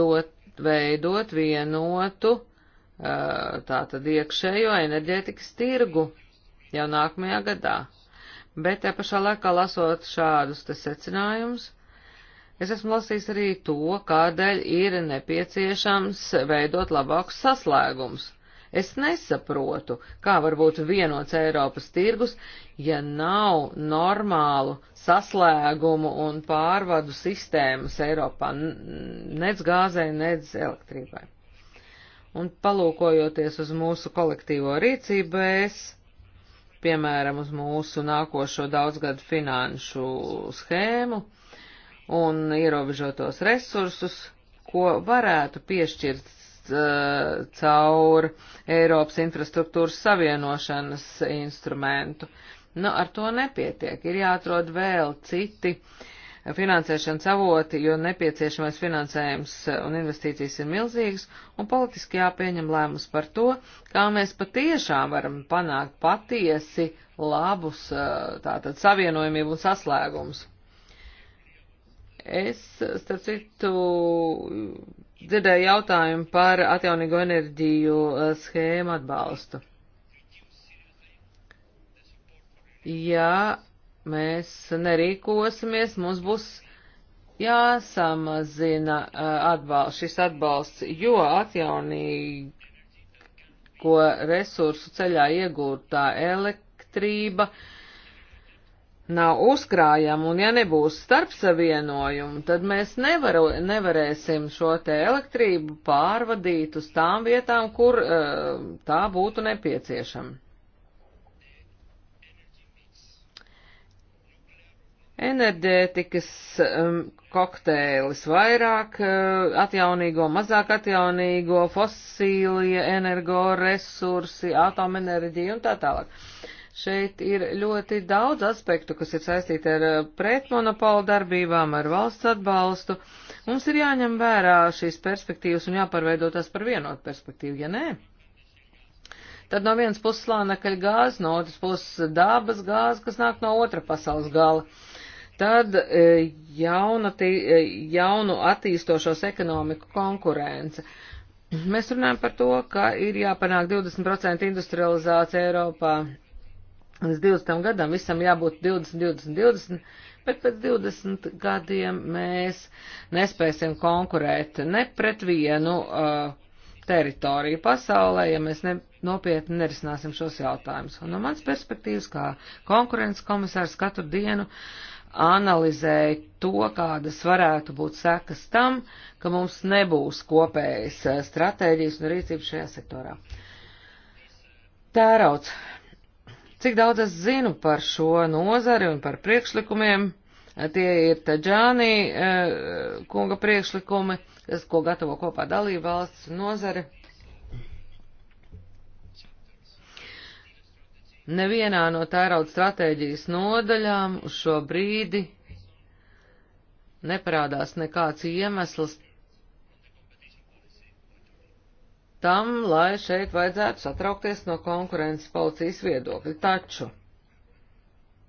dot, veidot vienotu eh, tātad iekšējo enerģētikas tirgu jau nākamajā gadā. Bet te pašā laikā lasot šādus te secinājumus, Es esmu lasījis arī to, kādēļ ir nepieciešams veidot labākus saslēgumus. Es nesaprotu, kā var būt vienots Eiropas tirgus, ja nav normālu saslēgumu un pārvadu sistēmas Eiropā, nec gāzei, nec elektrībai. Un palūkojoties uz mūsu kolektīvo rīcību, es, piemēram, uz mūsu nākošo daudzgadu finanšu schēmu, un ierobežotos resursus, ko varētu piešķirt uh, caur Eiropas infrastruktūras savienošanas instrumentu. Nu, ar to nepietiek. Ir jāatrod vēl citi finansēšanas avoti, jo nepieciešamais finansējums un investīcijas ir milzīgas, un politiski jāpieņem lēmums par to, kā mēs patiešām varam panākt patiesi labus uh, tātad savienojumību un saslēgumus. Es, starp citu, dzirdēju jautājumu par atjaunīgo enerģiju uh, schēmu atbalstu. Ja mēs nerīkosimies, mums būs jāsamazina uh, atbalsts, šis atbalsts, jo atjaunīgo resursu ceļā iegūtā elektrība uh, nav uzkrājama, un ja nebūs starpsavienojumu, tad mēs nevaru, nevarēsim šo te elektrību pārvadīt uz tām vietām, kur uh, tā būtu nepieciešama. Enerģētikas um, kokteilis vairāk uh, atjaunīgo, mazāk atjaunīgo, fosīlie energoresursi, atomenerģija un tā tālāk. Uh, Šeit ir ļoti daudz aspektu, kas ir saistīti ar uh, pretmonopolu darbībām, ar valsts atbalstu. Mums ir jāņem vērā šīs perspektīvas un jāparveido tās par vienotu perspektīvu, ja nē. Tad no vienas puses slānekļa gāze, no otras puses dabas gāze, kas nāk no otra pasaules gala. Tad e, jaunati, e, jaunu attīstošos ekonomiku konkurence. Mēs runājam par to, ka ir jāpanāk 20% industrializācija Eiropā Līdz 20. gadam visam jābūt 20, 20, 20, bet pēc 20 gadiem mēs nespēsim konkurēt ne pret vienu uh, teritoriju pasaulē, ja mēs ne, nopietni nerisināsim šos jautājumus. Un no mans perspektīvas, kā konkurences komisārs katru dienu analizēju to, kādas varētu būt sekas tam, ka mums nebūs kopējas uh, stratēģijas un rīcības šajā sektorā. Tērauds Cik daudz es zinu par šo nozari un par priekšlikumiem, tie ir Taģānī e, kunga priekšlikumi, kas, ko gatavo kopā dalību valsts nozare. Nevienā no tērauda stratēģijas nodaļām uz šo brīdi neparādās nekāds iemesls tam, lai šeit vajadzētu satraukties no konkurences policijas viedokļa. Taču,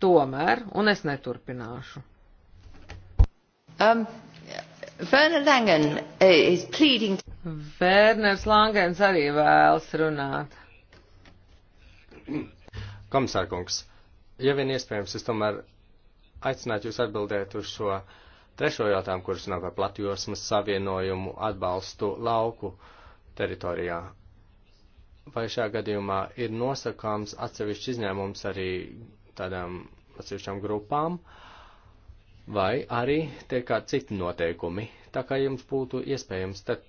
tomēr, un es neturpināšu. Um, Werner Langen uh, is pleading. Werners Langens arī vēlas runāt. Komisārkungs, ja vien iespējams, es tomēr aicinātu jūs atbildēt uz šo trešo jautājumu, kurš nav par platjosmas savienojumu atbalstu lauku. Uh, teritorijā. Vai šajā gadījumā ir nosakāms atsevišķs izņēmums arī tādām atsevišķām grupām, vai arī tie kā citi noteikumi, tā kā jums būtu iespējams. Tad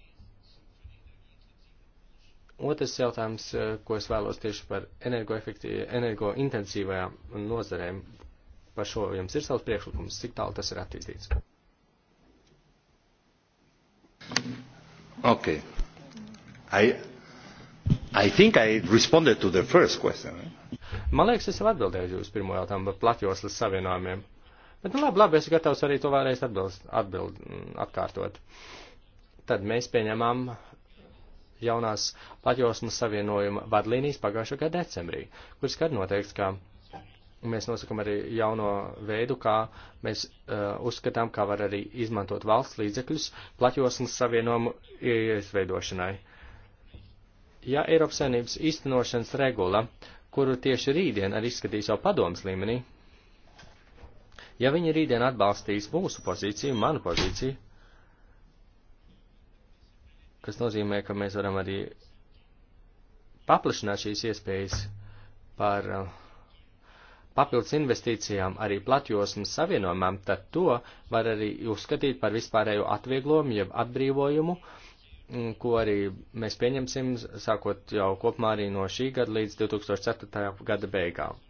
otrs jautājums, eh, ko es vēlos tieši par energointensīvajām energo nozarēm, par šo jums ir savs priekšlikums, cik tālu tas ir attīstīts. Okay. I, I think I responded to the first question. Eh? Man liekas, es jau atbildēju jūs pirmo jautājumu par platjoslas savienojumiem. Bet, nu labi, labi, es gatavs arī to vēlreiz atbild, atbild, mm, atkārtot. Tad mēs pieņemam jaunās platjosmas savienojuma vadlīnijas pagājušā gada decembrī, kuras gadu noteikts, ka mēs nosakam arī jauno veidu, kā mēs uh, uzskatām, kā var arī izmantot valsts līdzekļus plaķosnes savienojumu iesveidošanai. Ja Eiropas saimnības īstenošanas regula, kuru tieši rītdien arī izskatīs jau padomas līmenī, ja viņi rītdien atbalstīs mūsu pozīciju, manu pozīciju, kas nozīmē, ka mēs varam arī paplašināt šīs iespējas par uh, papildus investīcijām arī platjosmas savienojumam, tad to var arī uzskatīt par vispārējo atvieglojumu, jeb atbrīvojumu, uh, ko arī mēs pieņemsim, sākot jau kopumā arī no šī gada līdz 2004. gada beigām.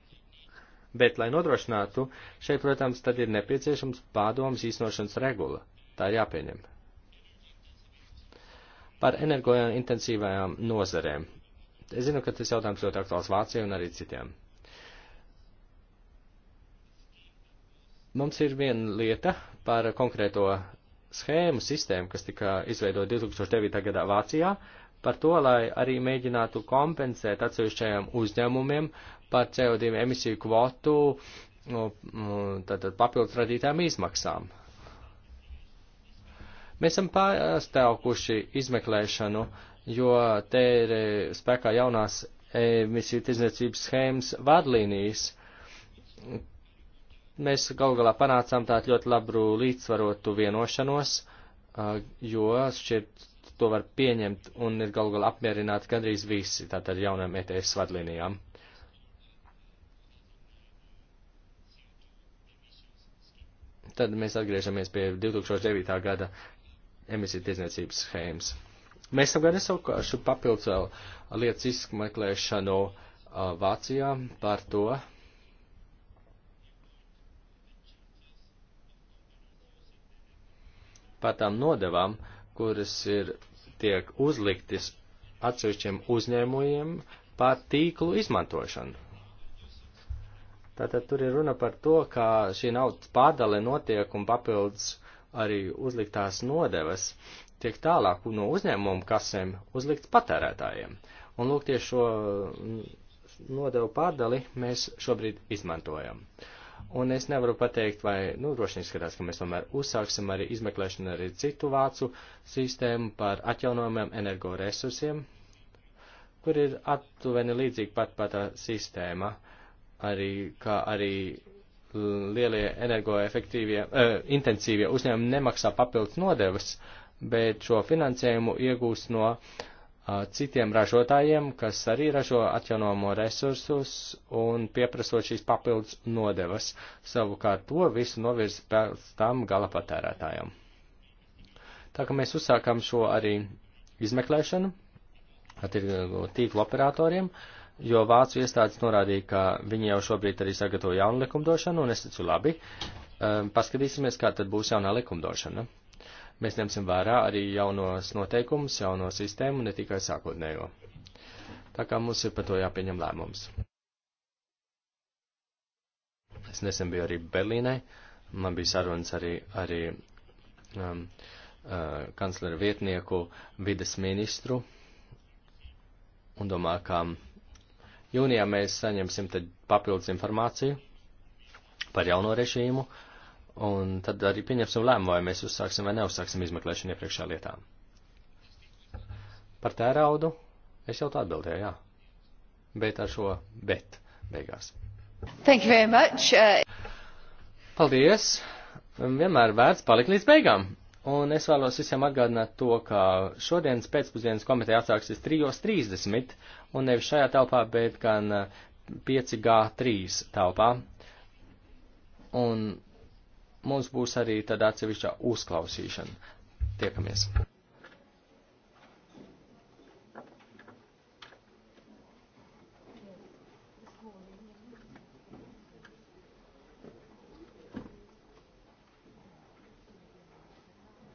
Bet, lai nodrošinātu, šeit, protams, tad ir nepieciešams pārdomas īstenošanas regula. Tā ir jāpieņem. Par energointensīvajām nozarēm. Es zinu, ka tas jautājums ļoti aktuāls Vācijai un arī citiem. Mums ir viena lieta par konkrēto schēmu sistēmu, kas tika izveidota 2009. gadā Vācijā, par to, lai arī mēģinātu kompensēt atsevišķajiem uzņēmumiem par CO2 emisiju kvotu tātad nu, nu, papildus radītām izmaksām. Mēs esam pārstāvuši izmeklēšanu, jo te ir eh, spēkā jaunās emisiju tirdzniecības schēmas vadlīnijas, Mēs gal galā panācām tādu ļoti labu līdzsvarotu vienošanos, jo šķiet to var pieņemt un ir gal galā apmierināti gandrīz visi tātad jaunām ETS vadlinijām. Tad mēs atgriežamies pie 2009. gada emisiju tirdzniecības schēmas. Mēs esam gadu savukārši papildus vēl lietas izmeklēšanu uh, Vācijā par to, par tām nodevām, kuras ir tiek uzliktas atsevišķiem uzņēmumiem par tīklu izmantošanu. Tātad tur ir runa par to, ka šī naudas pārdale notiek un papildus arī uzliktās nodevas tiek tālāk no uzņēmumu kasēm uzlikts patērētājiem. Un lūk, tieši šo mm, nodevu pārdali mēs šobrīd izmantojam. Uh, Un es nevaru pateikt, vai, nu, droši izskatās, ka mēs tomēr uzsāksim arī izmeklēšanu arī citu vācu sistēmu par atjaunojumiem energoresursiem, kur ir aptuveni līdzīgi pat pat tā sistēma, arī, kā arī lielie energoefektīvie, uh, intensīvie uzņēmumi nemaksā papildus nodevas, bet šo finansējumu iegūst no uh, citiem ražotājiem, kas arī ražo atjaunojumu resursus un pieprasot šīs papildus nodevas. Savukārt to visu novirz pēc tam gala patērētājiem. Tā kā mēs uzsākam šo arī izmeklēšanu tīklu operatoriem, jo vācu iestādes norādīja, ka viņi jau šobrīd arī sagatavo jaunu likumdošanu, un es teicu labi, paskatīsimies, kā tad būs jaunā likumdošana mēs ņemsim vērā arī jaunos noteikumus, jauno sistēmu, ne tikai sākotnējo. Tā kā mums ir par to jāpieņem lēmums. Es nesen biju arī Berlīnē, man bija sarunas arī, arī um, uh, kanclera vietnieku vides ministru, un domāju, ka jūnijā mēs saņemsim tad papildus informāciju par jauno režīmu, uh, Un tad arī pieņemsim lēmumu, vai mēs uzsāksim vai neuzsāksim izmeklēšanu iepriekšā lietā. Par tēraudu es jau tā atbildēju, jā. Bet ar šo bet beigās. Thank you very much. Uh, Paldies. Vienmēr vērts palikt līdz beigām. Un es vēlos visiem atgādināt to, ka šodienas pēcpusdienas komiteja atsāksies 3.30 un nevis šajā telpā, bet gan 5G3 uh, telpā. Un mums būs arī tad atsevišķā uzklausīšana. Tiekamies!